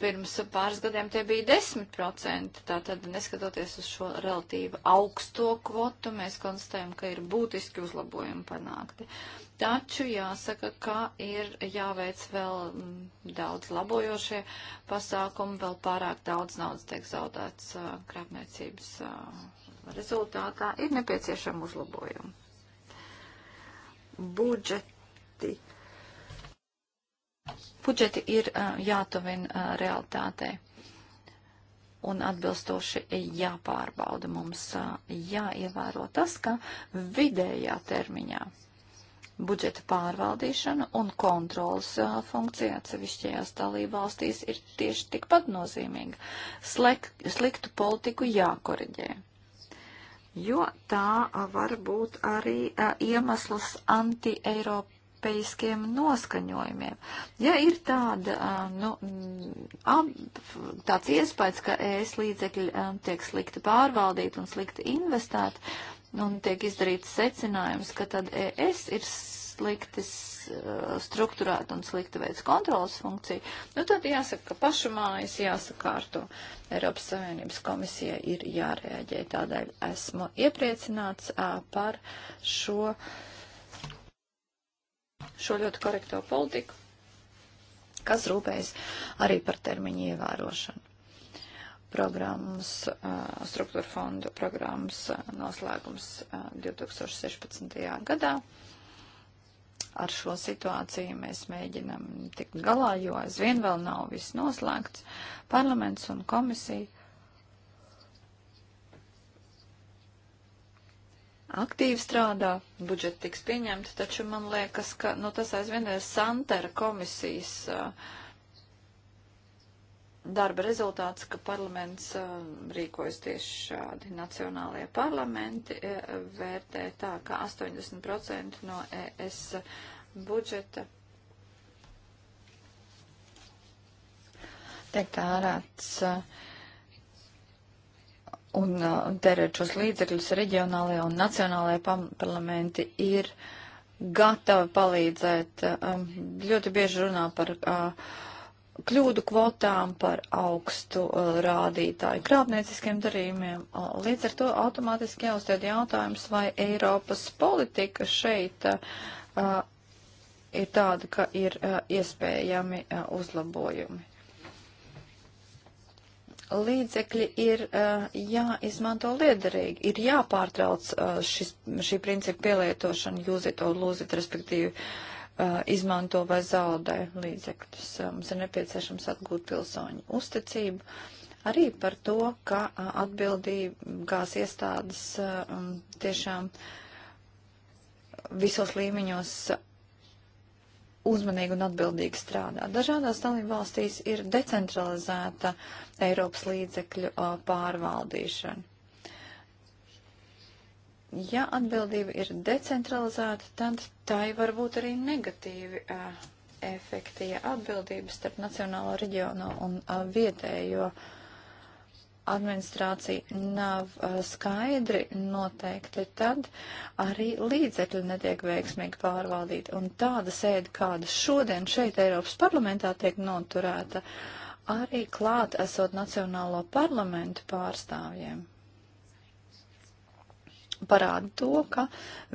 Pirms pāris gadiem tie bija 10%. Tātad, neskatoties uz šo relatīvi augsto kvotu, mēs konstatējam, ka ir būtiski uzlabojumi panākti. Taču jāsaka, ka ir jāveic vēl mm, daudz labojošie pasākumi, vēl pārāk daudz naudas tiek zaudēts krāpniecības rezultātā ir nepieciešama uzlabojuma. Budžeti, budžeti ir uh, jātuvina uh, realitātei un atbilstoši jāpārbauda mums, uh, jāievēro tas, ka vidējā termiņā budžeta pārvaldīšana un kontrolas uh, funkcija atsevišķajās dalībvalstīs ir tieši tikpat nozīmīga. Slek, sliktu politiku jākoriģē jo tā var būt arī iemesls anti-Eiropa eiropeiskiem noskaņojumiem. Ja ir tāda, nu, ab, tāds iespējas, ka ES līdzekļi tiek slikti pārvaldīti un slikti investēti, un tiek izdarīts secinājums, ka tad ES ir slikti eh, strukturēta un slikti veids kontrolas funkcija, nu tad jāsaka, ka pašu mājas jāsakārto. Eiropas Savienības komisija ir jārēģē, tādēļ esmu iepriecināts par šo, šo ļoti korekto politiku, kas rūpējas arī par termiņu ievērošanu programmas, struktūra fondu programmas noslēgums 2016. gadā ar šo situāciju mēs mēģinam tikt galā, jo aizvien vēl nav viss noslēgts. Parlaments un komisija aktīvi strādā, budžeti tiks pieņemti, taču man liekas, ka nu, tas aizvien ir Santera komisijas uh, darba rezultāts, ka parlaments uh, rīkojas tieši šādi. Nacionālajie parlamenti uh, vērtē tā, ka 80% no ES budžeta tiek tērēts uh, un tērēt šos līdzekļus reģionālajie un nacionālajie parlamenti ir gatavi palīdzēt. Um, ļoti bieži runā par uh, kļūdu kvotām, par augstu uh, rādītāju krāpnieciskiem darījumiem. Uh, līdz ar to automātiski jāuzdod jautājums, vai Eiropas politika šeit uh, ir tāda, ka ir uh, iespējami uh, uzlabojumi līdzekļi ir uh, jāizmanto liederīgi, ir jāpārtrauc uh, šis, šī principa pielietošana, jūzit to lūzit, respektīvi uh, izmanto vai zaudē līdzekļus. Mums ir nepieciešams atgūt pilsoņu uzticību. Arī par to, ka atbildīgās iestādes tiešām visos līmeņos uzmanīgi un atbildīgi strādā. Dažādās dalību valstīs ir decentralizēta Eiropas līdzekļu pārvaldīšana. Ja atbildība ir decentralizēta, tad tai var būt arī negatīvi efekti, ja atbildības starp nacionālo reģiono un vietējo. Uh, administrācija nav uh, skaidri noteikti, tad arī līdzekļi netiek veiksmīgi pārvaldīti. Un tāda sēde, kāda šodien šeit Eiropas parlamentā tiek noturēta, arī klāt esot Nacionālo parlamentu pārstāvjiem parāda to, ka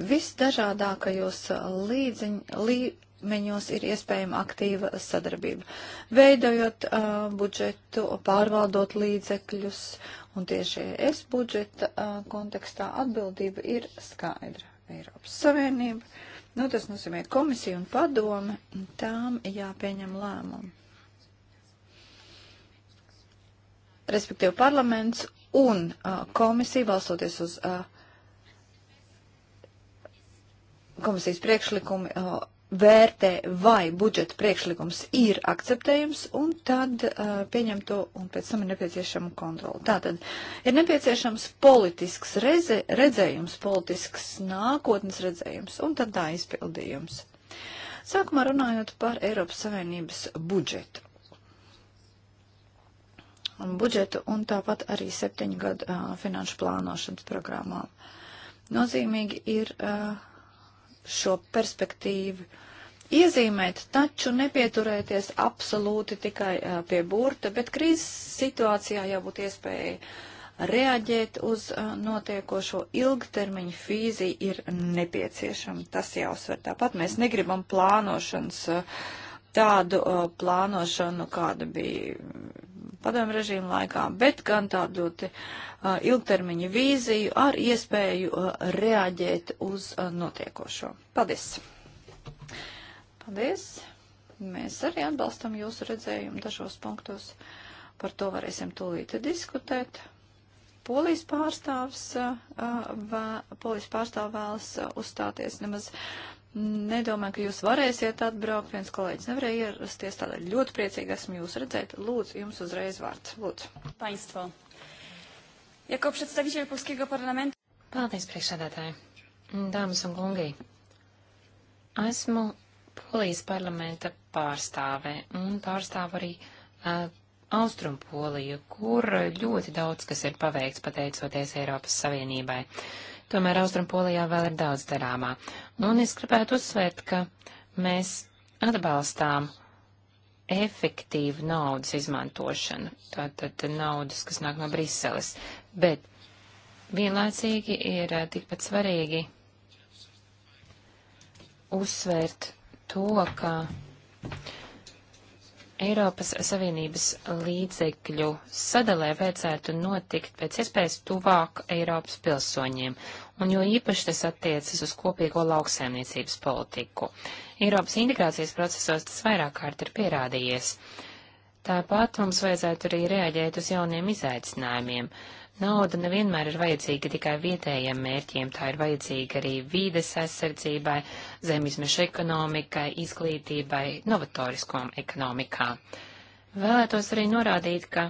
visdažādākajos līdziņ, lī, viņos ir iespējama aktīva sadarbība. Veidojot uh, budžetu, pārvaldot līdzekļus un tieši es budžeta uh, kontekstā atbildība ir skaidra. Eiropas Savienība, nu tas nozīmē komisija un padome, tām jāpieņem lēmumi. Respektīvi parlaments un uh, komisija balstoties uz uh, komisijas priekšlikumi. Uh, vērtē, vai budžeta priekšlikums ir akceptējums, un tad uh, pieņem to, un pēc tam ir nepieciešama kontrola. Tātad ir nepieciešams politisks reze, redzējums, politisks nākotnes redzējums, un tad tā izpildījums. Sākumā runājot par Eiropas Savienības budžetu. Un budžetu un tāpat arī septiņu gadu uh, finanšu plānošanas programmām. Nozīmīgi ir uh, šo perspektīvu iezīmēt, taču nepieturēties absolūti tikai uh, pie burta, bet krīzes situācijā jau būtu iespēja reaģēt uz uh, notiekošo ilgtermiņu fīziju ir nepieciešama. Tas jāuzsver tāpat. Mēs negribam plānošanas, uh, tādu plānošanu, kāda bija padomu režīmu laikā, bet gan tādu ļoti uh, ilgtermiņa vīziju ar iespēju uh, reaģēt uz uh, notiekošo. Paldies! Paldies! Mēs arī atbalstam jūsu redzējumu dažos punktos. Par to varēsim tūlīt diskutēt. Polijas pārstāvs, uh, vē, polijas pārstāv vēlas uzstāties nemaz Nedomāju, ka jūs varēsiet atbraukt. Viens kolēģis nevarēja ierasties, tādēļ ļoti priecīgi esmu jūs redzēt. Lūdzu, jums uzreiz vārds. Lūdzu. Państwo. Jako przedstawiciel polskiego parlamentu. Paldies, priekšsēdētāji. Dāmas un kungi. Esmu Polijas parlamenta pārstāve un pārstāvu arī uh, Austrumpoliju, kur ļoti daudz kas ir paveikts pateicoties Eiropas Savienībai. Uh, Tomēr Austrumpolijā vēl ir daudz darāmā. Nu, un es gribētu uzsvērt, ka mēs atbalstām efektīvu naudas izmantošanu, tātad naudas, kas nāk no Briseles. Bet vienlaicīgi ir eh, tikpat svarīgi uzsvērt to, ka Eiropas Savienības līdzekļu sadalē vajadzētu notikt pēc iespējas tuvāk Eiropas pilsoņiem, un jo īpaši tas attiecas uz kopīgo lauksēmniecības politiku. Eiropas integrācijas procesos tas vairāk kārt ir pierādījies. Tāpat mums vajadzētu arī reaģēt uz jauniem izaicinājumiem. Uh, Nauda nevienmēr ir vajadzīga tikai vietējiem mērķiem, tā ir vajadzīga arī vīdes aizsardzībai, zemizmešu ekonomikai, izglītībai, novatoriskām ekonomikā. Vēlētos arī norādīt, ka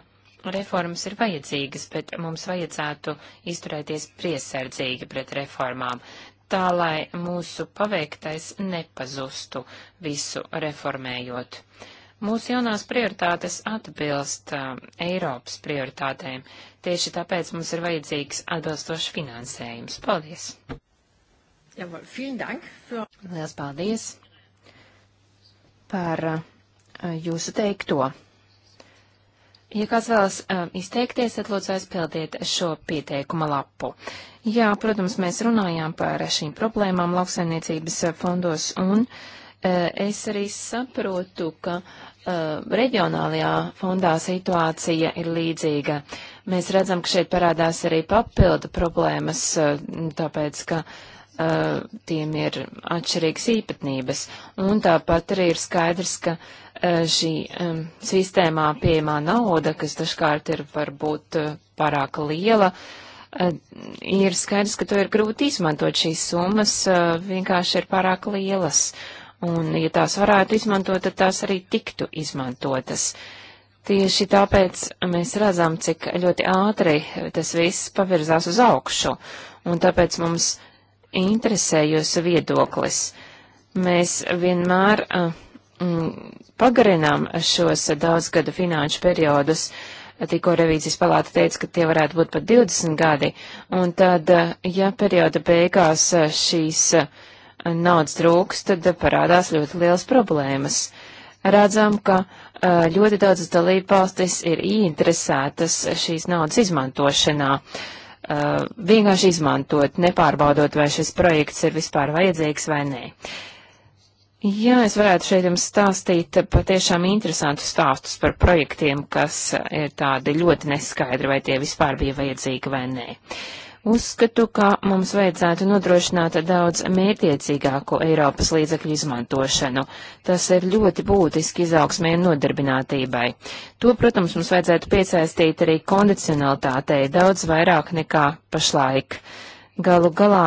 reformas ir vajadzīgas, bet mums vajadzētu izturēties piesardzīgi pret reformām, tā lai mūsu paveiktais nepazustu visu reformējot. Mūsu jaunās prioritātes atbilst uh, Eiropas prioritātēm. Tieši tāpēc mums ir vajadzīgs atbilstošs finansējums. Paldies! Jawohl, vielen Dank für... Lielas paldies par uh, jūsu teikto. Ja kāds vēlas uh, izteikties, tad lūdzu aizpildiet šo pieteikuma lapu. Jā, protams, mēs runājām par šīm problēmām lauksaimniecības fondos, un uh, es arī saprotu, ka uh, uh, reģionālajā fondā situācija ir līdzīga. Mēs redzam, ka šeit parādās arī papildu problēmas, uh, tāpēc, ka uh, tiem ir atšķirīgas īpatnības. Un tāpat arī ir skaidrs, ka šī um, sistēmā pieejamā nauda, kas dažkārt ir varbūt pārāk liela, ir skaidrs, ka to ir grūti izmantot. Šīs summas vienkārši ir pārāk lielas. Uh, un, ja tās varētu izmantot, tad tās arī tiktu izmantotas. Tieši tāpēc mēs redzam, cik ļoti ātri tas viss pavirzās uz augšu, un tāpēc mums interesē jūsu viedoklis. Mēs vienmēr mm, pagarinām šos daudzgadu finanšu periodus, tikko revīzijas palāta teica, ka tie varētu būt pat 20 gadi, un tad, ja perioda beigās šīs uh, naudas trūks, tad parādās ļoti liels problēmas. Redzam, ka ļoti daudzas dalībvalstis ir ieinteresētas šīs naudas izmantošanā. Vienkārši izmantot, nepārbaudot, vai šis projekts ir vispār vajadzīgs vai nē. Jā, es varētu šeit jums stāstīt patiešām interesantus stāstus par projektiem, kas ir tādi ļoti neskaidri, vai tie vispār bija vajadzīgi vai nē. Uh, Uzskatu, ka mums vajadzētu nodrošināt daudz mērtiecīgāku Eiropas līdzekļu izmantošanu. Tas ir ļoti būtiski izaugsmē un nodarbinātībai. To, protams, mums vajadzētu piesaistīt arī kondicionalitātei daudz vairāk nekā pašlaik. Galu galā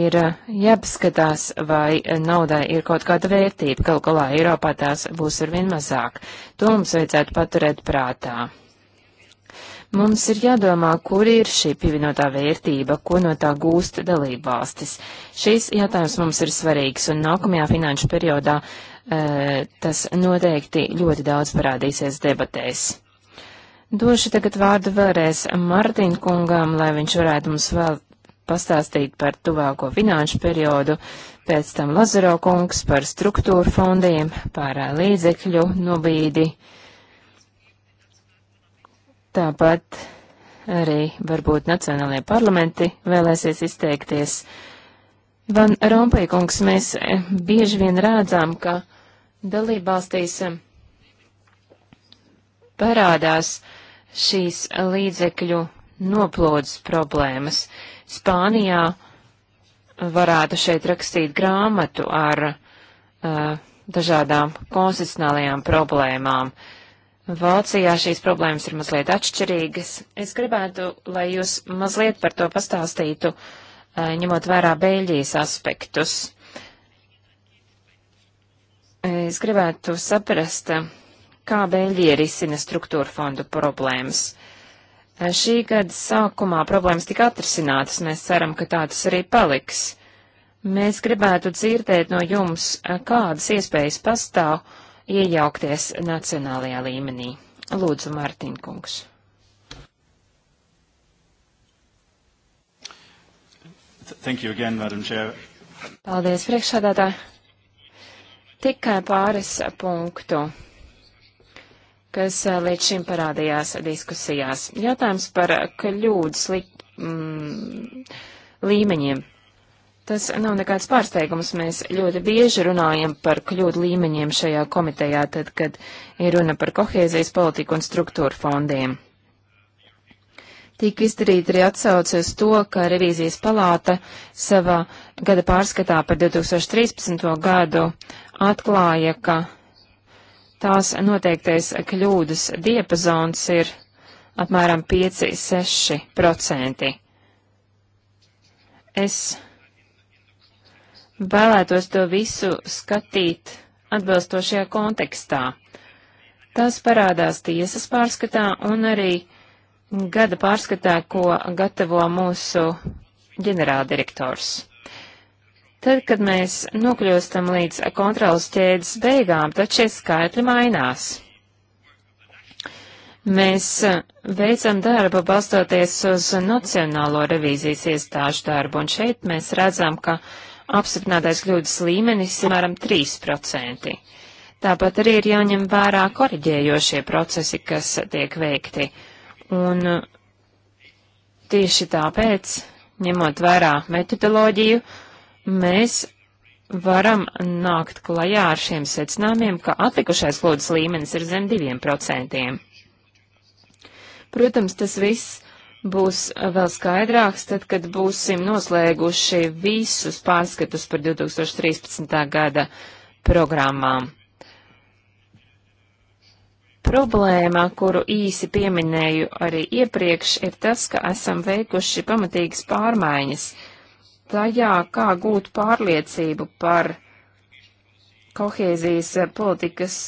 ir jāpaskatās, vai naudai ir kaut kāda vērtība. Galu galā Eiropā tās būs arvien mazāk. To mums vajadzētu paturēt prātā. Mums ir jādomā, kur ir šī pievienotā vērtība, ko no tā gūst dalībvalstis. Šīs jautājums mums ir svarīgs, un nākamajā finanšu periodā e, tas noteikti ļoti daudz parādīsies debatēs. Došu tagad vārdu vēlreiz Martin kungam, lai viņš varētu mums vēl pastāstīt par tuvāko finanšu periodu, pēc tam Lazaro kungs par struktūru fondiem, par e, līdzekļu nobīdi. No Tāpat arī varbūt nacionālajie parlamenti vēlēsies izteikties. Van Rompīkungs, mēs eh, bieži vien rādzām, ka dalībvalstīs eh, parādās šīs līdzekļu noplūdes problēmas. Spānijā varētu šeit rakstīt grāmatu ar uh, dažādām konstitucionālajām problēmām. Uh, Vācijā šīs problēmas ir mazliet atšķirīgas. Es gribētu, lai jūs mazliet par to pastāstītu, eh, ņemot vērā Bēļģijas aspektus. Es gribētu saprast, kā Bēļģija risina struktūra fondu problēmas. Eh, šī gada sākumā problēmas tika atrisinātas, mēs ceram, ka tādas arī paliks. Mēs gribētu dzirdēt no jums, eh, kādas iespējas pastāv iejaukties nacionālajā līmenī. Lūdzu, Mārtiņkungs. Thank you again, Madam Chair. Paldies, priekšsādātāji. Tikai pāris punktu, kas eh, līdz šim parādījās diskusijās. Jautājums par kļūdas li, mm, līmeņiem. Tas nav nekāds pārsteigums. Mēs ļoti bieži runājam par kļūdu līmeņiem šajā komitejā, tad, kad ir runa par kohēzijas politiku un struktūru fondiem. Tika izdarīta arī atsauce uz to, ka revīzijas palāta savā gada pārskatā par 2013. gadu atklāja, ka tās noteiktais kļūdas diapazons ir apmēram 5-6%. Es vēlētos to visu skatīt atbilstošajā kontekstā. Tas parādās tiesas pārskatā un arī gada pārskatā, ko gatavo mūsu ģenerāldirektors. Tad, kad mēs nokļūstam līdz kontrolas ķēdes beigām, tad šie skaitļi mainās. Mēs eh, veicam darbu balstoties uz Nacionālo revīzijas iestāžu darbu, un šeit mēs redzam, ka uh, apstiprinātais kļūdas līmenis ir apmēram 3%. Tāpat arī ir jāņem vērā koriģējošie procesi, kas tiek veikti. Un uh, tieši tāpēc, ņemot vērā metodoloģiju, mēs varam nākt klajā ar šiem secinājumiem, ka atlikušais kļūdas līmenis ir zem 2%. Protams, tas viss būs vēl skaidrāks tad, kad būsim noslēguši visus pārskatus par 2013. gada programmām. Problēma, kuru īsi pieminēju arī iepriekš, ir tas, ka esam veikuši pamatīgas pārmaiņas tajā, kā gūt pārliecību par kohēzijas politikas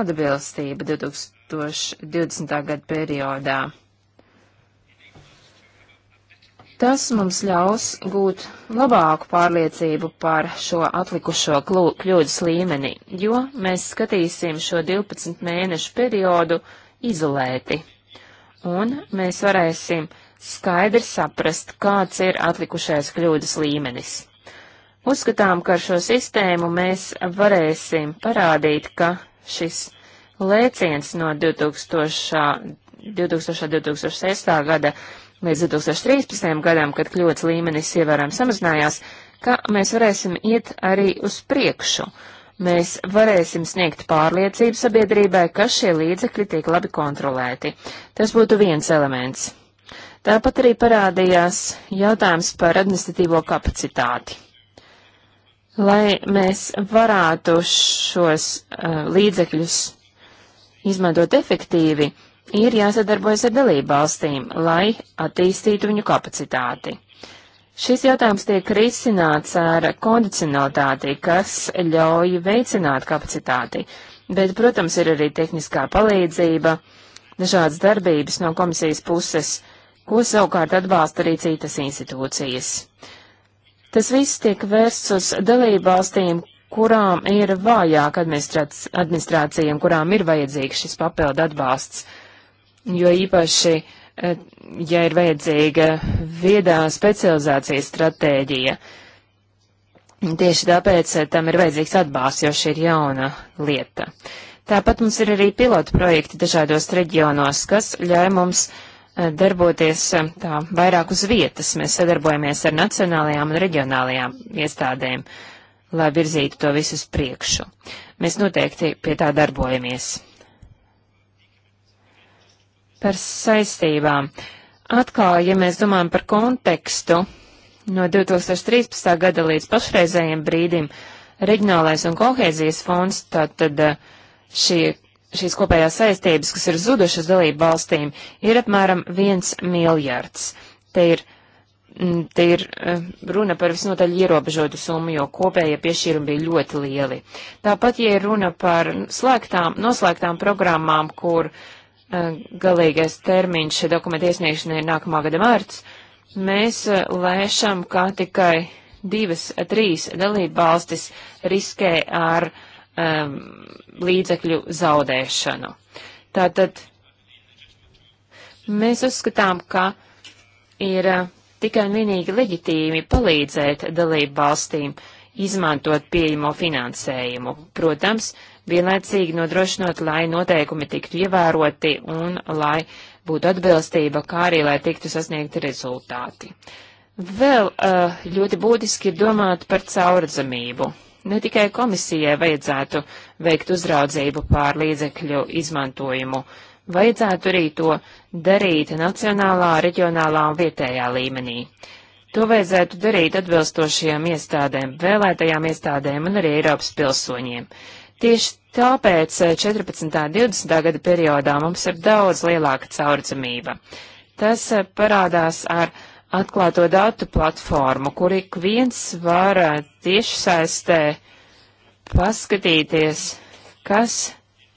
atbilstību 2020. gada periodā. Tas mums ļaus gūt labāku pārliecību par šo atlikušo kļūdas līmeni, jo mēs skatīsim šo 12 mēnešu periodu izolēti. Un mēs varēsim skaidri saprast, kāds ir atlikušais kļūdas līmenis. Uzskatām, ka ar šo sistēmu mēs varēsim parādīt, ka šis lēciens no 2000. 2000. 2006. gada līdz 2013. gadam, kad kļūdas līmenis ievērām samazinājās, ka mēs varēsim iet arī uz priekšu. Mēs varēsim sniegt pārliecību sabiedrībai, ka šie līdzekļi tiek labi kontrolēti. Tas būtu viens elements. Tāpat arī parādījās jautājums par administratīvo kapacitāti. Lai mēs varētu šos uh, līdzekļus izmantot efektīvi, uh, ir jāsadarbojas ar dalībvalstīm, lai attīstītu viņu kapacitāti. Šis jautājums tiek risināts ar kondicionalitāti, kas ļauj veicināt kapacitāti, bet, protams, ir arī tehniskā palīdzība, dažādas darbības no komisijas puses, ko savukārt atbalsta arī citas institūcijas. Tas viss tiek vērsts uz dalībvalstīm, kurām ir vājāka administrācija un kurām ir vajadzīgs šis papildu atbalsts jo īpaši, eh, ja ir vajadzīga viedā specializācijas stratēģija. Tieši tāpēc eh, tam ir vajadzīgs atbalsts, jo šī ir jauna lieta. Tāpat mums ir arī pilotu projekti dažādos reģionos, kas ļauj mums eh, darboties tā vairāk uz vietas. Mēs sadarbojamies ar nacionālajām un reģionālajām iestādēm, lai virzītu to visu uz priekšu. Mēs noteikti pie tā darbojamies par saistībām. Atkal, ja mēs domājam par kontekstu, no 2013. gada līdz pašreizējiem brīdim reģionālais un kohēzijas fonds, tātad eh, šie, šīs kopējās saistības, kas ir zudušas dalību valstīm, ir apmēram viens miljards. Te ir, mm, te ir eh, runa par visnotaļ ierobežotu summu, jo kopējie piešķīrumi bija ļoti lieli. Tāpat, ja ir runa par slēgtām, noslēgtām programmām, kur uh, Eh, galīgais termiņš dokumentu iesniegšanai ir nākamā gada mārts, mēs eh, lēšam, kā tikai divas, eh, trīs dalība valstis riskē ar um, līdzekļu zaudēšanu. Tātad mēs uzskatām, ka ir tikai un vienīgi leģitīmi palīdzēt dalību valstīm izmantot pieejamo finansējumu. Protams, uh, vienlaicīgi nodrošinot, lai noteikumi tiktu ievēroti un lai būtu atbilstība, kā arī lai tiktu sasniegti rezultāti. Vēl uh, ļoti būtiski ir domāt par caurdzamību. Ne tikai komisijai vajadzētu veikt uzraudzību pār līdzekļu izmantojumu, vajadzētu arī to darīt nacionālā, reģionālā un vietējā līmenī. To vajadzētu darīt atbilstošajām iestādēm, vēlētajām iestādēm un arī Eiropas pilsoņiem. Tieši tāpēc 14. un 20. gada periodā mums ir daudz lielāka caurdzamība. Tas eh, parādās ar atklāto datu platformu, kur ik viens var eh, tiešsaistē paskatīties, kas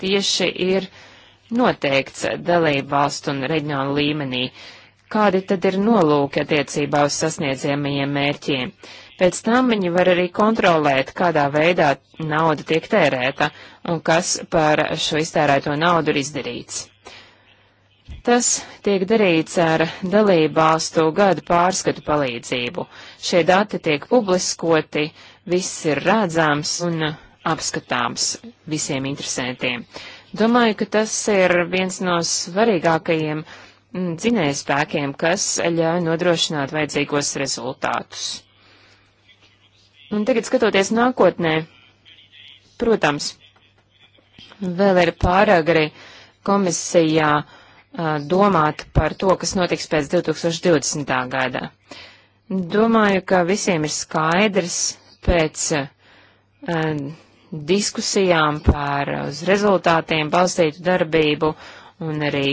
tieši ir noteikts dalību valstu un reģionu līmenī, kādi tad ir nolūki attiecībā uz sasniedzamajiem mērķiem. Pēc tam viņi var arī kontrolēt, kādā veidā nauda tiek tērēta un kas par šo iztērēto naudu ir izdarīts. Tas tiek darīts ar dalībvalstu gadu pārskatu palīdzību. Šie dati tiek publiskoti, viss ir redzams un apskatāms visiem interesantiem. Domāju, ka tas ir viens no svarīgākajiem mm, dzinējspēkiem, kas ļauj nodrošināt vajadzīgos rezultātus. Un tagad skatoties nākotnē, protams, vēl ir pāragri komisijā uh, domāt par to, kas notiks pēc 2020. gada. Domāju, ka visiem ir skaidrs pēc uh, diskusijām par uz rezultātiem balstītu darbību un arī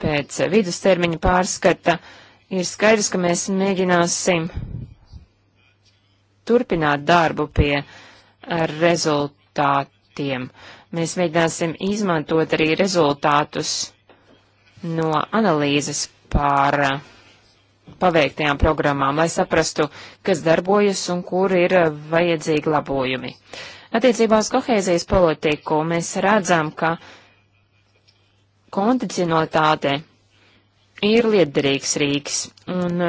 pēc vidustermiņa pārskata, ir skaidrs, ka mēs mēģināsim turpināt darbu pie rezultātiem. Mēs mēģināsim izmantot arī rezultātus no analīzes par paveiktajām programmām, lai saprastu, kas darbojas un kur ir vajadzīgi labojumi. Attiecībā uz kohēzijas politiku mēs redzam, ka kondicionalitāte ir liederīgs rīks, un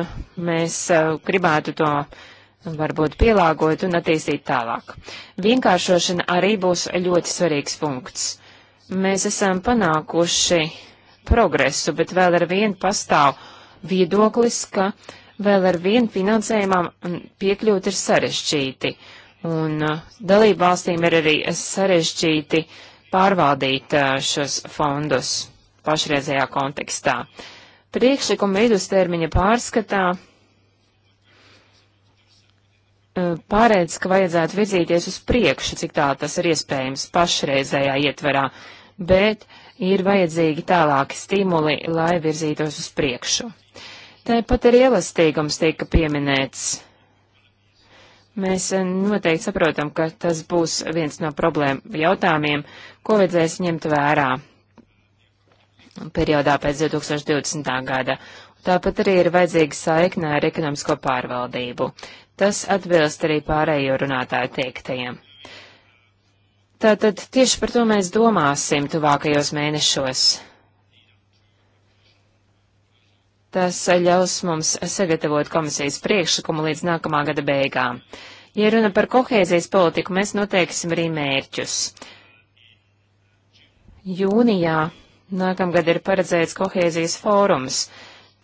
mēs eh, gribētu to uh, varbūt pielāgot un attīstīt tālāk. Vienkāršošana arī būs ļoti svarīgs punkts. Mēs esam panākuši progresu, bet vēl ar vienu pastāv viedoklis, ka vēl ar vienu finansējumam piekļūt ir sarežģīti. Un uh, dalību valstīm ir arī sarežģīti pārvaldīt uh, šos fondus pašreizējā kontekstā. Priekšlikuma vidustermiņa pārskatā Eh, pārēdz, ka vajadzētu virzīties uz priekšu, cik tā tas ir iespējams pašreizējā ietverā, bet ir vajadzīgi tālāki stimuli, lai virzītos uz priekšu. Tāpat ir ielastīgums tika pieminēts. Mēs eh, noteikti saprotam, ka tas būs viens no problēmu jautājumiem, ko vajadzēs ņemt vērā periodā pēc 2020. gada. Tāpat arī ir vajadzīga saikne ar ekonomisko pārvaldību. Tas atbilst arī pārējo runātāju teiktajiem. Tātad tieši par to mēs domāsim tuvākajos mēnešos. Tas ļaus mums sagatavot komisijas priekšlikumu līdz nākamā gada beigām. Ja runa par kohēzijas politiku, mēs noteiksim arī mērķus. Jūnijā nākamgad ir paredzēts kohēzijas fórums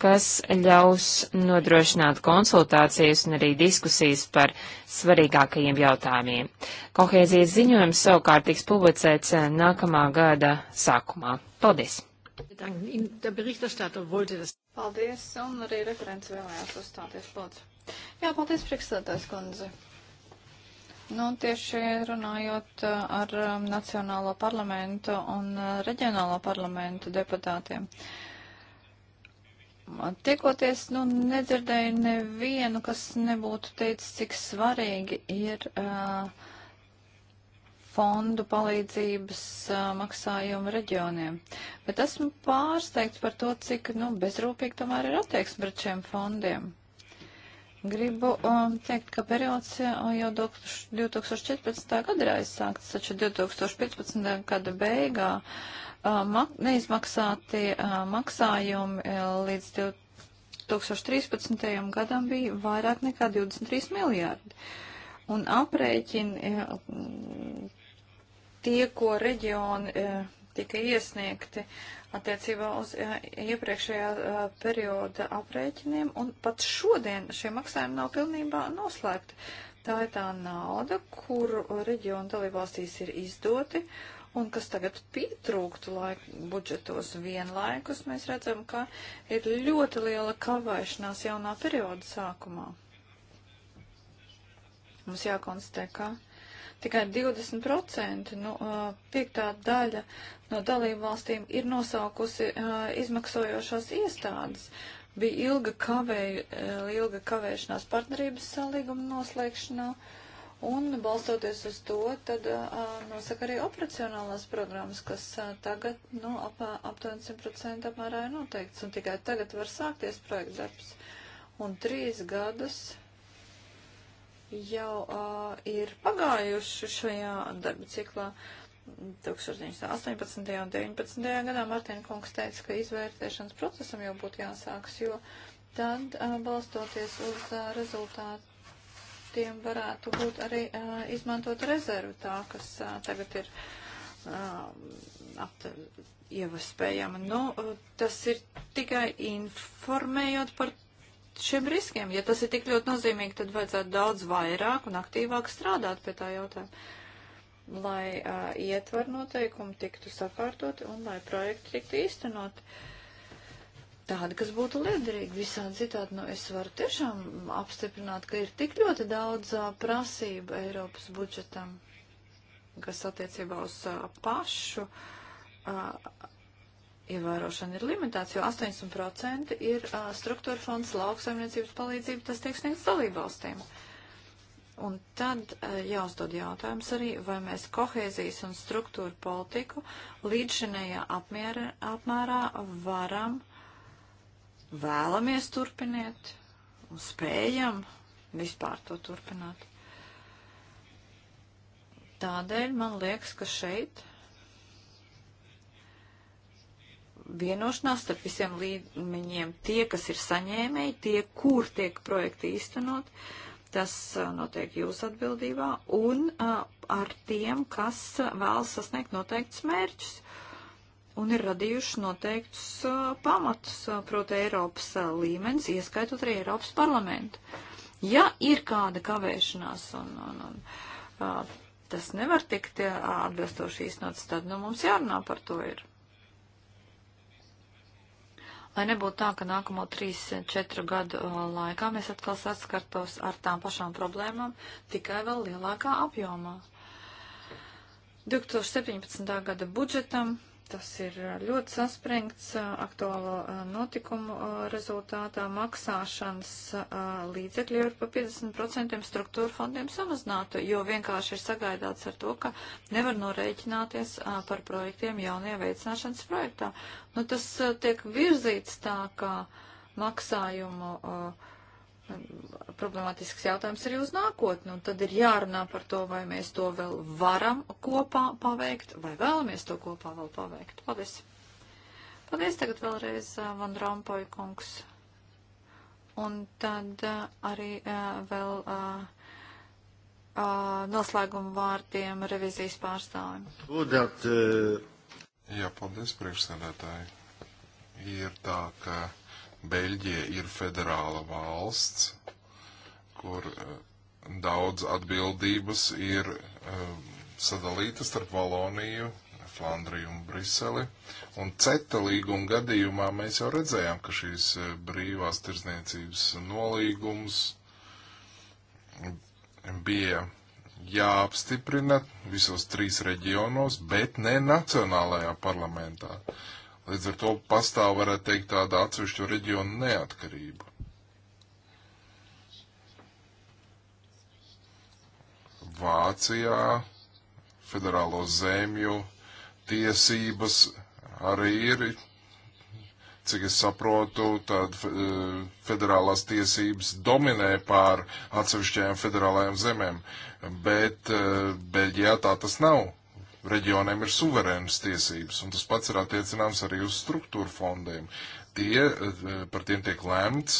kas ļaus nodrošināt konsultācijas un arī diskusijas par svarīgākajiem jautājumiem. Kohēzijas ziņojums savukārt tiks publicēts eh, nākamā gada sākumā. Paldies! Paldies, un arī referents vēlējās uzstāties, lūdzu. Jā, paldies, priekšstādājs kundze. Nu, tieši runājot eh, ar eh, Nacionālo parlamentu un reģionālo parlamentu deputātiem. Uh, Tiekoties, nu, nedzirdēju nevienu, kas nebūtu teicis, cik svarīgi ir uh, fondu palīdzības uh, maksājumu reģioniem. Bet esmu pārsteigts par to, cik, nu, bezrūpīgi tomēr ir attieksme pret šiem fondiem. Uh, Gribu um, teikt, ka periods uh, jau 2014. gada ir aizsākts, taču 2015. gada beigā uh, mak neizmaksāti uh, maksājumi uh, līdz 2013. gadam bija vairāk nekā 23 miljārdi. Un aprēķini uh, tie, ko reģioni uh, tika iesniegti, uh, attiecībā uz iepriekšējā perioda aprēķiniem, un pat šodien šie maksājumi nav pilnībā noslēgti. Tā ir tā nauda, kuru reģionu dalībvalstīs ir izdoti, un kas tagad pietrūktu laika budžetos vienlaikus, mēs redzam, ka ir ļoti liela kavēšanās jaunā perioda sākumā. Mums jākonstatē, ka tikai 20%, nu, piektā daļa no dalību valstīm ir nosaukusi izmaksojošās iestādes. Bija ilga, kavēju, ilga kavēšanās partnerības salīguma noslēgšanā, un balstoties uz to, tad nosaka arī operacionālās programmas, kas tagad, nu, ap, aptuveni 100% apmērā ir noteikts, un tikai tagad var sākties projektdarbs. Un trīs gadus jau uh, ir pagājuši šajā darba ciklā. 2018. un 19. gadā Martina kungs teica, ka izvērtēšanas procesam jau būtu jāsāks, jo tad uh, balstoties uz uh, rezultātiem varētu būt arī uh, izmantot rezervu tā, kas uh, tagad ir uh, ievespējama. Nu, uh, tas ir tikai informējot par šiem riskiem. Ja tas ir tik ļoti nozīmīgi, tad vajadzētu daudz vairāk un aktīvāk strādāt pie tā jautājuma, lai uh, ietver noteikumi tiktu sakārtoti un lai projekti tiktu īstenoti. Tāda, kas būtu liederīga visādi citādi, nu es varu tiešām apstiprināt, ka ir tik ļoti daudz uh, prasība Eiropas budžetam, kas attiecībā uz uh, pašu uh, ievērošana ir limitēts, jo 80% ir uh, struktūra fonds lauksaimniecības palīdzība, tas tiek sniegts dalībvalstīm. Un tad uh, jāuzdod jautājums arī, vai mēs kohēzijas un struktūra politiku līdzšinējā apmiera, apmērā varam, vēlamies turpiniet un spējam vispār to turpināt. Tādēļ man liekas, ka šeit vienošanās starp visiem līmeņiem tie, kas ir saņēmēji, tie, kur tiek projekti īstenot, tas notiek jūsu atbildībā, un ar tiem, kas vēlas sasniegt noteiktus mērķus un ir radījuši noteiktus pamatus, proti Eiropas līmenis, ieskaitot arī Eiropas parlamentu. Ja ir kāda kavēšanās un, un, un tas nevar tikt atbilstoši īstenots, tad nu, mums jārunā par to ir lai nebūtu tā, ka nākamo 3-4 gadu uh, laikā mēs atkal saskartos ar tām pašām problēmām, tikai vēl lielākā apjomā. 2017. gada budžetam Tas ir ļoti saspringts aktuālo notikumu rezultātā. Maksāšanas līdzekļi ir pa 50% struktūra fondiem samazināta, jo vienkārši ir sagaidāts ar to, ka nevar norēķināties par projektiem jaunie veicināšanas projektā. Nu, tas tiek virzīts tā, ka maksājumu uh, problemātisks jautājums arī uz nākotni, un tad ir jārunā par to, vai mēs to vēl varam kopā paveikt, vai vēlamies to kopā vēl paveikt. Paldies! Paldies tagad vēlreiz, eh, Van Rompuy kungs. Un tad eh, arī eh, vēl noslēguma vārtiem revizijas pārstāvjiem. Jā, paldies priekšsēdētāji. Ir tā, ka Beļģija ir federāla valsts, kur eh, daudz atbildības ir eh, sadalītas starp Valoniju, Flandriju un Briseli. Un CETA līguma gadījumā mēs jau redzējām, ka šīs eh, brīvās tirzniecības nolīgums bija jāapstiprina visos trīs reģionos, bet ne nacionālajā parlamentā. Uh, Līdz ar to pastāv, varētu teikt, tāda atsevišķu reģionu neatkarība. Vācijā federālo zemju tiesības arī ir, cik es saprotu, tad eh, federālās tiesības dominē pār atsevišķajām federālajām zemēm, bet eh, Beļģijā tā tas nav reģioniem ir suverēnas tiesības, un tas pats ir attiecināms arī uz struktūra fondiem. Tie, eh, par tiem tiek lemts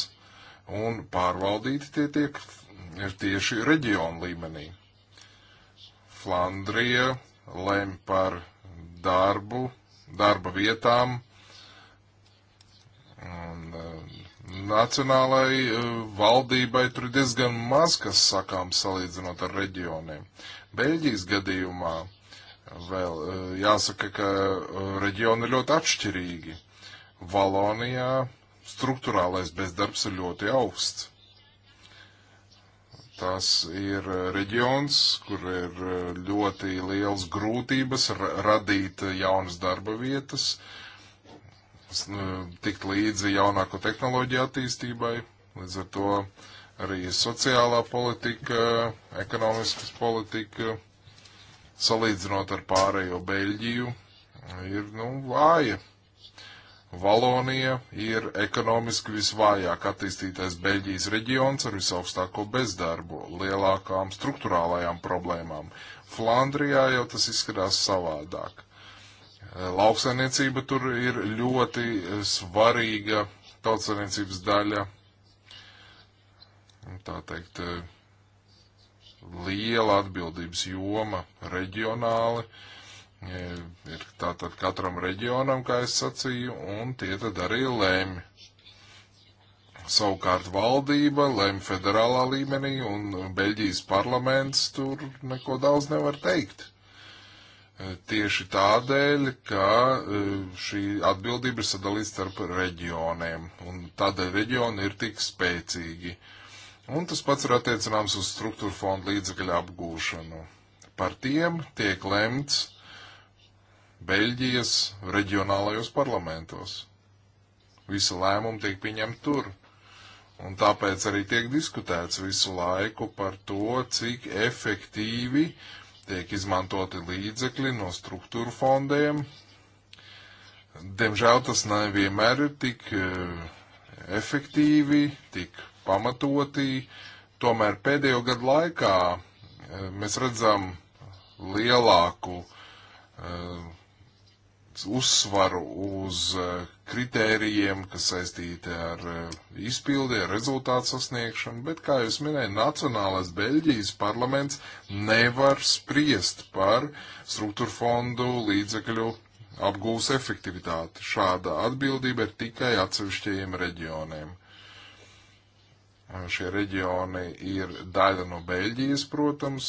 un pārvaldīti tie tiek ir tieši reģionu līmenī. Flandrija lem par darbu, darba vietām, un eh, nacionālai eh, valdībai tur ir diezgan maz, kas sakām salīdzinot ar reģioniem. Beļģijas gadījumā Vēl e, jāsaka, ka e, reģioni ir ļoti atšķirīgi. Valonijā struktūrālais bezdarbs ir ļoti augsts. Tas ir reģions, kur ir e, ļoti liels grūtības radīt jaunas darba vietas, tikt līdzi jaunāko tehnoloģiju attīstībai. Līdz ar to arī sociālā politika, ekonomiskas politika salīdzinot ar pārējo Beļģiju, ir nu, vāja. Valonija ir ekonomiski visvājāk attīstītais Beļģijas reģions ar visaugstāko bezdarbu, lielākām struktūrālajām problēmām. Flandrijā jau tas izskatās savādāk. Lauksainiecība tur ir ļoti svarīga tautsainiecības daļa. Tā teikt, liela atbildības joma reģionāli. E, ir tātad katram reģionam, kā es sacīju, un tie tad arī lēmi. Savukārt valdība lēma federālā līmenī, un Beļģijas parlaments tur neko daudz nevar teikt. E, tieši tādēļ, ka e, šī atbildība ir sadalīta starp reģioniem, un tādēļ reģioni ir tik spēcīgi. Uh, Un tas pats ir attiecināms uz struktūra fondu līdzekļu apgūšanu. Par tiem tiek lemts Beļģijas reģionālajos parlamentos. Visa lēmuma tiek pieņemta tur. Un tāpēc arī tiek diskutēts visu laiku par to, cik efektīvi tiek izmantoti līdzekļi no struktūra fondiem. Diemžēl tas nevienmēr ir tik eh, efektīvi, tik pamatoti, tomēr pēdējo gadu laikā eh, mēs redzam lielāku uh, uzsvaru uz eh, kritērijiem, kas saistīti ar izpildi, ar rezultātu sasniegšanu, bet, kā jūs minēju, Nacionālais Beļģijas parlaments nevar spriest par struktūra fondu līdzekļu apgūs efektivitāti. Šāda atbildība ir tikai atsevišķajiem reģioniem. Šie reģioni ir daļa no Beļģijas, protams,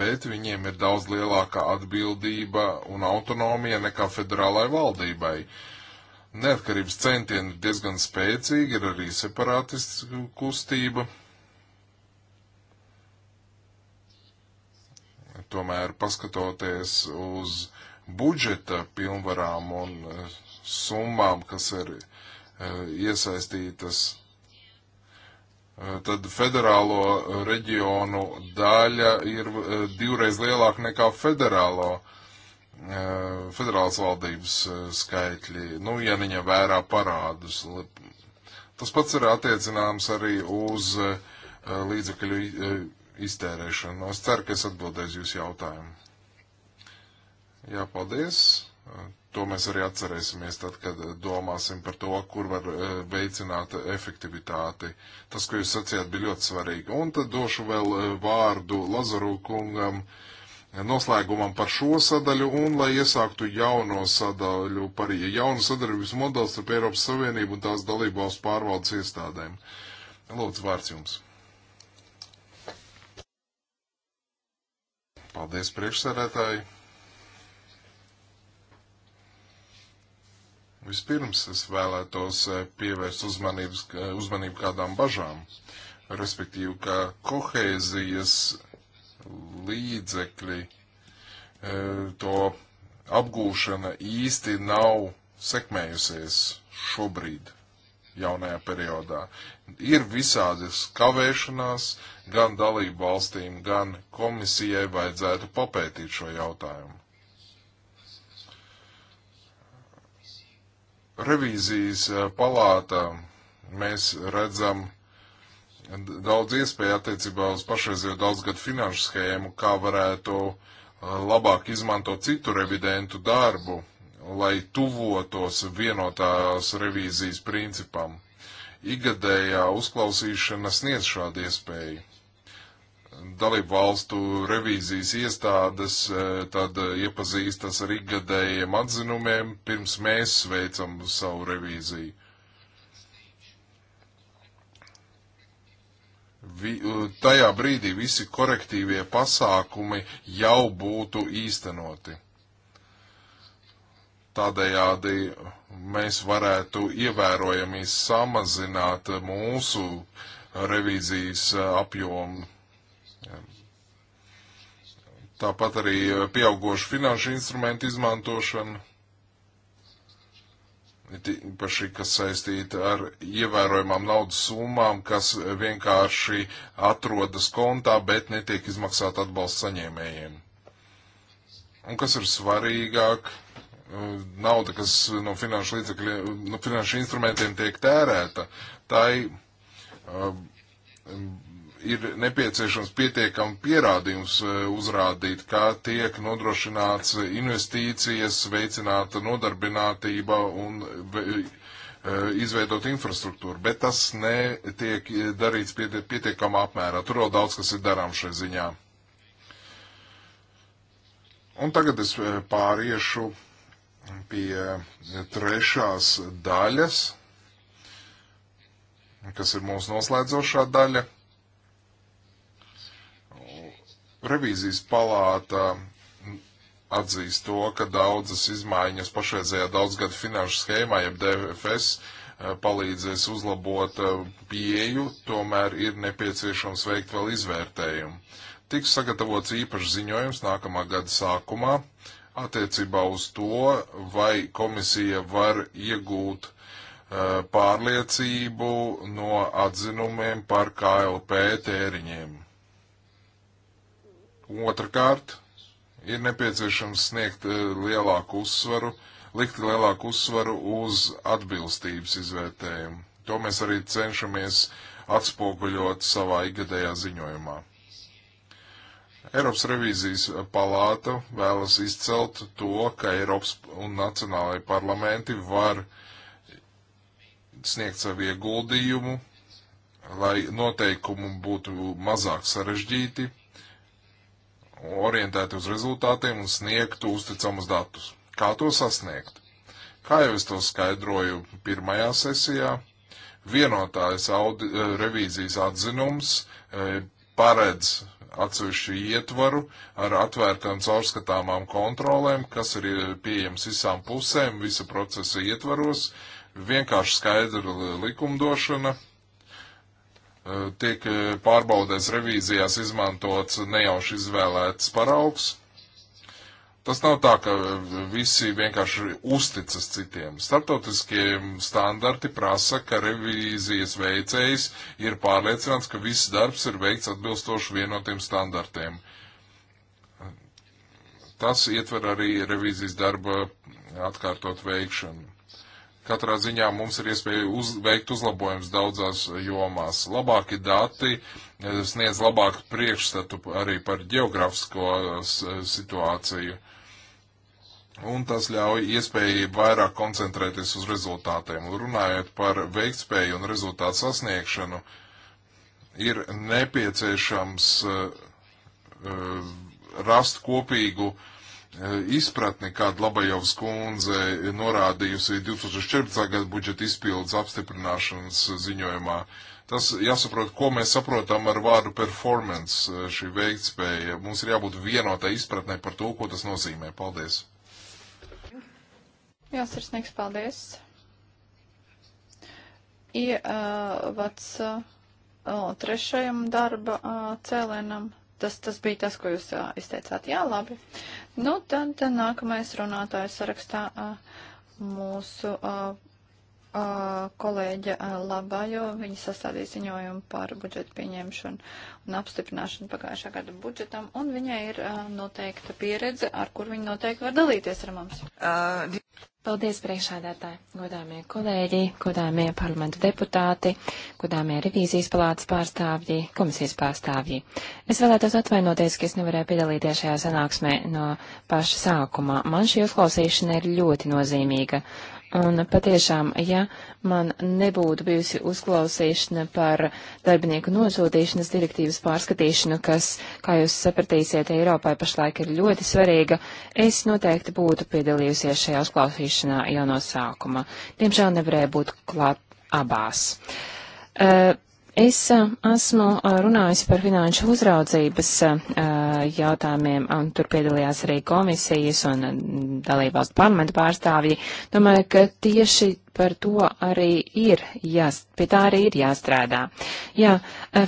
bet viņiem ir daudz lielāka atbildība un autonomija nekā federālai valdībai. Neatkarības centieni ir diezgan spēcīgi, ir arī separātistu kustība. Tomēr, paskatoties uz budžeta pilnvarām un eh, summām, kas ir eh, iesaistītas Eh, tad federālo eh, reģionu daļa ir eh, divreiz lielāka nekā federālo, federālas valdības skaitļi, nu, ja viņa vērā parādus. Tas pats ir attiecināms arī uz līdzekļu iztērēšanu. Es ceru, ka es atbildēšu jūsu jautājumu. Jā, paldies. To mēs arī atcerēsimies tad, kad domāsim par to, kur var e, veicināt efektivitāti. Tas, ko jūs sacījāt, bija ļoti svarīgi. Un tad došu vēl e, vārdu Lazaru kungam e, noslēgumam par šo sadaļu un lai iesāktu jauno sadaļu par jaunu sadarbības modeli starp Eiropas Savienību un tās dalību valsts pārvaldes iestādēm. Lūdzu, vārds jums. Paldies, priekšsēdētāji! Vispirms es vēlētos eh, pievērst uzmanību kādām bažām, respektīvi, ka kohēzijas līdzekļi, eh, to apgūšana īsti nav sekmējusies šobrīd jaunajā periodā. Ir visādas kavēšanās, gan dalību valstīm, gan komisijai vajadzētu papētīt šo jautājumu. revīzijas eh, palātā mēs redzam daudz iespēju attiecībā uz pašreizējo daudzgadu finanšu schēmu, kā varētu eh, labāk izmantot citu revidentu darbu, lai tuvotos vienotās revīzijas principam. Igadējā uzklausīšana sniedz šādu iespēju dalību valstu revīzijas iestādes e, tad e, iepazīstas ar ikgadējiem atzinumiem, pirms mēs veicam savu revīziju. Vi, e, tajā brīdī visi korektīvie pasākumi jau būtu īstenoti. Tādējādi mēs varētu ievērojami samazināt mūsu revīzijas apjomu Tāpat arī eh, pieaugošu finanšu instrumentu izmantošana, īpaši, kas saistīta ar ievērojamām naudas summām, kas vienkārši atrodas kontā, bet netiek izmaksāt atbalsts saņēmējiem. Un kas ir svarīgāk, eh, nauda, kas no finanšu līdzekļiem, no finanšu instrumentiem tiek tērēta, tai um, ir nepieciešams pietiekami pierādījums e, uzrādīt, kā tiek nodrošināts investīcijas, veicināta nodarbinātība un e, izveidot infrastruktūru, bet tas netiek darīts pietiekamā apmērā. Tur vēl daudz, kas ir darām šai ziņā. Un tagad es e, pāriešu pie trešās daļas, kas ir mūsu noslēdzošā daļa Revīzijas palāta atzīst to, ka daudzas izmaiņas pašreizējā daudzgada finanšu schēmā, jeb DFS, eh, palīdzēs uzlabot eh, pieju, tomēr ir nepieciešams veikt vēl izvērtējumu. Tiks sagatavots īpašs ziņojums nākamā gada sākumā attiecībā uz to, vai komisija var iegūt eh, pārliecību no atzinumiem par KLP tēriņiem. Otrakārt, ir nepieciešams sniegt eh, lielāku uzsvaru, likt lielāku uzsvaru uz atbilstības izvērtējumu. To mēs arī cenšamies atspoguļot savā ikgadējā ziņojumā. Eiropas revīzijas palāta vēlas izcelt to, ka Eiropas un nacionālai parlamenti var sniegt savu ieguldījumu, lai noteikumu būtu mazāk sarežģīti orientēti uz rezultātiem un sniegtu uzticamus datus. Kā to sasniegt? Kā jau es to skaidroju pirmajā sesijā, vienotājs audi, eh, revīzijas atzinums eh, paredz atsevišķu ietvaru ar atvērtām caurskatāmām kontrolēm, kas ir eh, pieejams visām pusēm, visa procesa ietvaros, vienkārši skaidra likumdošana Eh, tiek eh, pārbaudēs revīzijās izmantots nejauši izvēlēts paraugs. Tas nav tā, ka eh, visi vienkārši uzticas citiem. Startautiskie standarti prasa, ka revīzijas veicējs ir pārliecināts, ka viss darbs ir veikts atbilstoši vienotiem standartiem. Tas ietver arī revīzijas darba atkārtot veikšanu. Katrā ziņā mums ir iespēja uz, veikt uzlabojums daudzās jomās. Labāki dati eh, sniedz labāku priekšstatu arī par geogrāfisko eh, situāciju. Un tas ļauj iespēju vairāk koncentrēties uz rezultātiem. Runājot par veiktspēju un rezultātu sasniegšanu, ir nepieciešams uh, rast kopīgu uh, Eh, izpratni, kādu Labajovs kundze norādījusi 2014. gada budžeta izpildes apstiprināšanas ziņojumā. Tas jāsaprot, ko mēs saprotam ar vārdu performance, eh, šī veiktspēja. Mums ir jābūt vienotai izpratnē par to, ko tas nozīmē. Paldies! Jā, sirsnīgs paldies! Ievads uh, uh, trešajam darba uh, cēlēnam. Tas, tas bija tas, ko jūs izteicāt. Jā, labi. Uh, Nu, tad nākamais runātājs sarakstā mūsu kolēģa labā, jo viņi sastādīja ziņojumu par budžetu pieņemšanu un apstiprināšanu pagājušā gada budžetam, un viņai ir noteikta pieredze, ar kur viņa noteikti var dalīties ar mums. Paldies priekšādātāji, godāmie kolēģi, godāmie parlamentu deputāti, godāmie revīzijas palātas pārstāvji, komisijas pārstāvji. Es vēlētos atvainoties, ka es nevarēju piedalīties šajā sanāksmē no paša sākuma. Man šī uzklausīšana ir ļoti nozīmīga Un patiešām, ja man nebūtu bijusi uzklausīšana par darbinieku nosūtīšanas direktīvas pārskatīšanu, kas, kā jūs sapratīsiet, Eiropai pašlaik ir ļoti svarīga, es noteikti būtu piedalījusies šajā uzklausīšanā jau no sākuma. Diemžēl nevarēju būt klāt abās. Uh, Es esmu runājusi par finanšu uzraudzības jautājumiem, un tur piedalījās arī komisijas un dalībvalstu parlamentu pārstāvji. Domāju, ka tieši par to arī ir, jās, pie tā arī ir jāstrādā. Jā,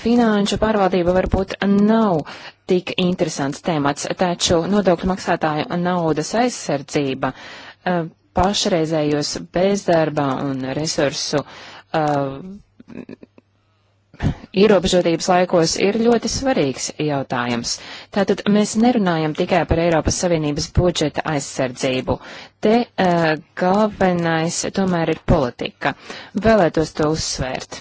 finanšu pārvaldība varbūt nav tik interesants temats, taču nodokļu maksātāju naudas aizsardzība pašreizējos bezdarba un resursu. Uh, ierobežotības laikos ir ļoti svarīgs jautājums. Tātad mēs nerunājam tikai par Eiropas Savienības budžeta aizsardzību. Te uh, galvenais tomēr ir politika. Vēlētos to uzsvērt.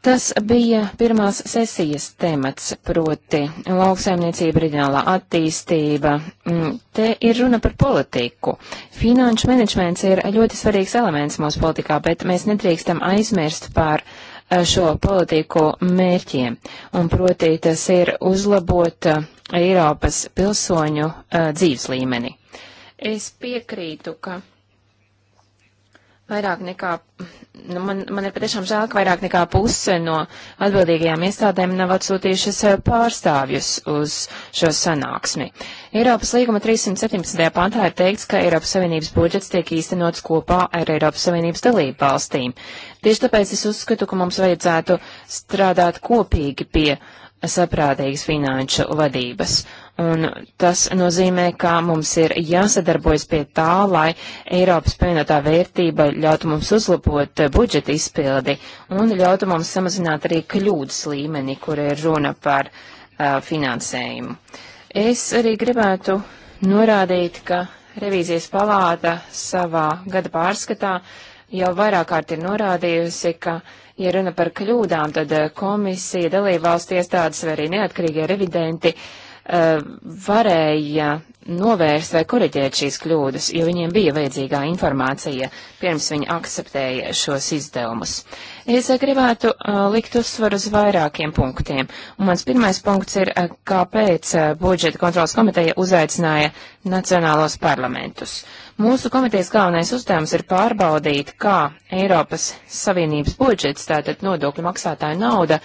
Tas bija pirmās sesijas temats, proti lauksaimniecība, reģionālā attīstība. Mm, te ir runa par politiku. Finanšu menedžments ir ļoti svarīgs elements mūsu politikā, bet mēs nedrīkstam aizmirst par uh, Eh, šo politiku mērķiem, un proti tas ir uzlabot eh, Eiropas pilsoņu eh, dzīves līmeni. Es piekrītu, ka Vairāk nekā, nu, man, man ir patiešām žēl, ka vairāk nekā puse no atbildīgajām iestādēm nav atsūtījušas eh, pārstāvjus uz šo sanāksmi. Eiropas līguma 317. pantā ir teikts, ka Eiropas Savienības budžets tiek īstenots kopā ar Eiropas Savienības dalību valstīm. Tieši tāpēc es uzskatu, ka mums vajadzētu strādāt kopīgi pie saprātīgas finanšu vadības. Un tas nozīmē, ka mums ir jāsadarbojas pie tā, lai Eiropas pievienotā vērtība ļautu mums uzlabot eh, budžeta izpildi un ļautu mums samazināt arī kļūdas līmeni, kur ir runa par uh, finansējumu. Es arī gribētu norādīt, ka revīzijas palāta savā gada pārskatā jau vairāk kārt ir norādījusi, ka, ja runa par kļūdām, tad eh, komisija, dalībvalsts iestādes vai arī neatkarīgie revidenti uh, Eh, varēja novērst vai koreģēt šīs kļūdas, jo viņiem bija vajadzīgā informācija pirms viņi akceptēja šos izdevumus. Es gribētu uh, likt uzsvaru uz vairākiem punktiem. Un mans pirmais punkts ir, eh, kāpēc uh, budžeta kontrolas komiteja uzaicināja nacionālos parlamentus. Mūsu komitejas galvenais uzdevums ir pārbaudīt, kā Eiropas Savienības budžets, tātad nodokļu maksātāju nauda,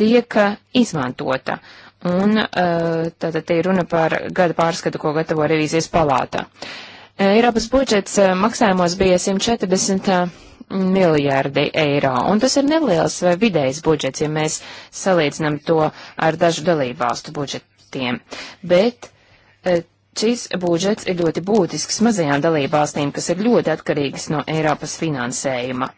tiek uh, izmantota Un eh, tātad te ir runa par gada pārskatu, ko gatavo revīzijas palātā. Eh, Eiropas budžets eh, maksājumos bija 140 miljardi eiro, un tas ir neliels vai vidējs budžets, ja mēs salīdzinām to ar dažu dalībvalstu budžetiem. Bet šis budžets ir ļoti būtisks mazajām dalībvalstīm, kas ir ļoti atkarīgas no Eiropas finansējuma.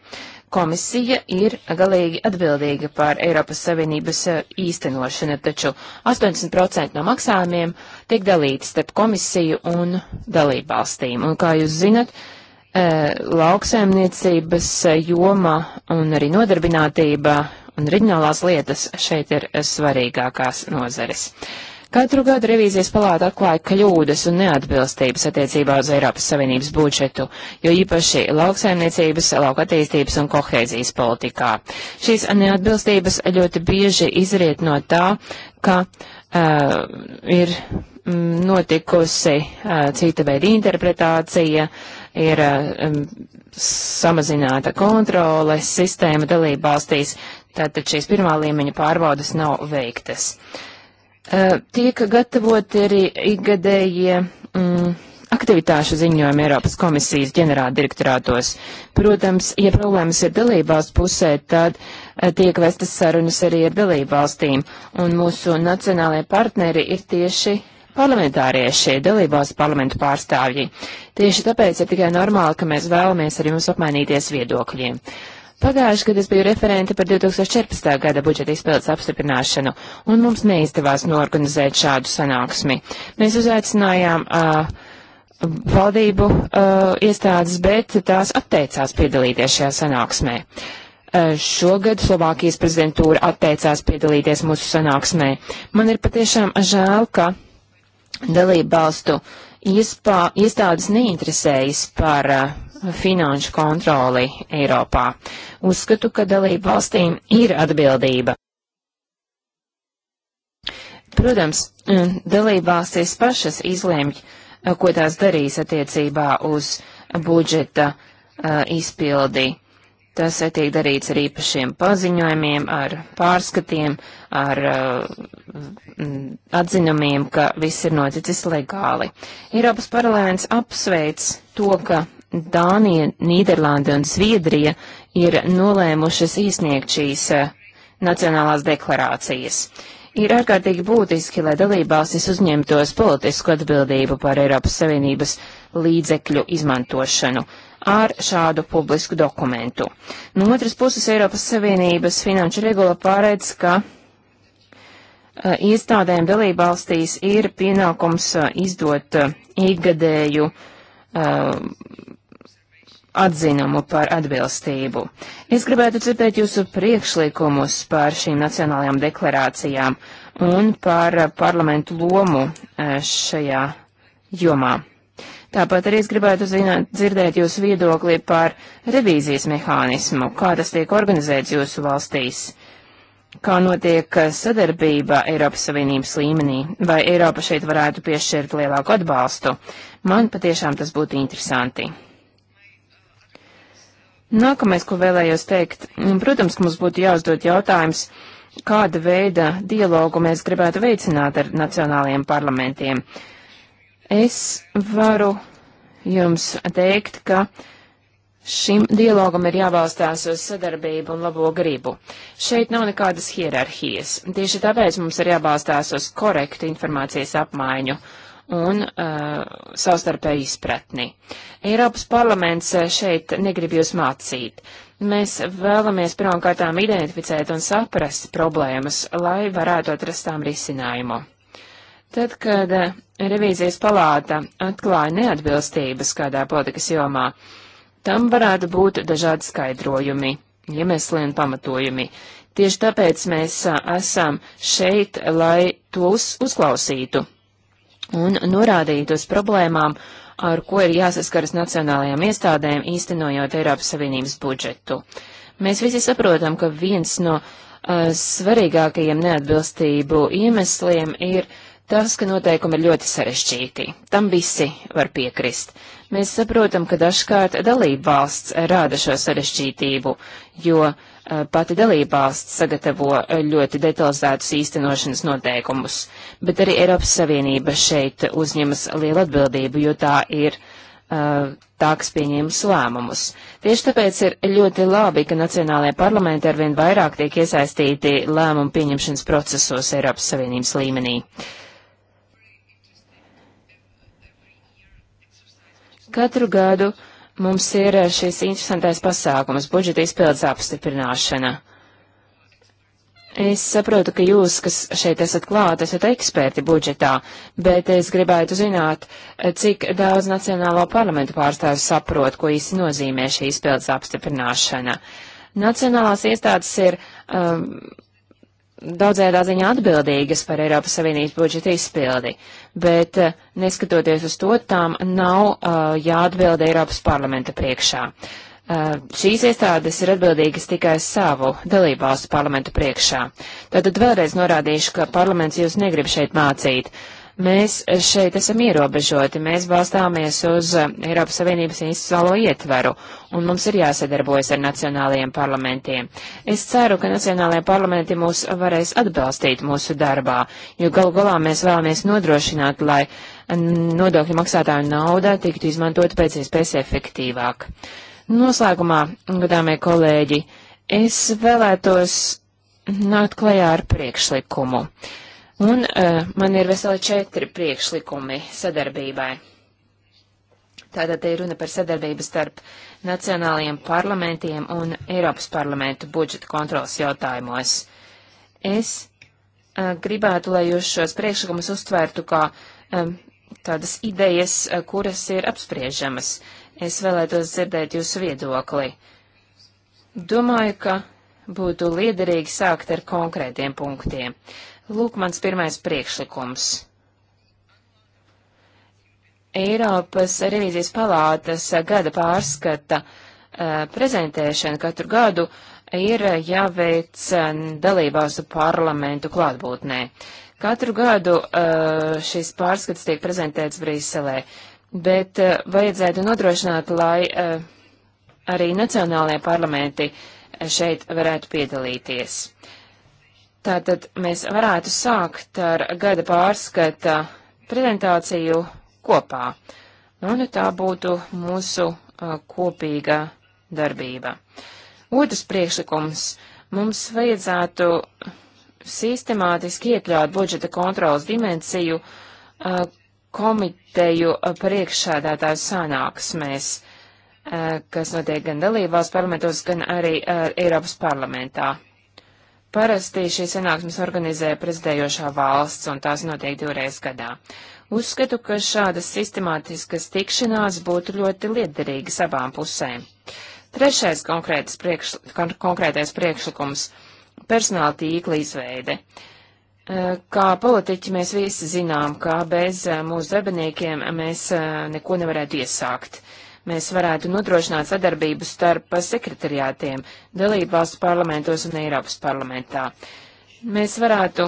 Komisija ir galīgi atbildīga par Eiropas Savienības eh, īstenošanu, taču 80% no maksājumiem tiek dalīti starp komisiju un dalībvalstīm. Un, kā jūs zinat, eh, lauksaimniecības eh, joma un arī nodarbinātība un reģionālās lietas šeit ir svarīgākās nozares. Uh, Katru gadu revīzijas palāta atklāja kļūdas un neatbilstības attiecībā uz Eiropas Savienības budžetu, jo īpaši lauksaimniecības, lauka attīstības un kohēzijas politikā. Šīs neatbilstības ļoti bieži izriet no tā, ka uh, ir mm, notikusi uh, cita veida interpretācija, ir uh, samazināta kontrole sistēma dalībvalstīs, tātad šīs pirmā līmeņa pārbaudas nav veiktas. Uh, Eh, tiek gatavoti arī ikgadējie mm, aktivitāšu ziņojumi Eiropas komisijas ģenerāldirektorātos. Protams, ja problēmas ir dalībvalsts pusē, tad eh, tiek vestas sarunas arī ar dalībvalstīm, un mūsu nacionālajie partneri ir tieši parlamentārieši, dalībvalstu parlamentu pārstāvji. Tieši tāpēc ir tikai normāli, ka mēs vēlamies ar jums apmainīties viedokļiem. Pagājuši, kad es biju referente par 2014. gada budžeta izpildes apstiprināšanu, un mums neizdevās norganizēt šādu sanāksmi. Mēs uzaicinājām uh, valdību uh, iestādes, bet tās atteicās piedalīties šajā sanāksmē. Uh, šogad Slovākijas prezidentūra atteicās piedalīties mūsu sanāksmē. Man ir patiešām žēl, ka dalību balstu iespā, iestādes neinteresējas par uh, finanšu kontroli Eiropā. Uzskatu, ka dalību valstīm ir atbildība. Protams, dalību valstis pašas izlemj, ko tās darīs attiecībā uz budžeta uh, izpildi. Tas tiek darīts ar īpašiem paziņojumiem, ar pārskatiem, ar uh, atzinumiem, ka viss ir noticis legāli. Eiropas parlaments apsveic to, ka Dānija, Nīderlanda un Zviedrija ir nolēmušas iesniegt šīs eh, nacionālās deklarācijas. Ir ārkārtīgi būtiski, lai dalībvalstis uzņemtos politisku atbildību par Eiropas Savienības līdzekļu izmantošanu ar šādu publisku dokumentu. No otras puses, Eiropas Savienības finanšu regula pārēdz, ka uh, iestādēm dalībvalstīs ir pienākums uh, izdot uh, ikgadēju atzinumu par atbilstību. Es gribētu citēt jūsu priekšlikumus par šīm nacionālajām deklarācijām un par parlamentu lomu e, šajā jomā. Tāpat arī es gribētu zināt, dzirdēt jūsu viedokli par revīzijas mehānismu, kā tas tiek organizēts jūsu valstīs, kā notiek sadarbība Eiropas Savienības līmenī, vai Eiropa šeit varētu piešķirt lielāku atbalstu. Man patiešām tas būtu interesanti. Nākamais, ko vēlējos teikt, mm, protams, ka mums būtu jāuzdod jautājums, kāda veida dialogu mēs gribētu veicināt ar nacionālajiem parlamentiem. Es varu jums teikt, ka šim dialogam ir jābalstās uz sadarbību un labo gribu. Šeit nav nekādas hierarhijas. Tieši tāpēc mums ir jābalstās uz korektu informācijas apmaiņu. Uh, un uh, savstarpēju izpratni. Eiropas parlaments uh, šeit negrib jūs mācīt. Mēs vēlamies pirmkārtām identificēt un saprast problēmas, lai varētu atrast tām risinājumu. Tad, kad uh, revīzijas palāta atklāja neatbilstības kādā politikas jomā, tam varētu būt dažādi skaidrojumi, iemesli un pamatojumi. Tieši tāpēc mēs uh, esam šeit, lai tos uzklausītu un norādīt uz problēmām, ar ko ir jāsaskaras nacionālajām iestādēm, īstenojot Eiropas Savienības budžetu. Mēs visi saprotam, ka viens no uh, svarīgākajiem neatbilstību iemesliem ir tas, ka noteikumi ir ļoti sarežģīti. Tam visi var piekrist. Mēs saprotam, ka dažkārt dalība valsts rāda šo sarežģītību, jo uh, Eh, pati dalībvalsts sagatavo eh, ļoti detalizētus īstenošanas noteikumus, bet arī Eiropas Savienība šeit uzņemas lielu atbildību, jo tā ir uh, tā, kas pieņēmas lēmumus. Tieši tāpēc ir ļoti labi, ka nacionālajie parlamenti arvien vairāk tiek iesaistīti lēmumu pieņemšanas procesos Eiropas Savienības līmenī. Katru gadu uh, mums ir eh, šis interesantais pasākums - budžeta izpildes apstiprināšana. Es saprotu, ka jūs, kas šeit esat klāt, esat eksperti budžetā, bet es gribētu zināt, eh, cik daudz Nacionālo parlamentu pārstāvju saprot, ko īsti nozīmē šī izpildes apstiprināšana. Nacionālās iestādes ir um, daudzējā ziņā atbildīgas par Eiropas Savienības budžeta izpildi, bet eh, neskatoties uz to, tām nav uh, jāatbild Eiropas parlamenta priekšā. Uh, šīs iestādes ir atbildīgas tikai savu dalībvalstu parlamentu priekšā. Tātad vēlreiz norādīšu, ka parlaments jūs negrib šeit mācīt. Uh, Mēs šeit esam ierobežoti, mēs balstāmies uz eh, Eiropas Savienības institucionālo ietveru, un mums ir jāsadarbojas ar nacionālajiem parlamentiem. Es ceru, ka nacionālajie parlamenti mūs varēs atbalstīt mūsu darbā, jo galu galā mēs vēlamies nodrošināt, lai nodokļu maksātāju nauda tiktu izmantota pēc iespējas efektīvāk. Noslēgumā, gadāmie kolēģi, es vēlētos nākt klajā ar priekšlikumu. Uh, Un uh, man ir veseli četri priekšlikumi sadarbībai. Tātad te ir runa par sadarbību starp nacionālajiem parlamentiem un Eiropas parlamentu budžeta kontrolas jautājumos. Es uh, gribētu, lai jūs šos priekšlikumus uztvērtu kā um, tādas idejas, uh, kuras ir apspriežamas. Es vēlētos dzirdēt jūsu viedokli. Domāju, ka būtu liederīgi sākt ar konkrētiem punktiem. Uh, Lūk, mans pirmais priekšlikums. Eiropas revīzijas palātas gada pārskata eh, prezentēšana katru gadu ir jāveic eh, dalībvalstu parlamentu klātbūtnē. Katru gadu eh, šis pārskats tiek prezentēts Brīselē, bet vajadzētu nodrošināt, lai arī nacionālajie parlamenti šeit varētu piedalīties. Tātad mēs varētu sākt ar gada pārskata prezentāciju kopā. Un nu, nu, tā būtu mūsu uh, kopīga darbība. Otrs priekšlikums. Mums vajadzētu sistemātiski iekļaut budžeta kontrolas dimensiju uh, komiteju priekšsādātāju sanāksmēs, uh, kas notiek gan dalībās parlamentos, gan arī Eiropas parlamentā. Parasti šīs sanāksmes organizē prezidējošā valsts, un tās notiek divreiz gadā. Uzskatu, ka šādas sistemātiskas tikšanās būtu ļoti liederīgas abām pusēm. Trešais priekš, konkrētais priekšlikums - personāla tīkla izveide. Kā politiķi mēs visi zinām, ka bez mūsu darbiniekiem mēs neko nevarētu iesākt mēs varētu nodrošināt sadarbību starp sekretariātiem dalību valstu parlamentos un Eiropas parlamentā. Mēs varētu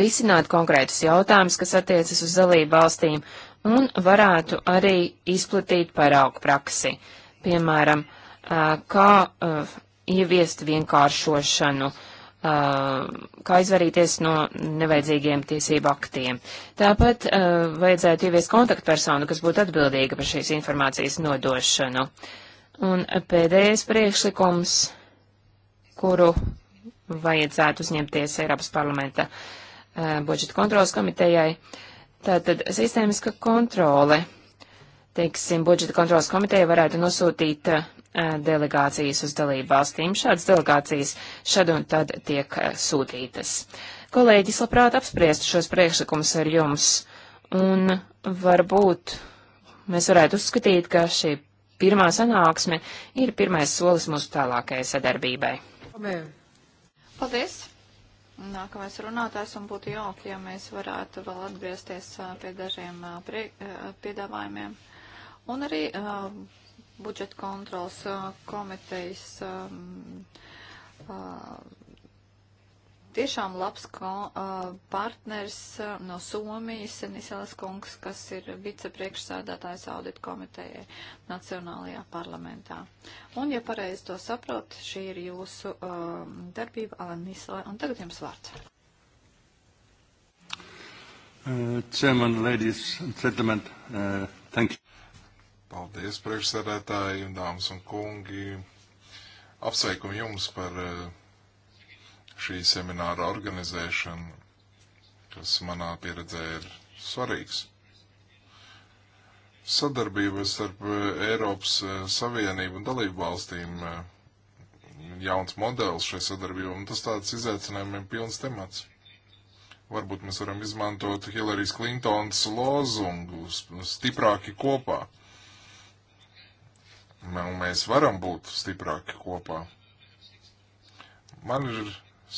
risināt konkrētus jautājumus, kas attiecas uz dalību valstīm, un varētu arī izplatīt paraugu praksi. Piemēram, kā ieviest vienkāršošanu uh, kā izvarīties no nevajadzīgiem tiesību aktiem. Tāpat uh, vajadzētu ieviest kontaktpersonu, kas būtu atbildīga par šīs informācijas nodošanu. Un pēdējais priekšlikums, kuru vajadzētu uzņemties Eiropas parlamenta uh, budžeta kontrolas komitejai, tātad sistēmiska kontrole. Teiksim, budžeta kontrolas komiteja varētu nosūtīt uh, delegācijas uz dalību valstīm. Šādas delegācijas šad un tad tiek sūtītas. Kolēģis labprāt apspriest šos priekšlikumus ar jums, un varbūt mēs varētu uzskatīt, ka šī pirmā sanāksme ir pirmais solis mūsu tālākajai sadarbībai. Paldies! Nākamais runātājs un būtu jauki, ja mēs varētu vēl atgriezties pie dažiem prie, piedāvājumiem. Un arī uh, budžeta kontrols komitejas tiešām labs ko, uh, partners uh, no Somijas, Nisēlas kungs, kas ir vicepriekšsēdētājs audit komitejai Nacionālajā parlamentā. Un, ja pareizi to saprot, šī ir jūsu uh, darbība, Alan Nisēla, un tagad jums vārds. Uh, chairman, ladies and gentlemen, uh, thank you. Paldies, priekšsēdētāji, dāmas un kungi. Apsveikumu jums par eh, šī semināra organizēšanu, kas manā pieredzē ir svarīgs. Sadarbība starp eh, Eiropas eh, Savienību un dalību valstīm jauns modelis šai sadarbībai, un tas tāds izaicinājumiem pilns temats. Varbūt mēs varam izmantot Hillarijas Klintons lozungu stiprāki kopā un mēs varam būt stiprāki kopā. Man ir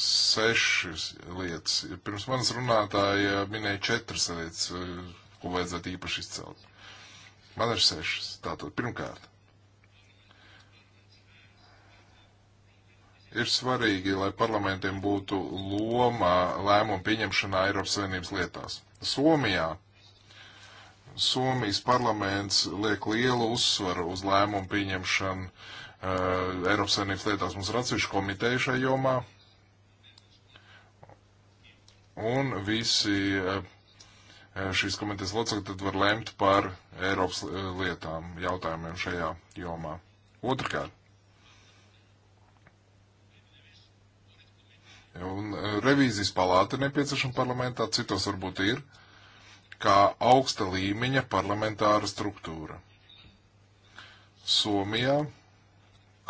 sešas lietas. Pirms manas runātāja minēja četras lietas, ko vajadzētu īpaši izcelt. Man ir sešas. Tātad, pirmkārt, ir svarīgi, lai parlamentiem būtu loma lēmumu pieņemšanā Eiropas Savienības lietās. Somijā Somijas parlaments liek lielu uzsvaru uz lēmumu pieņemšanu uh, Eiropas Savienības lietās. Mums ir atsevišķi komiteja šajā jomā. Un visi uh, šīs komitejas locekļi tad var lemt par Eiropas lietām, jautājumiem šajā jomā. Otrkārt. Un revīzijas palāta nepieciešama parlamentā, citos varbūt ir. Uh, kā augsta līmeņa parlamentāra struktūra. Somijā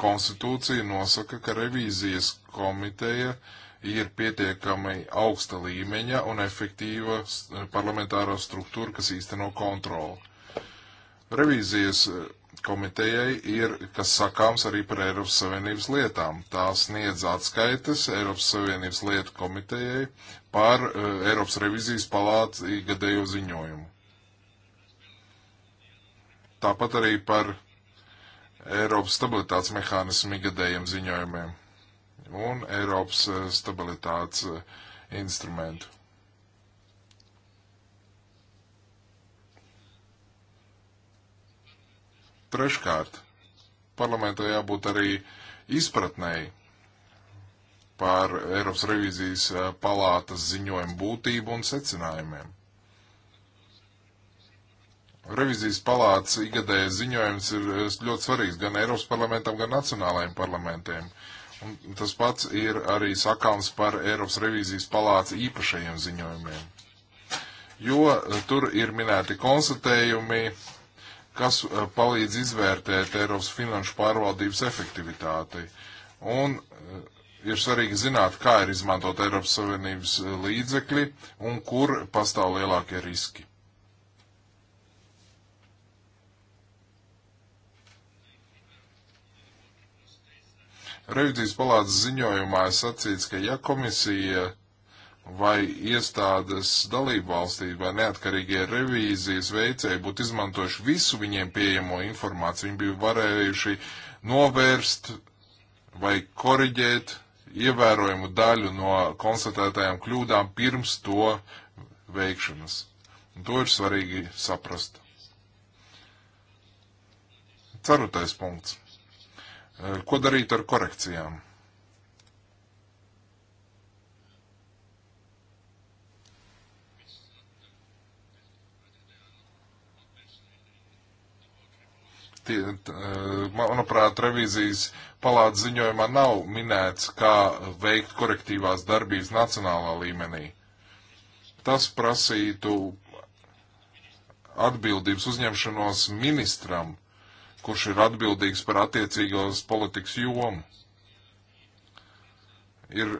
konstitūcija nosaka, ka revīzijas komiteja ir pietiekami augsta līmeņa un efektīva parlamentārā struktūra, kas īsteno kontroli. Revīzijas komitejai ir, kas sakāms arī par Eiropas Savienības lietām. Tā sniedz atskaites Eiropas Savienības lietu komitejai par uh, Eiropas revizijas palātas gadējo ziņojumu. Tāpat arī par Eiropas stabilitātes mehānismu gadējiem ziņojumiem un Eiropas eh, stabilitātes eh, instrumentu. Treškārt, parlamentā jābūt arī izpratnēji par Eiropas revīzijas palātas ziņojumu būtību un secinājumiem. Revizijas palātas ikgadējais ziņojums ir ļoti svarīgs gan Eiropas parlamentam, gan nacionālajiem parlamentiem. Un tas pats ir arī sakāms par Eiropas revīzijas palātas īpašajiem ziņojumiem. Jo tur ir minēti konstatējumi, kas eh, palīdz izvērtēt Eiropas finanšu pārvaldības efektivitāti. Un eh, ir svarīgi zināt, kā ir izmantot Eiropas Savienības eh, līdzekļi un kur pastāv lielākie riski. Revizijas palātas ziņojumā ir sacīts, ka ja komisija vai iestādes dalībvalstī vai neatkarīgie revīzijas veicēji būtu izmantojuši visu viņiem pieejamo informāciju, viņi bija varējuši novērst vai koriģēt ievērojumu daļu no konstatētajām kļūdām pirms to veikšanas. Un to ir svarīgi saprast. Ceturtais punkts. Ko darīt ar korekcijām? Eh, manuprāt, revīzijas palātas ziņojumā nav minēts, kā veikt korektīvās darbības nacionālā līmenī. Tas prasītu atbildības uzņemšanos ministram, kurš ir atbildīgs par attiecīgos politikas jomu. Ir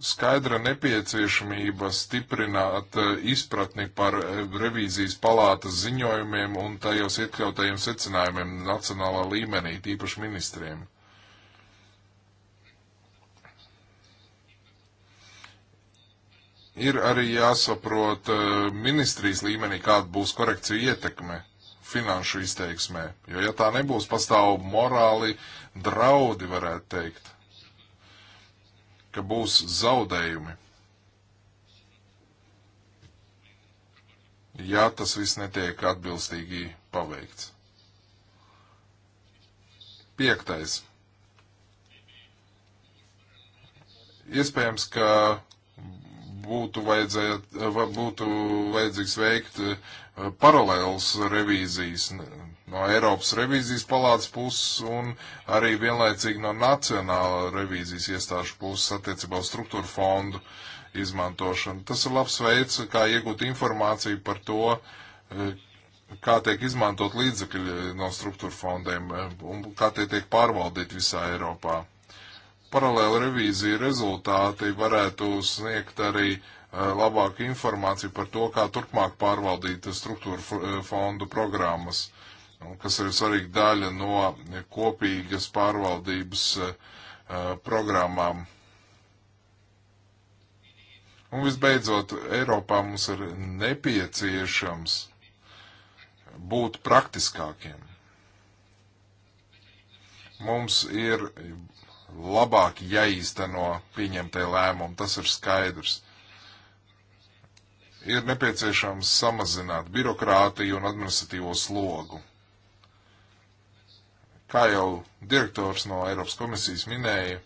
skaidra nepieciešamība stiprināt eh, izpratni par eh, revīzijas palātas ziņojumiem un tajos iekļautajiem secinājumiem nacionālā līmenī, tīpaši ministriem. Ir arī jāsaprot eh, ministrijas līmenī, kāda būs korekcija ietekme finanšu izteiksmē, jo ja tā nebūs, pastāv morāli draudi, varētu teikt ka būs zaudējumi. Ja tas viss netiek atbilstīgi paveikts. Piektais. Iespējams, ka būtu, būtu vajadzīgs veikt eh, paralēlas revīzijas, no Eiropas revīzijas palātas puses un arī vienlaicīgi no Nacionāla revīzijas iestāžu puses attiecībā uz struktūra fondu izmantošanu. Tas ir labs veids, kā iegūt informāciju par to, eh, kā tiek izmantot līdzekļi no struktūra fondiem eh, un kā tie tiek pārvaldīti visā Eiropā. Paralēli revīzija rezultāti varētu sniegt arī eh, labāku informāciju par to, kā turpmāk pārvaldīt struktūra fondu programmas kas ir svarīga daļa no eh, kopīgas pārvaldības uh, programmām. Un visbeidzot, Eiropā mums ir nepieciešams būt praktiskākiem. Mums ir labāk jāīsteno pieņemtie lēmumi, tas ir skaidrs. Ir nepieciešams samazināt birokrātiju un administratīvo slogu. Kā jau direktors no Eiropas komisijas minēja,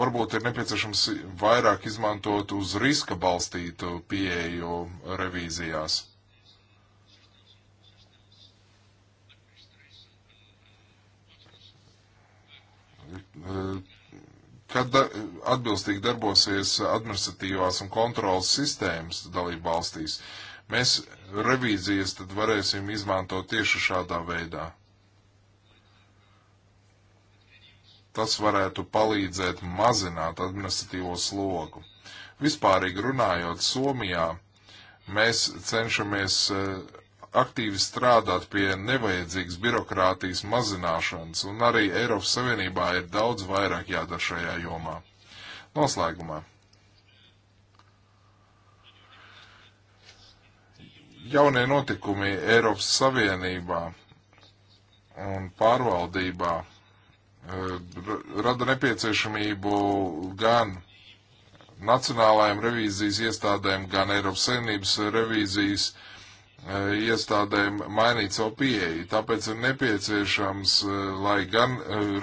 varbūt ir nepieciešams vairāk izmantot uz riska balstītu pieeju revīzijās. Kad da atbilstīgi darbosies administratīvās un kontrolas sistēmas dalību valstīs, uh, Mēs revīzijas tad varēsim izmantot tieši šādā veidā. Tas varētu palīdzēt mazināt administratīvo slogu. Vispārīgi runājot, Somijā mēs cenšamies eh, aktīvi strādāt pie nevajadzīgas birokrātijas mazināšanas, un arī Eiropas Savienībā ir daudz vairāk jādara šajā jomā. Noslēgumā. jaunie notikumi Eiropas Savienībā un pārvaldībā eh, rada nepieciešamību gan nacionālajām revīzijas iestādēm, gan Eiropas Savienības revīzijas eh, iestādēm mainīt savu pieeju. Tāpēc ir nepieciešams, eh, lai gan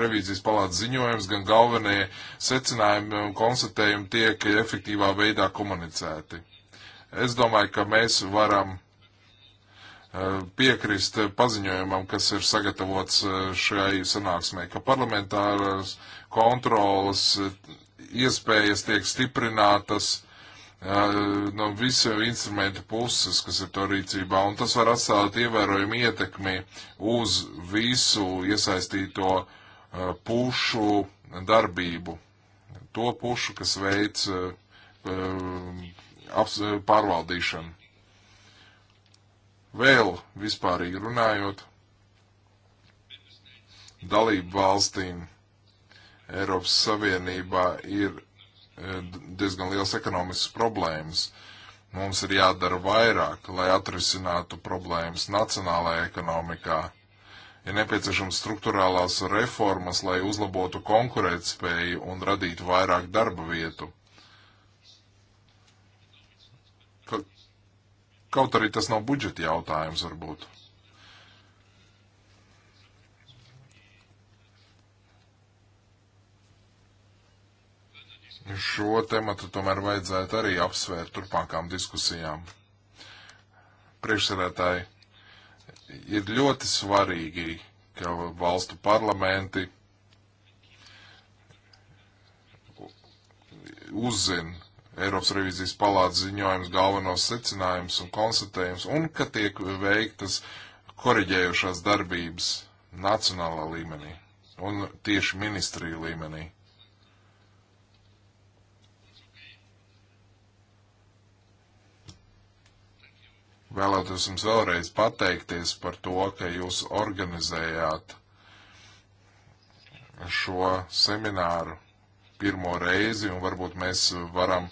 revīzijas palātas ziņojums, gan galvenie secinājumi un konstatējumi tiek efektīvā veidā komunicēti. Es domāju, ka mēs varam Eh, piekrist paziņojumam, kas ir sagatavots eh, šai sanāksmē, ka parlamentāras kontrolas eh, iespējas tiek stiprinātas no visu instrumentu puses, kas ir to rīcībā, un tas var atstāt ievērojumu ietekmi uz visu iesaistīto pušu darbību. To pušu, kas veic pārvaldīšanu. Vēl vispārīgi runājot, dalību valstīm Eiropas Savienībā ir e, diezgan liels ekonomisks problēmas. Mums ir jādara vairāk, lai atrisinātu problēmas nacionālajā ekonomikā. Ir nepieciešams struktūrālās reformas, lai uzlabotu konkurētspēju un radītu vairāk darba vietu. Kaut arī tas nav budžeta jautājums, varbūt. Šo tematu tomēr vajadzētu arī apsvērt turpmākām diskusijām. Priekšsēdētāji, ir ļoti svarīgi, ka valstu parlamenti uzzina Eiropas revizijas palātas ziņojums, galvenos secinājums un konstatējums, un ka tiek veiktas koriģējušās darbības nacionālā līmenī un tieši ministrija līmenī. Vēlētos jums vēlreiz pateikties par to, ka jūs organizējāt šo semināru pirmo reizi, un varbūt mēs varam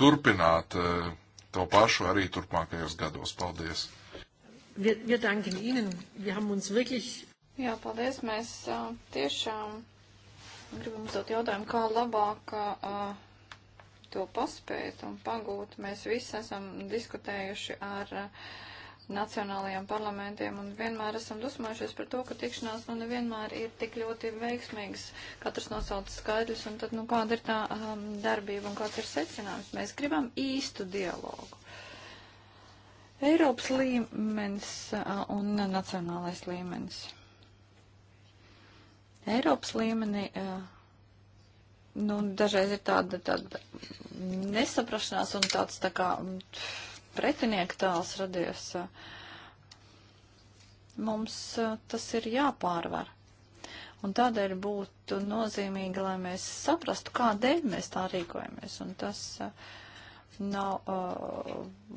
turpināt eh, to pašu arī turpmākajos gados. Paldies! Wir, wir danken Ihnen. Wir haben uns wirklich. Jā, paldies. Mēs uh, tiešām gribam uzdot jautājumu, kā labāk uh, to paspēt un pagūt. Mēs visi esam diskutējuši ar uh, nacionālajiem parlamentiem un vienmēr esam dusmojušies par to, ka tikšanās nu nevienmēr ir tik ļoti veiksmīgas. Katrs nosauc skaidrs un tad, nu, kāda ir tā um, darbība un kāds ir secinājums. Mēs gribam īstu dialogu. Eiropas līmenis uh, un nacionālais līmenis. Eiropas līmenī. Uh, nu, dažreiz ir tāda, tāda nesaprašanās un tāds tā kā. Pff, pretinieka tēls radies, eh, mums eh, tas ir jāpārvar. Un tādēļ būtu nozīmīgi, lai mēs saprastu, kādēļ mēs tā rīkojamies. Un tas eh, nav uh,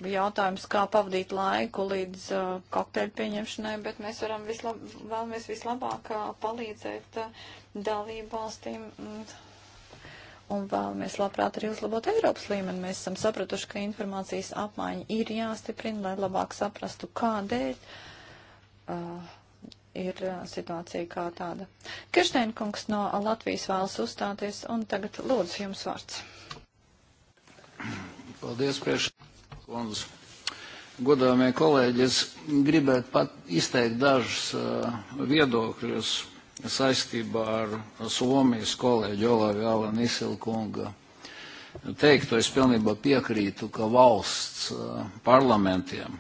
jautājums, kā pavadīt laiku līdz uh, kokteļu pieņemšanai, bet mēs varam vislab vēlamies vislabāk palīdzēt uh, dalību valstīm. Mm, un vēlamies labprāt arī uzlabot Eiropas līmeni. Mēs esam sapratuši, ka informācijas apmaiņa ir jāstiprina, lai labāk saprastu, kādēļ uh, ir uh, situācija kā tāda. Kirsteina kungs no Latvijas vēlas uzstāties, un tagad lūdzu jums vārds. Paldies, priekšsēdētājs. Godāmie kolēģi, es gribētu pat izteikt dažus uh, viedokļus saistībā ar Somijas kolēģi Olavi Alana Isilkunga teikto, es pilnībā piekrītu, ka valsts uh, parlamentiem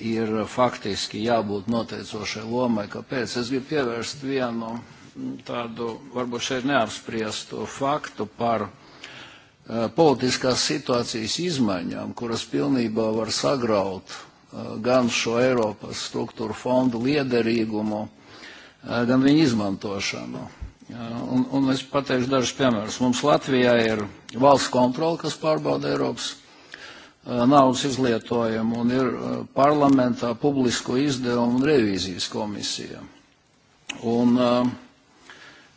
ir faktiski jābūt noteicošai lomai. Kāpēc? Es gribu pievērst vienu mm, tādu, varbūt šeit neapspriestu faktu par uh, politiskās situācijas izmaiņām, kuras pilnībā var sagraut uh, gan šo Eiropas struktūru fondu liederīgumu, gan viņa izmantošanu. Un, un es pateikšu dažus piemērus. Mums Latvijā ir valsts kontrola, kas pārbauda Eiropas naudas izlietojumu, un ir parlamentā publisko izdevumu revīzijas komisija. Un uh,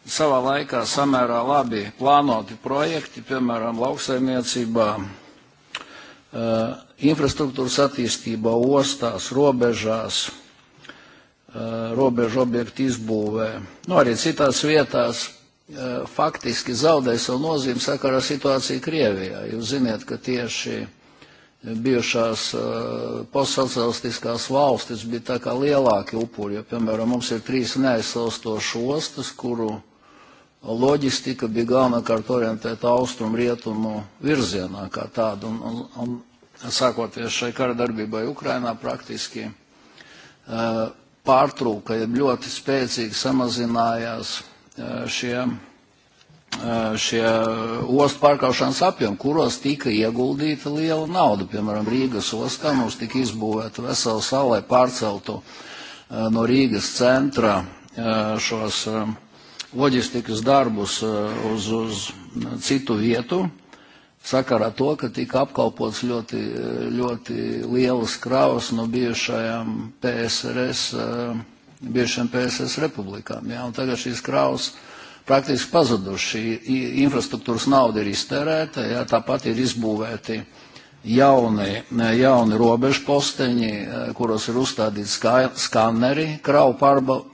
savā laikā samērā labi plānoti projekti, piemēram, lauksaimniecībā, uh, infrastruktūras attīstībā, ostās, robežās – Eh, robežu objektu izbūvē. Nu, arī citās vietās eh, faktiski zaudē savu nozīmi sakarā situācija Krievijā. Jūs ziniet, ka tieši bijušās eh, postsocialistiskās valstis bija tā kā lielāki upuri, jo, piemēram, mums ir trīs neaizsalstošu ostas, kuru loģistika bija galvenokārt orientēta austrumu rietumu virzienā kā tāda, un, un, un sākoties šai kara darbībai Ukrainā praktiski uh, pārtrūka, ja ļoti spēcīgi samazinājās e, šie, e, šie ostu pārkaušanas apjomi, kuros tika ieguldīta liela nauda. Piemēram, Rīgas ostā mums tika izbūvēta vesela sala, lai pārceltu e, no Rīgas centra šos loģistikas darbus uz, uz citu vietu sakarā to, ka tika apkalpots ļoti, ļoti lielas kravas no bijušajām PSRS, eh, bijušajām PSRS republikām. Ja? Un tagad šīs kravas praktiski pazuduši. Infrastruktūras nauda ir iztērēta, ja? tāpat ir izbūvēti jauni, jauni robežposteņi, eh, kuros ir uzstādīti skaneri, kravu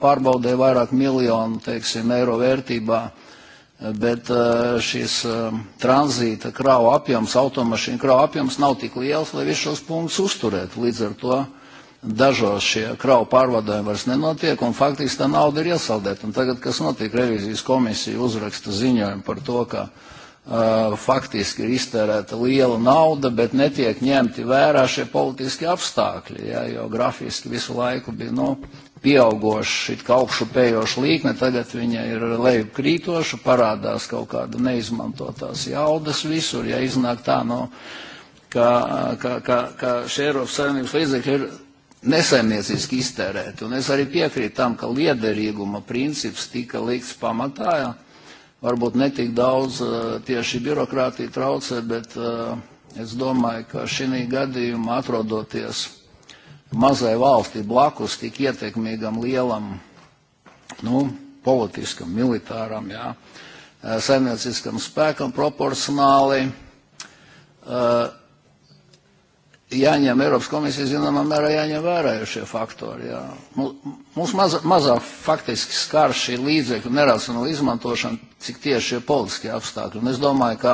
pārbaudē vairāk miljonu, teiksim, eiro vērtībā bet uh, šis um, tranzīta krāva apjoms, automašīnu krāva apjoms nav tik liels, lai visus šos punktus uzturētu. Līdz ar to dažos šie kravu pārvadājumi vairs nenotiek, un faktiski tā nauda ir iesaldēta. Un tagad, kas notiek, revizijas komisija uzraksta ziņojumu par to, ka uh, faktiski ir iztērēta liela nauda, bet netiek ņemti vērā šie politiski apstākļi, ja, jo grafiski visu laiku bija, nu, pieaugoša, it kā augšupējoša līkne, tagad viņa ir lejup krītoša, parādās kaut kāda neizmantotās jaudas visur, ja iznāk tā, no, ka, ka, ka, ka šie Eiropas Savienības līdzekļi ir nesaimnieciski iztērēti. Un es arī piekrītu tam, ka liederīguma princips tika likts pamatā. Ja? Varbūt netik daudz eh, tieši birokrātija traucē, bet eh, es domāju, ka šī gadījumā atrodoties mazai valstī blakus tik ietekmīgam lielam, nu, politiskam, militāram, jā, e, saimnieciskam spēkam proporcionāli. Uh, jāņem Eiropas komisija zināmā mērā jāņem vērā šie faktori. Jā. Mums maz, mazāk faktiski skar šī līdzekļu neracionāla izmantošana, cik tieši ir politiskie apstākļi. Un es domāju, ka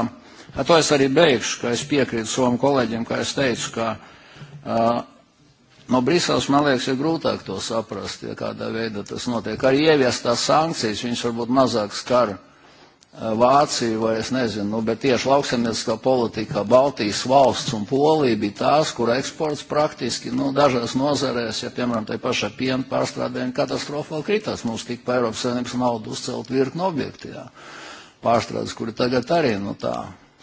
ar to es arī beigšu, ka es piekrītu somu kolēģiem, kā es teicu, ka uh, No Briseles, man liekas, ir grūtāk to saprast, ja kādā veidā tas notiek. Arī ieviestās sankcijas, viņas varbūt mazāk skar eh, Vāciju vai es nezinu, nu, bet tieši lauksaimnieciskā politikā Baltijas valsts un Polija bija tās, kur eksports praktiski nu, dažās nozarēs, ja piemēram tai pašai piena pārstrādējumi katastrofāli kritās, mums tika pa Eiropas Savienības naudu uzcelt virkni objekti, jā. pārstrādes, kuri tagad arī nu, tā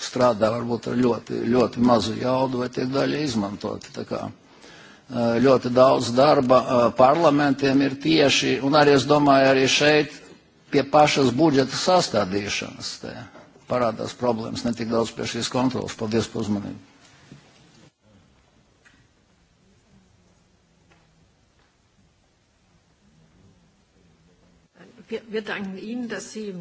strādā varbūt ar ļoti, ļoti mazu jaudu vai tiek daļa izmantoti. Tā kā Eh, ļoti daudz darba eh, parlamentiem ir tieši, un arī es domāju, arī šeit pie pašas budžeta sastādīšanas te parādās problēmas, ne tik daudz pie šīs kontrolas. Paldies par uzmanību. Wir danken Ihnen, dass Sie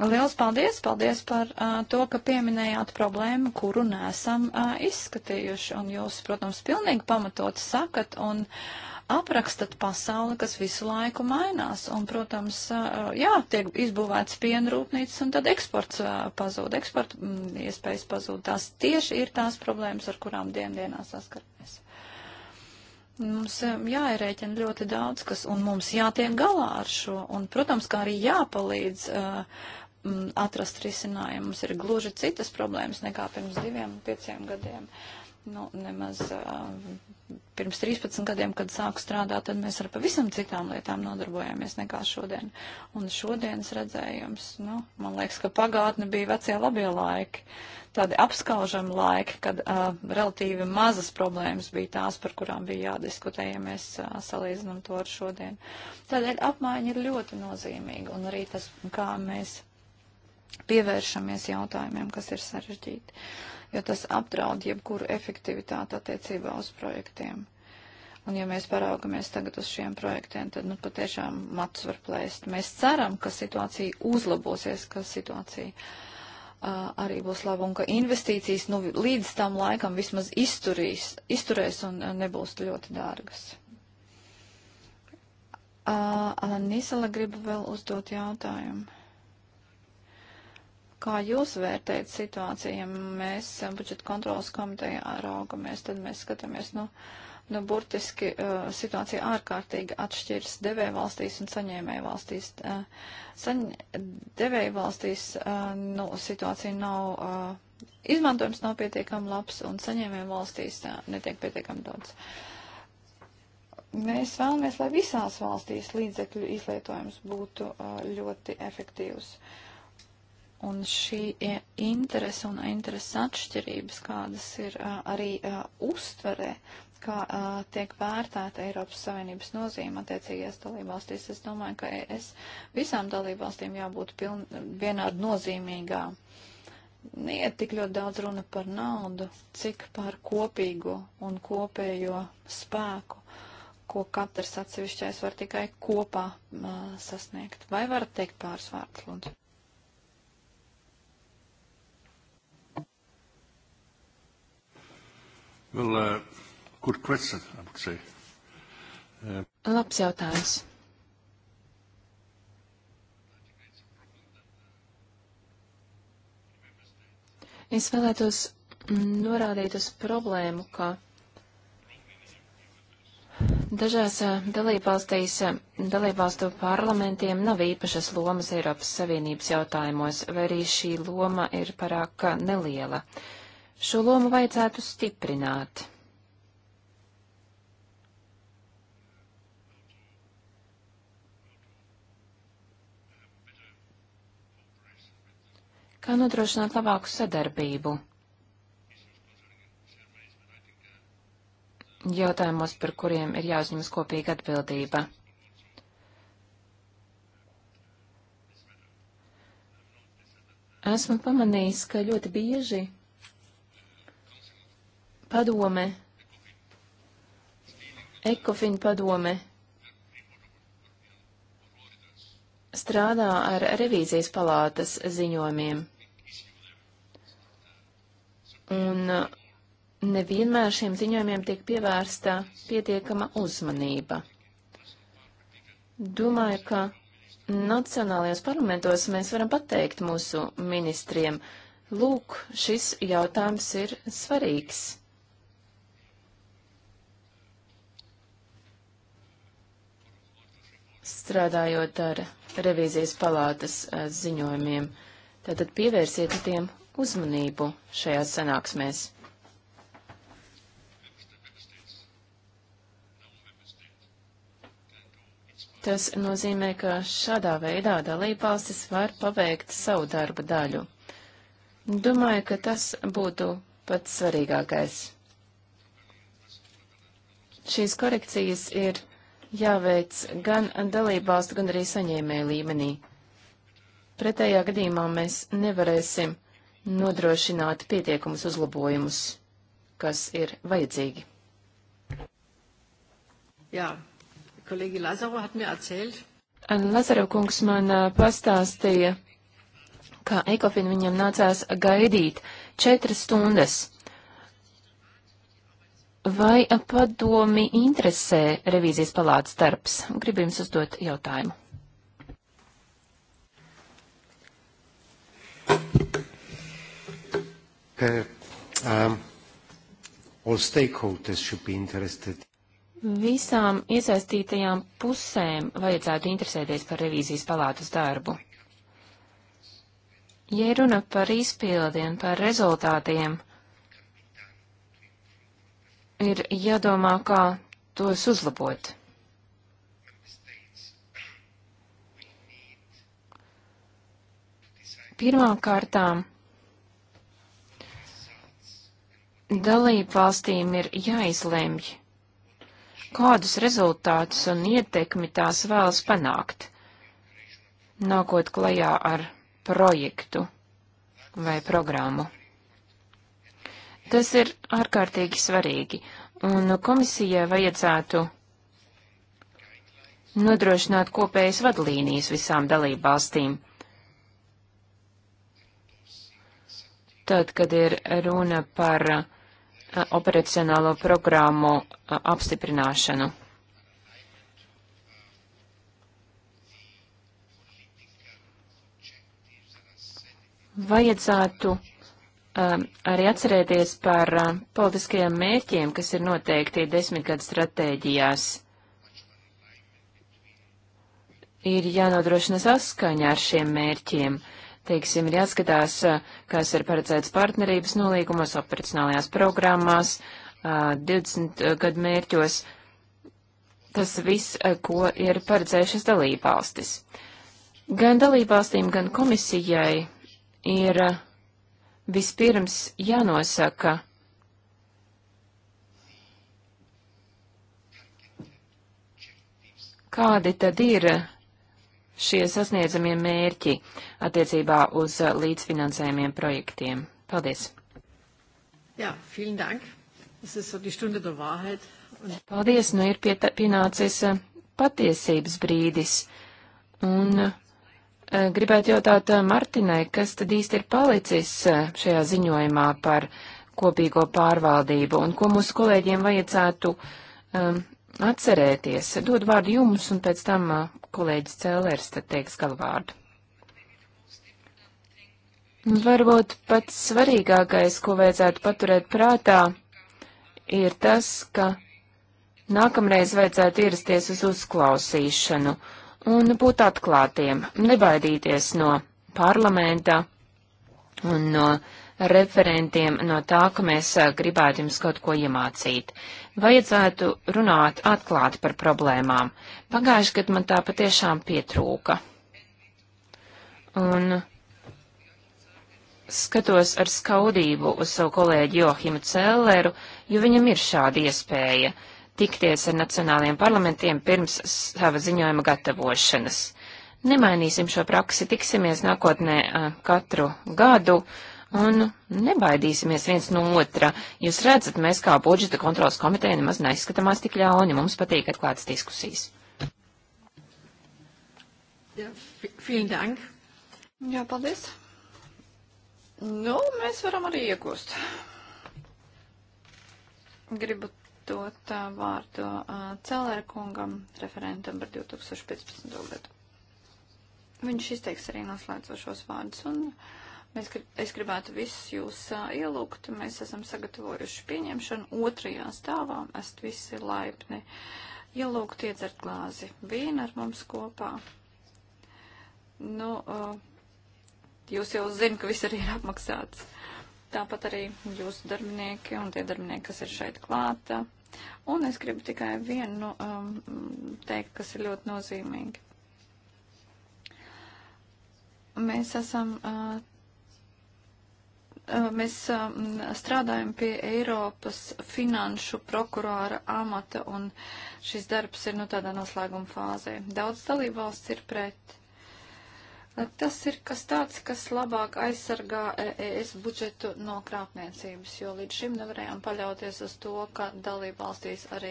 Liels paldies! Paldies par uh, to, ka pieminējāt problēmu, kuru nesam uh, izskatījuši. Un jūs, protams, pilnīgi pamatot sakat un aprakstat pasauli, kas visu laiku mainās. Un, protams, uh, jā, tiek izbūvēts pienrūpnīcas un tad eksports uh, pazūd, eksporta mm, iespējas pazūd. Tās tieši ir tās problēmas, ar kurām diendienā saskaramies. Mums jāierēķina ļoti daudz, kas, un mums jātiek galā ar šo, un, protams, kā arī jāpalīdz uh, Mm, atrast risinājumu. Mums ir gluži citas problēmas nekā pirms diviem, pieciem gadiem. Nu, nemaz uh, pirms 13 gadiem, kad sāku strādāt, tad mēs ar pavisam citām lietām nodarbojāmies nekā šodien. Un šodienas redzējums, nu, man liekas, ka pagātne bija vecie labie laiki. Tādi apskaužami laiki, kad uh, relatīvi mazas problēmas bija tās, par kurām bija jādiskutē, ja mēs uh, salīdzinām to ar šodien. Tādēļ apmaiņa ir ļoti nozīmīga un arī tas, kā mēs pievēršamies jautājumiem, kas ir sarežģīti, jo tas apdraud jebkuru efektivitāti attiecībā uz projektiem. Un ja mēs paraugamies tagad uz šiem projektiem, tad nu patiešām matus var plēst. Mēs ceram, ka situācija uzlabosies, ka situācija uh, arī būs laba un ka investīcijas nu, līdz tam laikam vismaz izturīs, izturēs un uh, nebūs ļoti dārgas. Uh, Alana Nīsela grib vēl uzdot jautājumu. Kā jūs vērtējat situāciju, ja mēs eh, budžeta kontrolas komitejā raugamies, tad mēs skatāmies, nu, nu burtiski uh, situācija ārkārtīgi atšķiras devēja valstīs un saņēmēja valstīs. Uh, saņ, devēja valstīs, uh, nu, situācija nav. Uh, Izmantojums nav pietiekami labs un saņēmējiem valstīs tā, netiek pietiekami daudz. Mēs vēlamies, lai visās valstīs līdzekļu izlietojums būtu ļoti efektīvs. Uh, un šī e, interese un interese atšķirības, kādas ir arī uztverē, kā tiek vērtēta Eiropas Savienības nozīme attiecīgajās dalībvalstīs, es domāju, ka es visām dalībvalstīm jābūt piln, vienādi nozīmīgā. Niet tik ļoti daudz runa par naudu, cik par kopīgo un kopējo spēku, ko katrs atsevišķais var tikai kopā uh, sasniegt. Vai varat teikt pāris vārdus, lūdzu? Well, uh, good question, I would say. Uh... Labs jautājums. Es vēlētos mm, norādīt uz problēmu, ka Dažās uh, dalībvalstīs uh, dalībvalstu parlamentiem nav īpašas lomas Eiropas Savienības jautājumos, vai arī šī loma ir parāk uh, neliela. Šo lomu vajadzētu stiprināt. Kā nodrošināt labāku sadarbību? Jautājumos, par kuriem ir jāuzņemas kopīga atbildība. Esmu pamanījis, ka ļoti bieži padome, ekofin padome strādā ar revīzijas palātas ziņojumiem. Un nevienmēr šiem ziņojumiem tiek pievērsta pietiekama uzmanība. Domāju, ka nacionālajos parlamentos mēs varam pateikt mūsu ministriem, lūk, šis jautājums ir svarīgs. strādājot ar revīzijas palātas eh, ziņojumiem. Tātad pievērsiet tiem uzmanību šajās sanāksmēs. Tas nozīmē, ka šādā veidā dalībvalstis var paveikt savu darba daļu. Domāju, ka tas būtu pats svarīgākais. Šīs korekcijas ir jāveic gan dalībvalstu, gan arī saņēmēju līmenī. Pretējā gadījumā mēs nevarēsim nodrošināt pietiekumus uzlabojumus, kas ir vajadzīgi. Jā, kolēģi Lazaro hat mir erzählt. Lazaro kungs man pastāstīja, ka Ekofin viņam nācās gaidīt četras stundas Vai padomi interesē revīzijas palātas darbs? Gribu jums uzdot jautājumu. Uh, um, Visām iesaistītajām pusēm vajadzētu interesēties par revīzijas palātas darbu. Ja runa par izpildi un par rezultātiem, ir jādomā, kā tos uzlabot. Pirmām kārtām dalību valstīm ir jāizlemj, kādus rezultātus un ietekmi tās vēlas panākt, nākot klajā ar projektu vai programmu. Tas ir ārkārtīgi svarīgi, un komisijai vajadzētu nodrošināt kopējas vadlīnijas visām dalībvalstīm. Tad, kad ir runa par operacionālo programmu apstiprināšanu. Vajadzētu Um, arī atcerēties par um, politiskajiem mērķiem, kas ir noteikti desmitgadu stratēģijās. Ir jānodrošina saskaņa ar šiem mērķiem. Teiksim, ir jāskatās, uh, kas ir paredzēts partnerības nolīgumos, operacionālajās programmās, 20 uh, uh, gadu mērķos. Tas viss, ko ir paredzējušas dalībvalstis. Gan dalībvalstīm, gan komisijai ir uh, vispirms jānosaka, kādi tad ir šie sasniedzamie mērķi attiecībā uz līdzfinansējumiem projektiem. Paldies! Jā, vielen dank! Es esmu die Stunde der Wahrheit. Un... Paldies, nu ir pienācis uh, patiesības brīdis. Un Eh, gribētu jautāt eh, Martinai, kas tad īsti ir palicis eh, šajā ziņojumā par kopīgo pārvaldību un ko mūsu kolēģiem vajadzētu um, atcerēties. Dod vārdu jums un pēc tam uh, kolēģis Cēlērs tad teiks galvārdu. Nu, varbūt pats svarīgākais, ko vajadzētu paturēt prātā, ir tas, ka nākamreiz vajadzētu ierasties uz uzklausīšanu. Uh, un būt atklātiem, nebaidīties no parlamenta un no referentiem no tā, ka mēs gribētu jums kaut ko iemācīt. Vajadzētu runāt atklāti par problēmām. Pagājuši, kad man tā patiešām pietrūka. Un skatos ar skaudību uz savu kolēģi Johimu Celleru, jo viņam ir šāda iespēja. Uh, tikties ar nacionālajiem parlamentiem pirms sava ziņojuma gatavošanas. Nemainīsim šo praksi, tiksimies nākotnē katru gadu un nebaidīsimies viens no otra. Jūs redzat, mēs kā budžeta kontrolas komiteja nemaz neizskatāmās tik ļauni, mums patīk atklātas diskusijas. Ja, vielen Dank. Jā, paldies. Nu, mēs varam arī iegūst. Gribu dot vārdu Celera kungam, referentam par 2015. gadu. Viņš izteiks arī noslēdzošos vārdus, un mēs, es gribētu visus jūs ielūgt. Mēs esam sagatavojuši pieņemšanu otrajā stāvā. Esat visi laipni ielūgt iedzert glāzi vīnu ar mums kopā. Nu, jūs jau zinu, ka viss arī ir apmaksāts tāpat arī jūsu darbinieki un tie darbinieki, kas ir šeit klāta. Un es gribu tikai vienu nu, um, teikt, kas ir ļoti nozīmīgi. Mēs esam. Uh, uh Mēs um, strādājam pie Eiropas finanšu prokurora amata, un šis darbs ir nu tādā noslēguma fāzē. Daudz dalībvalsts ir pret. Tas ir kas tāds, kas labāk aizsargā ES e budžetu no krāpniecības, jo līdz šim nevarējām paļauties uz to, ka dalība valstīs arī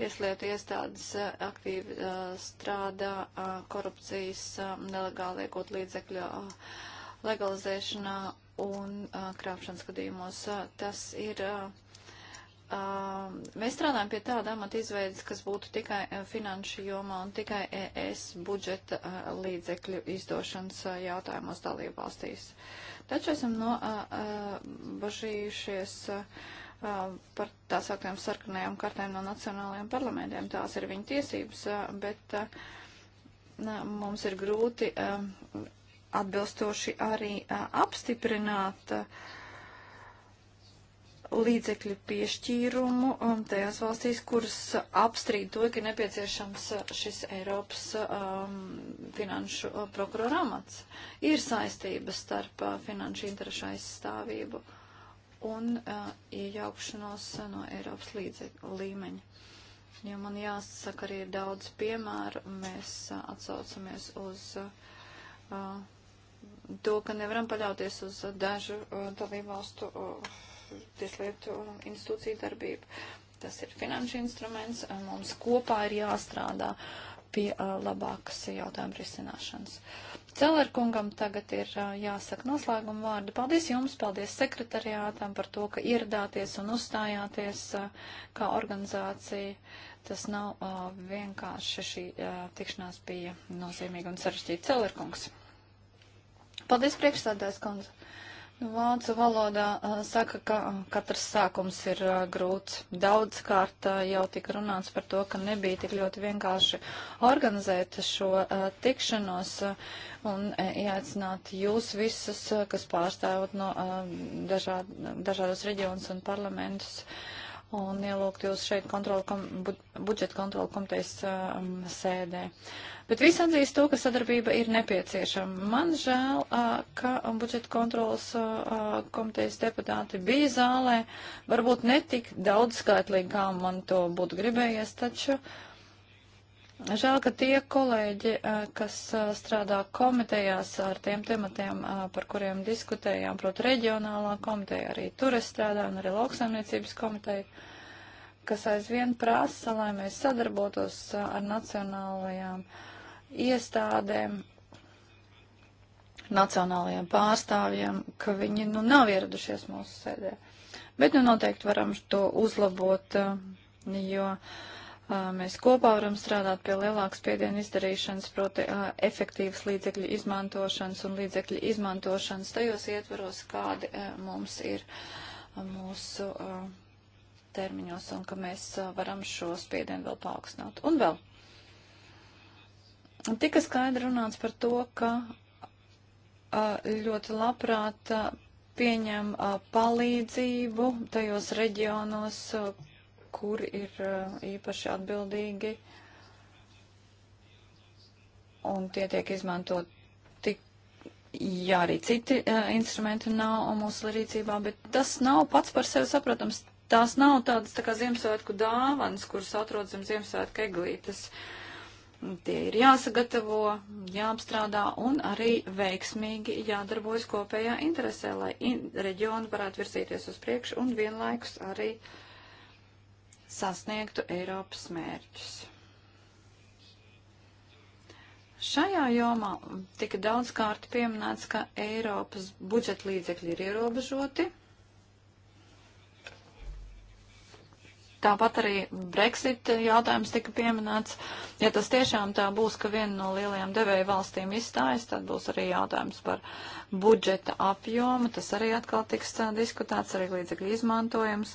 tieslietu iestādes eh, aktīvi eh, strādā eh, korupcijas nelegāli iegūt līdzekļu legalizēšanā un krāpšanas gadījumos. Tas ir. A, Uh, mēs strādājam pie tāda amata izveidas, kas būtu tikai uh, finanšu jomā un tikai ES budžeta uh, līdzekļu izdošanas jautājumos dalībvalstīs. Taču esam nobažījušies par tā sauktām sarkanajām kartēm no nacionālajiem parlamentiem. Tās ir viņa tiesības, bet mums ir grūti atbilstoši arī apstiprināt uh, līdzekļu piešķīrumu um, tajās valstīs, kuras apstrīd to, ka nepieciešams šis Eiropas um, finanšu uh, prokurora amats. Ir saistības starp uh, finanšu interešu aizstāvību un uh, iejaukšanos no Eiropas līdzekļu līmeņa. Jo man jāsaka, arī ir daudz piemēru, mēs uh, atsaucamies uz. Uh, To, ka nevaram paļauties uz dažu uh, dalībvalstu uh, tieslietu institūciju darbību. Tas ir finanšu instruments, mums kopā ir jāstrādā pie uh, labākas jautājuma risināšanas. Celerkungam tagad ir uh, jāsaka noslēguma vārdi. Paldies jums, paldies sekretariātam par to, ka ieradāties un uzstājāties uh, kā organizācija. Tas nav uh, vienkārši šī uh, tikšanās bija nozīmīga un sarežģīta. Celerkungs. Paldies priekšstādājs, kundze. Vācu valodā saka, ka katrs sākums ir grūts. Daudzkārt jau tika runāts par to, ka nebija tik ļoti vienkārši organizēt šo tikšanos un ieaicināt jūs visus, kas pārstāvot no dažād, dažādos reģionus un parlamentus un ielūgt jūs šeit kontrola, budžeta kontrola komitejas um, sēdē. Bet visi atzīst to, ka sadarbība ir nepieciešama. Man žēl, ka budžeta kontrolas komitejas deputāti bija zālē, varbūt netik daudz skaitlīgi, kā man to būtu gribējies, taču. Žēl, ka tie kolēģi, kas strādā komitejās ar tiem tematiem, par kuriem diskutējām, proti reģionālā komiteja, arī tur es strādāju, un arī lauksaimniecības komiteja, kas aizvien prasa, lai mēs sadarbotos ar nacionālajām uh, iestādēm, nacionālajiem pārstāvjiem, ka viņi nu, nav ieradušies mūsu sēdē. Bet nu, noteikti varam to uzlabot, eh, jo eh, mēs kopā varam strādāt pie lielākas spiediena izdarīšanas, proti eh, efektīvas līdzekļu izmantošanas un līdzekļu izmantošanas tajos ietvaros, kādi mums ir mūsu termiņos un ka mēs varam šo spiedienu vēl paaugstināt. Un vēl Tika skaidri runāts par to, ka ļoti labprāt pieņem palīdzību tajos reģionos, kur ir īpaši atbildīgi un tie tiek izmantot tik, ja arī citi uh, instrumenti nav mūsu rīcībā, bet tas nav pats par sevi saprotams. Tās nav tādas tā kā Ziemassvētku dāvanas, kuras atrodas zem Ziemassvētku eglītes. Uh, Tie ir jāsagatavo, jāapstrādā un arī veiksmīgi jādarbojas kopējā interesē, lai in reģioni varētu virzīties uz priekšu un vienlaikus arī sasniegtu Eiropas mērķus. Šajā jomā tika daudz kārt pieminēts, ka Eiropas budžeta līdzekļi ir ierobežoti Tāpat arī Brexit jautājums tika pieminēts. Ja tas tiešām tā būs, ka viena no lielajām devēja valstīm izstājas, tad būs arī jautājums par budžeta apjomu. Tas arī atkal tiks diskutēts, arī līdzekļu izmantojums,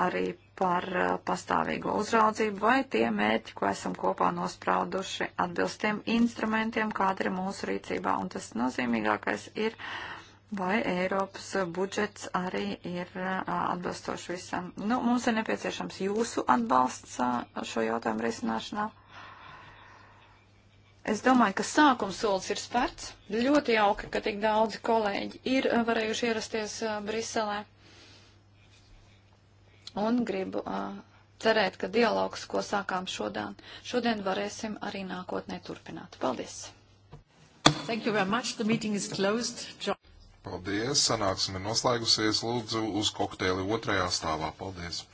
arī par pastāvīgo uzraudzību vai tie mērķi, ko esam kopā nosprauduši atbilstiem instrumentiem, kāda ir mūsu rīcībā. Un tas nozīmīgākais ir Vai Eiropas budžets arī ir atbilstoši visam? Nu, mums ir nepieciešams jūsu atbalsts šo jautājumu risināšanā. Es domāju, ka sākums solis ir spērts. Ļoti jauki, ka tik daudzi kolēģi ir varējuši ierasties Briselē. Un gribu cerēt, ka dialogs, ko sākām šodien, šodien varēsim arī nākotnē turpināt. Paldies! Thank you very much. The meeting is closed. Paldies, sanāksme noslēgusies, lūdzu, uz kokteili otrajā stāvā. Paldies!